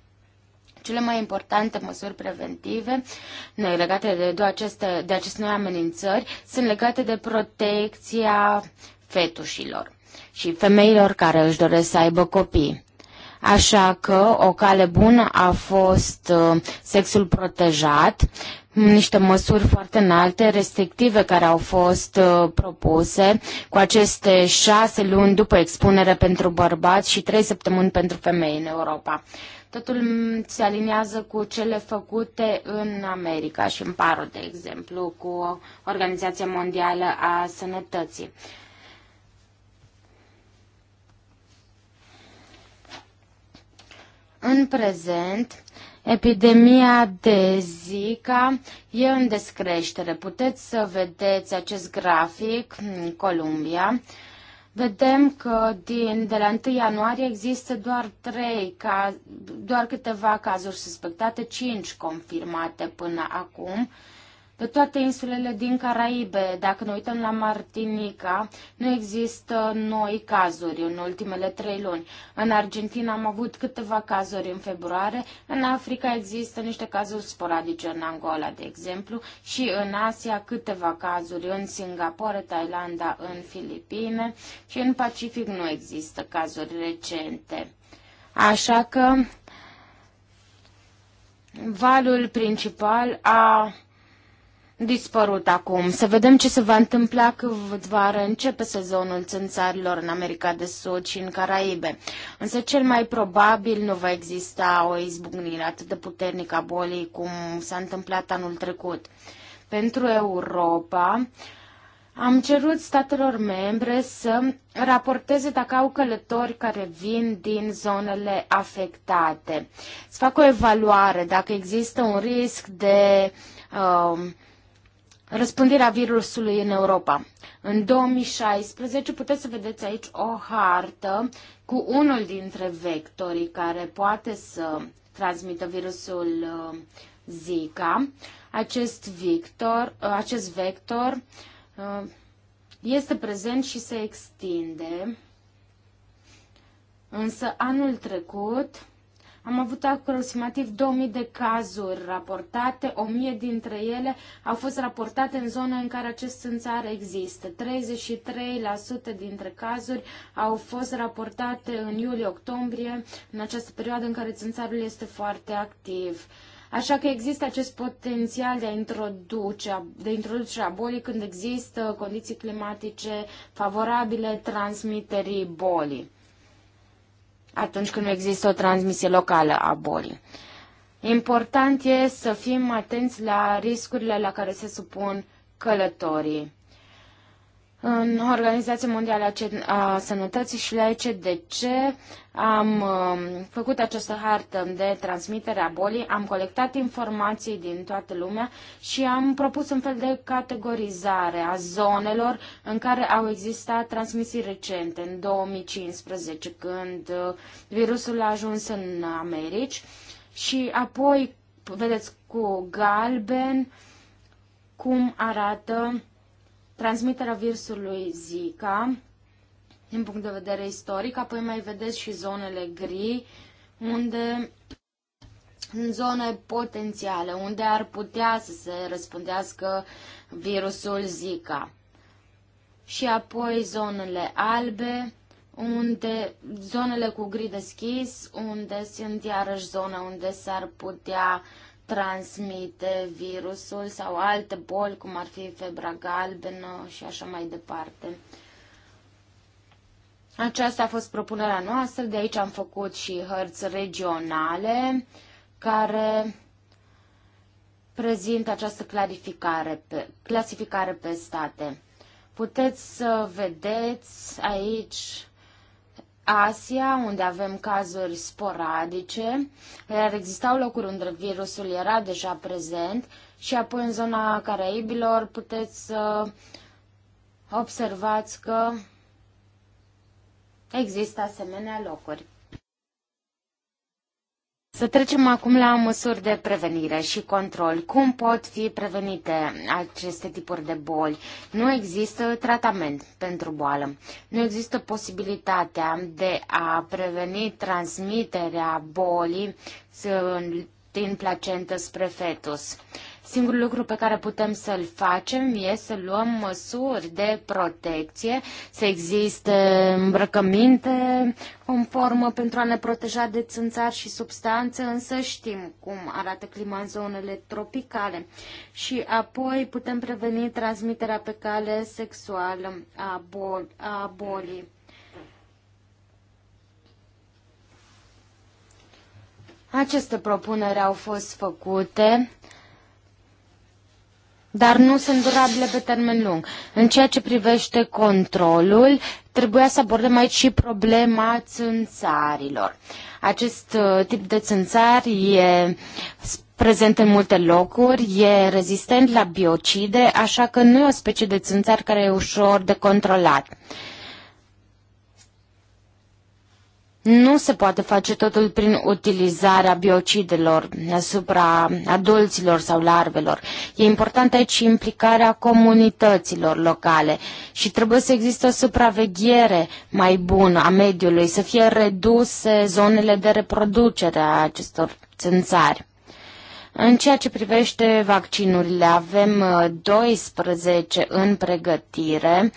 Cele mai importante măsuri preventive legate de, de, aceste, de aceste noi amenințări sunt legate de protecția fetușilor și femeilor care își doresc să aibă copii. Așa că o cale bună a fost uh, sexul protejat, niște măsuri foarte înalte, restrictive care au fost uh, propuse cu aceste șase luni după expunere pentru bărbați și trei săptămâni pentru femei în Europa. Totul mm, se aliniază cu cele făcute în America și în Paro, de exemplu, cu Organizația Mondială a Sănătății. În prezent, Epidemia de Zika e în descreștere. Puteți să vedeți acest grafic în Columbia. Vedem că din, de la 1 ianuarie există doar, 3, ca, doar câteva cazuri suspectate, 5 confirmate până acum. Pe toate insulele din Caraibe, dacă ne uităm la Martinica, nu există noi cazuri în ultimele trei luni. În Argentina am avut câteva cazuri în februarie, în Africa există niște cazuri sporadice în Angola, de exemplu, și în Asia câteva cazuri în Singapore, Thailanda, în Filipine și în Pacific nu există cazuri recente. Așa că valul principal a dispărut acum. Să vedem ce se va întâmpla când va începe sezonul țânțarilor în America de Sud și în Caraibe. Însă cel mai probabil nu va exista o izbucnire atât de puternică a bolii cum s-a întâmplat anul trecut. Pentru Europa, am cerut statelor membre să raporteze dacă au călători care vin din zonele afectate. Să fac o evaluare dacă există un risc de uh, răspândirea virusului în Europa. În 2016 puteți să vedeți aici o hartă cu unul dintre vectorii care poate să transmită virusul uh, Zika. Acest, victor, uh, acest vector uh, este prezent și se extinde. Însă anul trecut am avut aproximativ 2000 de cazuri raportate, 1000 dintre ele au fost raportate în zona în care acest țânțar există. 33% dintre cazuri au fost raportate în iulie-octombrie, în această perioadă în care țânțarul este foarte activ. Așa că există acest potențial de a introduce, de introduce a bolii când există condiții climatice favorabile transmiterii bolii atunci când nu există o transmisie locală a bolii. Important e să fim atenți la riscurile la care se supun călătorii. În Organizația Mondială a Sănătății și la ECDC am um, făcut această hartă de transmitere a bolii, am colectat informații din toată lumea și am propus un fel de categorizare a zonelor în care au existat transmisii recente, în 2015, când uh, virusul a ajuns în Americi. Și apoi, vedeți cu galben, cum arată transmiterea virusului Zika din punct de vedere istoric, apoi mai vedeți și zonele gri, unde în zone potențiale, unde ar putea să se răspândească virusul Zika. Și apoi zonele albe, unde zonele cu gri deschis, unde sunt iarăși zone unde s-ar putea uh, transmite virusul sau alte boli, cum ar fi febra galbenă și așa mai departe. Aceasta a fost propunerea noastră, de aici am făcut și hărți regionale care prezintă această clarificare pe, clasificare pe state. Puteți să vedeți aici Asia, unde avem cazuri sporadice, iar existau locuri unde virusul era deja prezent și apoi în zona Caraibilor puteți să observați că există asemenea locuri. Să trecem acum la măsuri de prevenire și control. Cum pot fi prevenite aceste tipuri de boli? Nu există tratament pentru boală. Nu există posibilitatea de a preveni transmiterea bolii din placentă spre fetus. Singurul lucru pe care putem să-l facem e să luăm măsuri de protecție, să existe îmbrăcăminte în formă pentru a ne proteja de țânțari și substanțe, însă știm cum arată clima în zonele tropicale. Și apoi putem preveni transmiterea pe cale sexuală a, bol- a bolii. Aceste propuneri au fost făcute dar nu sunt durabile pe termen lung. În ceea ce privește controlul, trebuia să abordăm aici și problema țânțarilor. Acest uh, tip de țânțar e prezent în multe locuri, e rezistent la biocide, așa că nu e o specie de țânțar care e ușor de controlat. Nu se poate face totul prin utilizarea biocidelor asupra adulților sau larvelor. E importantă aici implicarea comunităților locale și trebuie să existe o supraveghere mai bună a mediului, să fie reduse zonele de reproducere a acestor țânțari. În ceea ce privește vaccinurile, avem 12 uh, în pregătire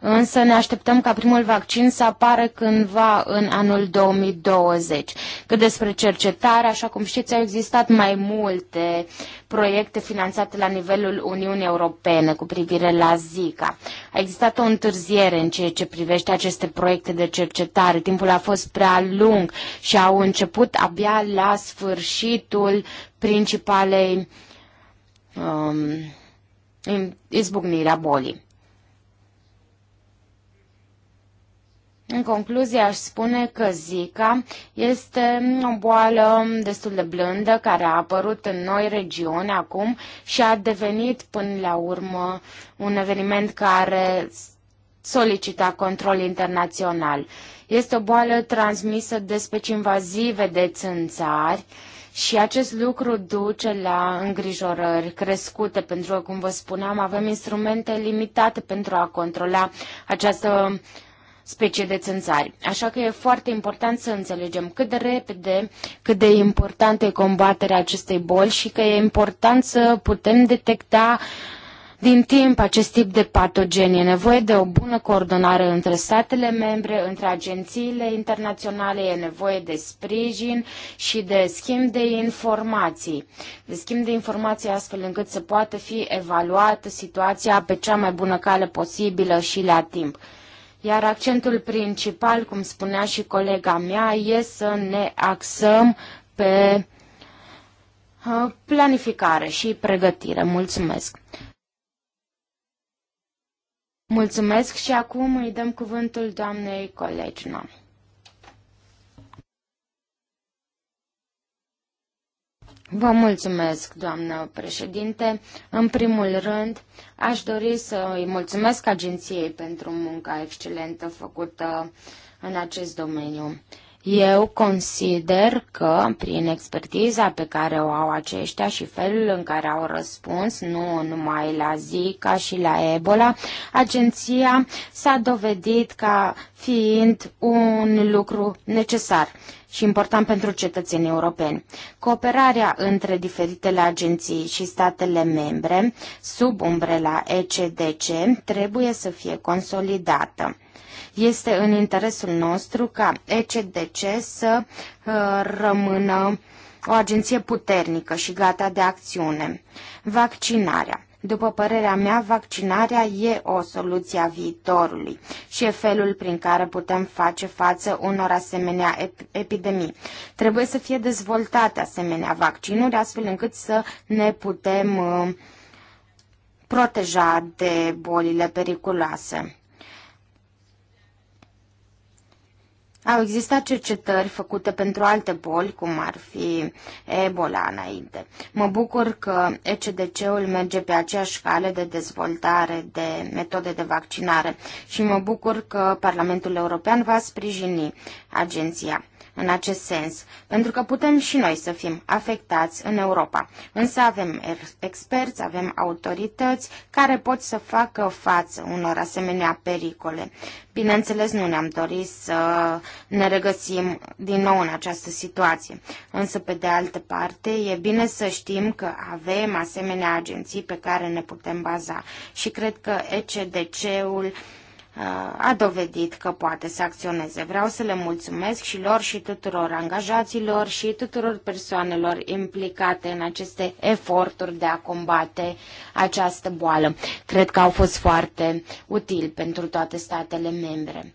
însă ne așteptăm ca primul vaccin să apară cândva în anul 2020. Cât despre cercetare, așa cum știți, au existat mai multe proiecte finanțate la nivelul Uniunii Europene cu privire la Zika. A existat o întârziere în ceea ce privește aceste proiecte de cercetare. Timpul a fost prea lung și au început abia la sfârșitul principalei um, izbucnirea bolii. În concluzie, aș spune că Zika este o boală destul de blândă care a apărut în noi regiuni acum și a devenit până la urmă un eveniment care solicita control internațional. Este o boală transmisă de specii invazive de țânțari și acest lucru duce la îngrijorări crescute, pentru că, cum vă spuneam, avem instrumente limitate pentru a controla această uh, specie de țânțari. Așa că e foarte important să înțelegem cât de repede, cât de importantă e combaterea acestei boli și că e important să putem detecta din timp acest tip de patogen. E nevoie de o bună coordonare între statele membre, între agențiile internaționale, e nevoie de sprijin și de schimb de informații. De schimb de informații astfel încât să poată fi evaluată situația pe cea mai bună cale posibilă și la timp. Iar accentul principal, cum spunea și colega mea, e să ne axăm pe uh, planificare și pregătire. Mulțumesc! Mulțumesc și acum îi dăm cuvântul doamnei Colegna. Vă mulțumesc, doamnă președinte. În primul rând, aș dori să îi mulțumesc agenției pentru munca excelentă făcută în acest domeniu. Eu consider că, prin expertiza pe care o au aceștia și felul în care au răspuns, nu numai la Zika și la Ebola, agenția s-a dovedit ca fiind un lucru necesar și important pentru cetățenii europeni. Cooperarea între diferitele agenții și statele membre sub umbrela ECDC trebuie să fie consolidată este în interesul nostru ca ECDC să uh, rămână o agenție puternică și gata de acțiune. Vaccinarea. După părerea mea, vaccinarea e o soluție a viitorului și e felul prin care putem face față unor asemenea ep- epidemii. Trebuie să fie dezvoltate asemenea vaccinuri, astfel încât să ne putem uh, proteja de bolile periculoase. Au existat cercetări făcute pentru alte boli, cum ar fi Ebola înainte. Mă bucur că ECDC-ul merge pe aceeași cale de dezvoltare de metode de vaccinare și mă bucur că Parlamentul European va sprijini agenția în acest sens, pentru că putem și noi să fim afectați în Europa. Însă avem experți, avem autorități care pot să facă față unor asemenea pericole. Bineînțeles, nu ne-am dorit să ne regăsim din nou în această situație, însă pe de altă parte e bine să știm că avem asemenea agenții pe care ne putem baza și cred că ECDC-ul Uh, a dovedit că poate să acționeze. Vreau să le mulțumesc și lor și tuturor angajaților și tuturor persoanelor implicate în aceste eforturi de a combate această boală. Cred că au fost foarte utili pentru toate statele membre.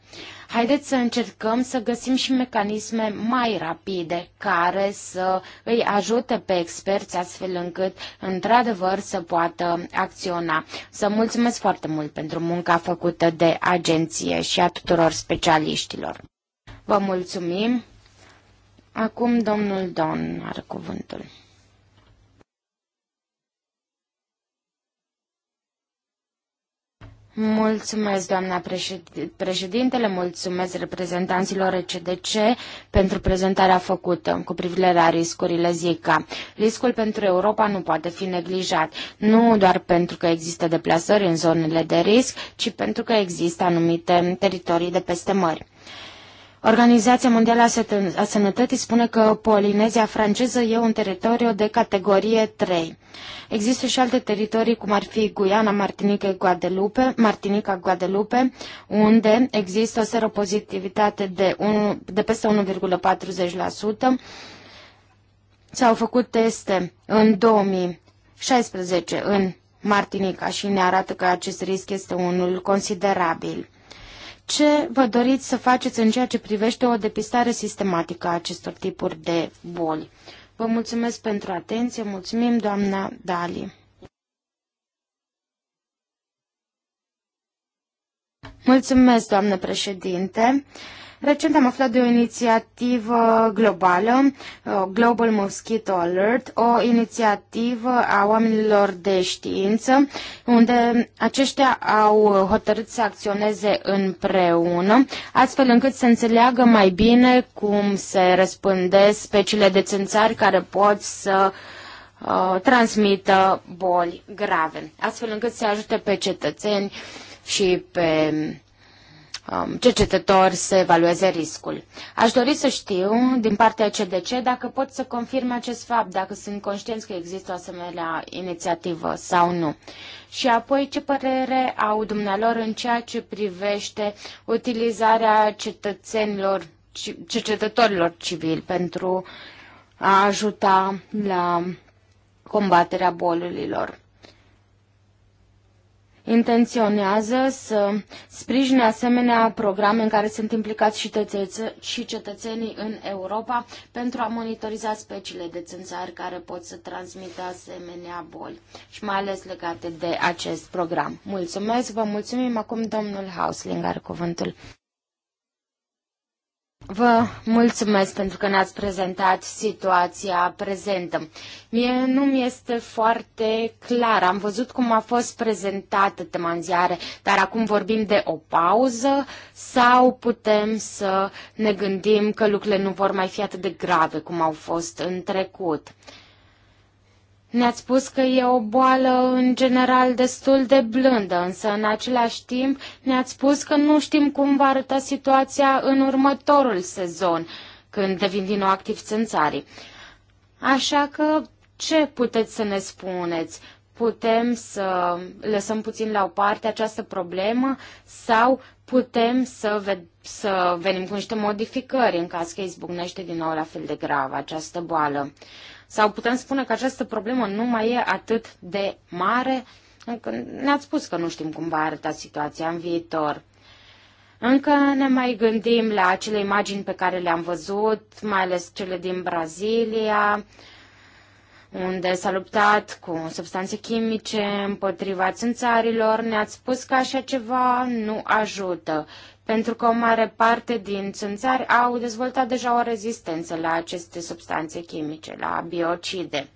Haideți să încercăm să găsim și mecanisme mai rapide care să îi ajute pe experți astfel încât într-adevăr să poată acționa. Să mulțumesc foarte mult pentru munca făcută de agenție și a tuturor specialiștilor. Vă mulțumim! Acum domnul Don are cuvântul. Mulțumesc, doamna președintele, mulțumesc reprezentanților ECDC pentru prezentarea făcută cu privire la riscurile Zika. Riscul pentru Europa nu poate fi neglijat, nu doar pentru că există deplasări în zonele de risc, ci pentru că există anumite teritorii de peste mări. Organizația Mondială a Sănătății spune că Polinezia franceză e un teritoriu de categorie 3. Există și alte teritorii, cum ar fi Guiana, Martinica, Guadeloupe, Martinica, Guadeloupe, unde există o seropozitivitate de, un, de peste 1,40%. S-au făcut teste în 2016 în Martinica și ne arată că acest risc este unul considerabil ce vă doriți să faceți în ceea ce privește o depistare sistematică a acestor tipuri de boli. Vă mulțumesc pentru atenție, mulțumim doamna Dali. Mulțumesc, doamnă președinte. Recent am aflat de o inițiativă globală, uh, Global Mosquito Alert, o inițiativă a oamenilor de știință, unde aceștia au hotărât să acționeze împreună, astfel încât să înțeleagă mai bine cum se răspândesc speciile de țânțari care pot să uh, transmită boli grave, astfel încât să ajute pe cetățeni și pe Um, cercetători să evalueze riscul. Aș dori să știu, din partea CDC, dacă pot să confirm acest fapt, dacă sunt conștienți că există o asemenea inițiativă sau nu. Și apoi, ce părere au dumnealor în ceea ce privește utilizarea cetățenilor, cercetătorilor civili pentru a ajuta la combaterea bolurilor intenționează să sprijine asemenea programe în care sunt implicați și, tățeță, și cetățenii în Europa pentru a monitoriza speciile de țânțari care pot să transmită asemenea boli și mai ales legate de acest program. Mulțumesc, vă mulțumim acum domnul Hausling are cuvântul. Vă mulțumesc pentru că ne-ați prezentat situația prezentă. Mie nu mi este foarte clar. Am văzut cum a fost prezentată tema în ziare, dar acum vorbim de o pauză sau putem să ne gândim că lucrurile nu vor mai fi atât de grave cum au fost în trecut. Ne-ați spus că e o boală în general destul de blândă, însă în același timp ne-ați spus că nu știm cum va arăta situația în următorul sezon, când devin din nou activ țânțarii. Așa că ce puteți să ne spuneți? Putem să lăsăm puțin la o parte această problemă sau putem să, ve- să venim cu niște modificări în caz că izbucnește din nou la fel de grav această boală? Sau putem spune că această problemă nu mai e atât de mare? Încă ne-ați spus că nu știm cum va arăta situația în viitor. Încă ne mai gândim la acele imagini pe care le-am văzut, mai ales cele din Brazilia, uh, unde s-a luptat cu substanțe chimice împotriva țânțarilor, ne-ați spus că așa ceva nu ajută, pentru că o mare parte din țânțari au dezvoltat deja o rezistență la aceste substanțe chimice, la biocide.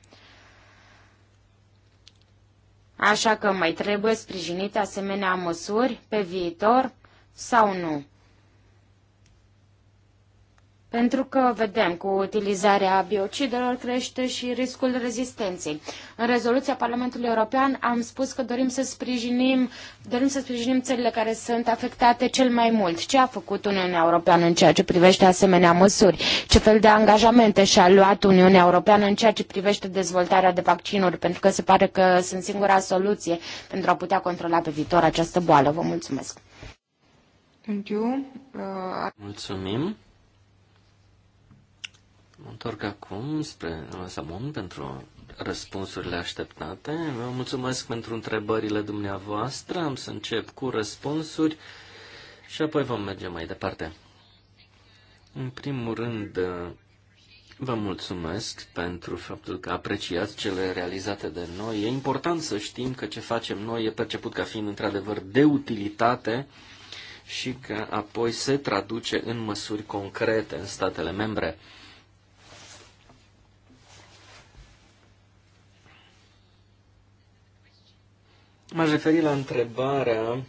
Așa că mai trebuie sprijinite asemenea măsuri pe viitor sau nu? pentru că vedem cu utilizarea biocidelor crește și riscul rezistenței. În rezoluția Parlamentului European am spus că dorim să sprijinim, dorim să sprijinim țările care sunt afectate cel mai mult. Ce a făcut Uniunea Europeană în ceea ce privește asemenea măsuri? Ce fel de angajamente și-a luat Uniunea Europeană în ceea ce privește dezvoltarea de vaccinuri? Pentru că se pare că sunt singura soluție pentru a putea controla pe viitor această boală. Vă mulțumesc! Uh, Mulțumim! Mă întorc acum spre Samon pentru răspunsurile așteptate. Vă mulțumesc pentru întrebările dumneavoastră. Am să încep cu răspunsuri și apoi vom merge mai departe. În primul rând, vă mulțumesc pentru faptul că apreciați cele realizate de noi. E important să știm că ce facem noi e perceput ca fiind într-adevăr de utilitate și că apoi se traduce în măsuri concrete în statele membre. M-aș referi la întrebarea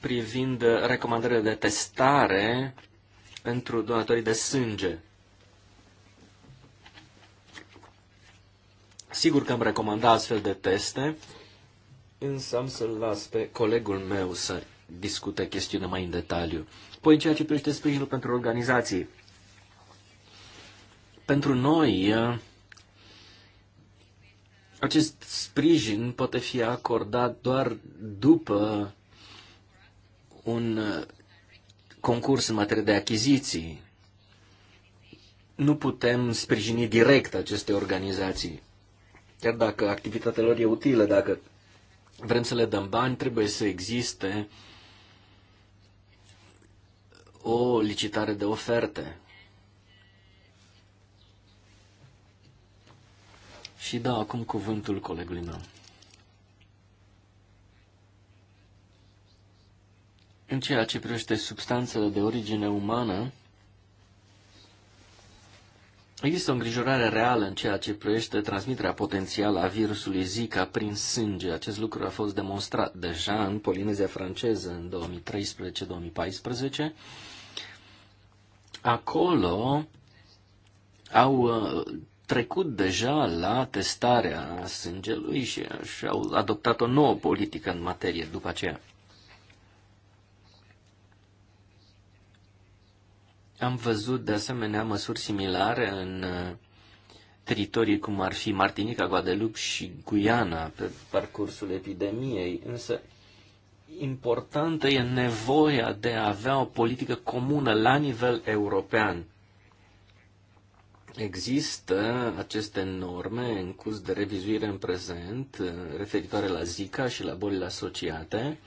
privind recomandările de testare pentru donatorii de sânge. Sigur că am recomanda astfel de teste, însă am să-l las pe colegul meu să discute chestiunea mai în detaliu. Păi, în ceea ce privește sprijinul pentru organizații. Pentru noi, acest sprijin poate fi acordat doar după un concurs în materie de achiziții. Nu putem sprijini direct aceste organizații. Chiar dacă activitatea lor e utilă, dacă vrem să le dăm bani, trebuie să existe o licitare de oferte. și dau acum cuvântul colegului meu. În ceea ce privește substanțele de origine umană, există o îngrijorare reală în ceea ce privește transmiterea potențială a virusului Zika prin sânge. Acest lucru a fost demonstrat deja în Polinezia franceză în 2013-2014. Acolo au uh, trecut deja la testarea sângelui și, au adoptat o nouă politică în materie după aceea. Am văzut de asemenea măsuri similare în uh, teritorii cum ar fi Martinica, Guadeloupe și Guiana pe parcursul epidemiei, însă importantă e nevoia de a avea o politică comună la nivel european Există aceste norme în curs de revizuire în prezent uh, referitoare la Zika și la bolile asociate.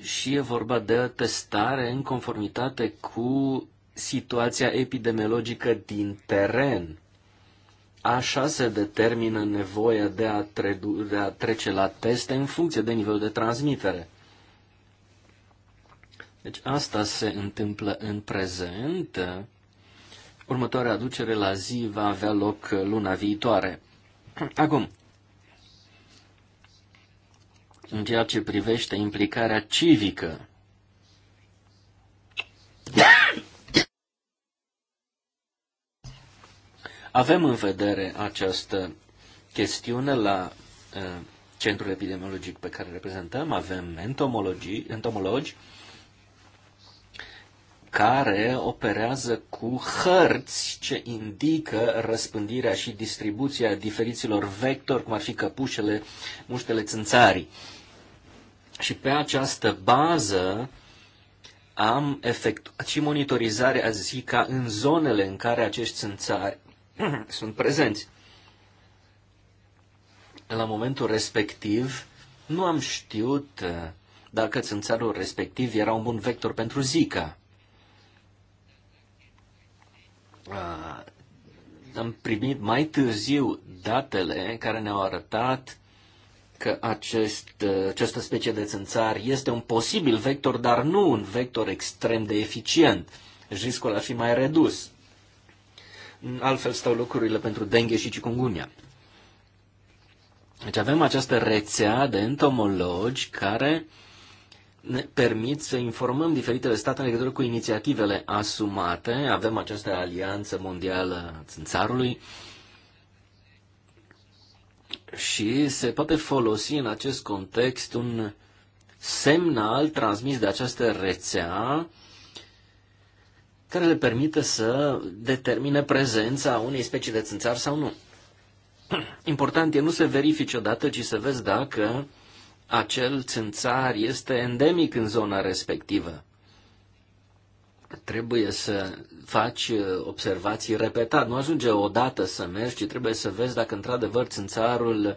Și e vorba de testare în conformitate cu situația epidemiologică din teren. Așa se determină nevoia de a, de a trece la teste în funcție de nivelul de transmitere. Deci asta se întâmplă în prezent. Următoarea aducere la zi va avea loc luna viitoare. Acum, în ceea ce privește implicarea civică, avem în vedere această chestiune la uh, centrul epidemiologic pe care reprezentăm, avem entomologi, entomologi care operează cu hărți ce indică răspândirea și distribuția diferiților vectori, cum ar fi căpușele, muștele țânțarii. Și pe această bază am efectuat și monitorizare a zica în zonele în care acești țânțari sunt prezenți. La momentul respectiv, nu am știut uh, dacă țânțarul respectiv era un bun vector pentru Zika am primit mai târziu datele care ne-au arătat că acest, această specie de țânțar este un posibil vector, dar nu un vector extrem de eficient. Riscul ar fi mai redus. Altfel stau lucrurile pentru dengue și cicungunia. Deci avem această rețea de entomologi care uh, ne permit să informăm diferitele state în legătură cu inițiativele asumate. Avem această alianță mondială a țânțarului și se poate folosi în acest context un semnal transmis de această rețea care le permite să determine prezența unei specii de țânțar sau nu. Important e nu se verifici odată, ci să vezi dacă acel țânțar este endemic în zona respectivă. Trebuie să faci uh, observații repetat. Nu ajunge odată să mergi, ci trebuie să vezi dacă într-adevăr țânțarul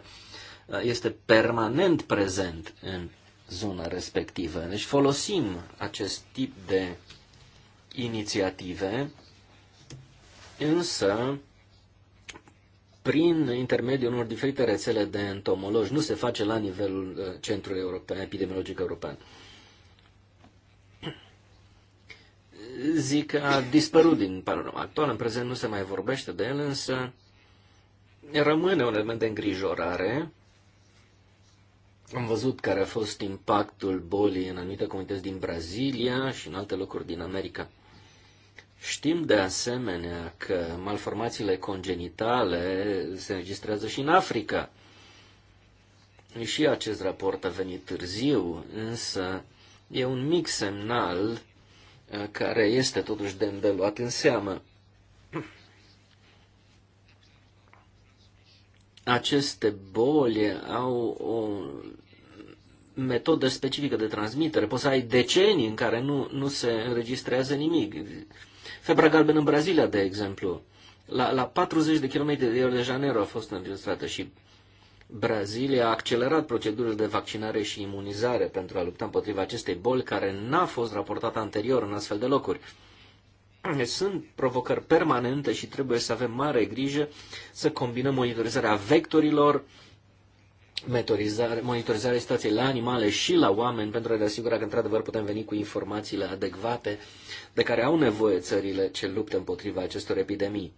uh, este permanent prezent în zona respectivă. Deci folosim acest tip de inițiative, însă prin intermediul unor diferite rețele de entomologi. Nu se face la nivelul uh, Centrului European, Epidemiologic European. Zic că a dispărut din panorama actual, în prezent nu se mai vorbește de el, însă rămâne un element de îngrijorare. Am văzut care a fost impactul bolii în anumite comunități din Brazilia și în alte locuri din America Știm de asemenea că malformațiile congenitale se înregistrează și în Africa. Și acest raport a venit târziu, însă e un mic semnal uh, care este totuși de îndeluat în seamă. Aceste boli au o metodă specifică de transmitere. Poți să ai decenii în care nu, nu se înregistrează nimic. Febra galbenă în Brazilia, de exemplu, la, la 40 de km de Rio de Janeiro a fost înregistrată și Brazilia a accelerat procedurile de vaccinare și imunizare pentru a lupta împotriva acestei boli care n-a fost raportată anterior în astfel de locuri. Deci sunt provocări permanente și trebuie să avem mare grijă să combinăm monitorizarea vectorilor, monitorizarea situației la animale și la oameni pentru a ne asigura că într-adevăr putem veni cu informațiile adecvate de care au nevoie țările ce luptă împotriva acestor epidemii.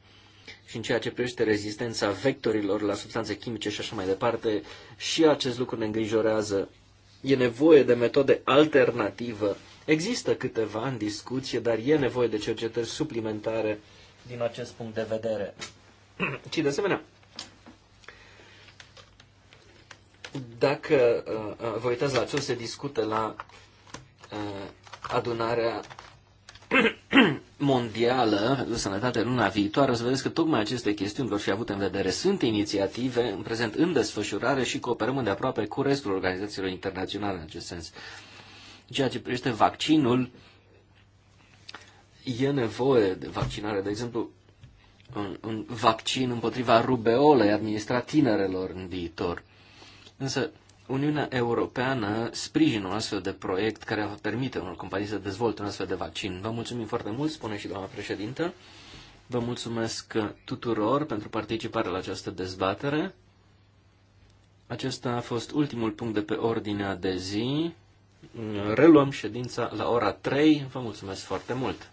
Și în ceea ce privește rezistența vectorilor la substanțe chimice și așa mai departe, și acest lucru ne îngrijorează. E nevoie de metode alternativă. Există câteva în discuție, dar e nevoie de cercetări suplimentare din acest punct de vedere. Și de asemenea, Dacă uh, uh, vă uitați la ce se discută la uh, adunarea mondială de sănătate luna viitoare, o să vedeți că tocmai aceste chestiuni vor fi avute în vedere. Sunt inițiative în prezent în desfășurare și cooperăm aproape cu restul organizațiilor internaționale în acest sens. Ceea ce privește vaccinul, e nevoie de vaccinare. De exemplu, un, un vaccin împotriva rubeolei administrat tinerelor în viitor. Însă, Uniunea Europeană sprijină un astfel de proiect care permite unor companii să dezvolte un astfel de vaccin. Vă mulțumim foarte mult, spune și doamna președintă. Vă mulțumesc tuturor pentru participare la această dezbatere. Acesta a fost ultimul punct de pe ordinea de zi. Reluăm ședința la ora 3. Vă mulțumesc foarte mult!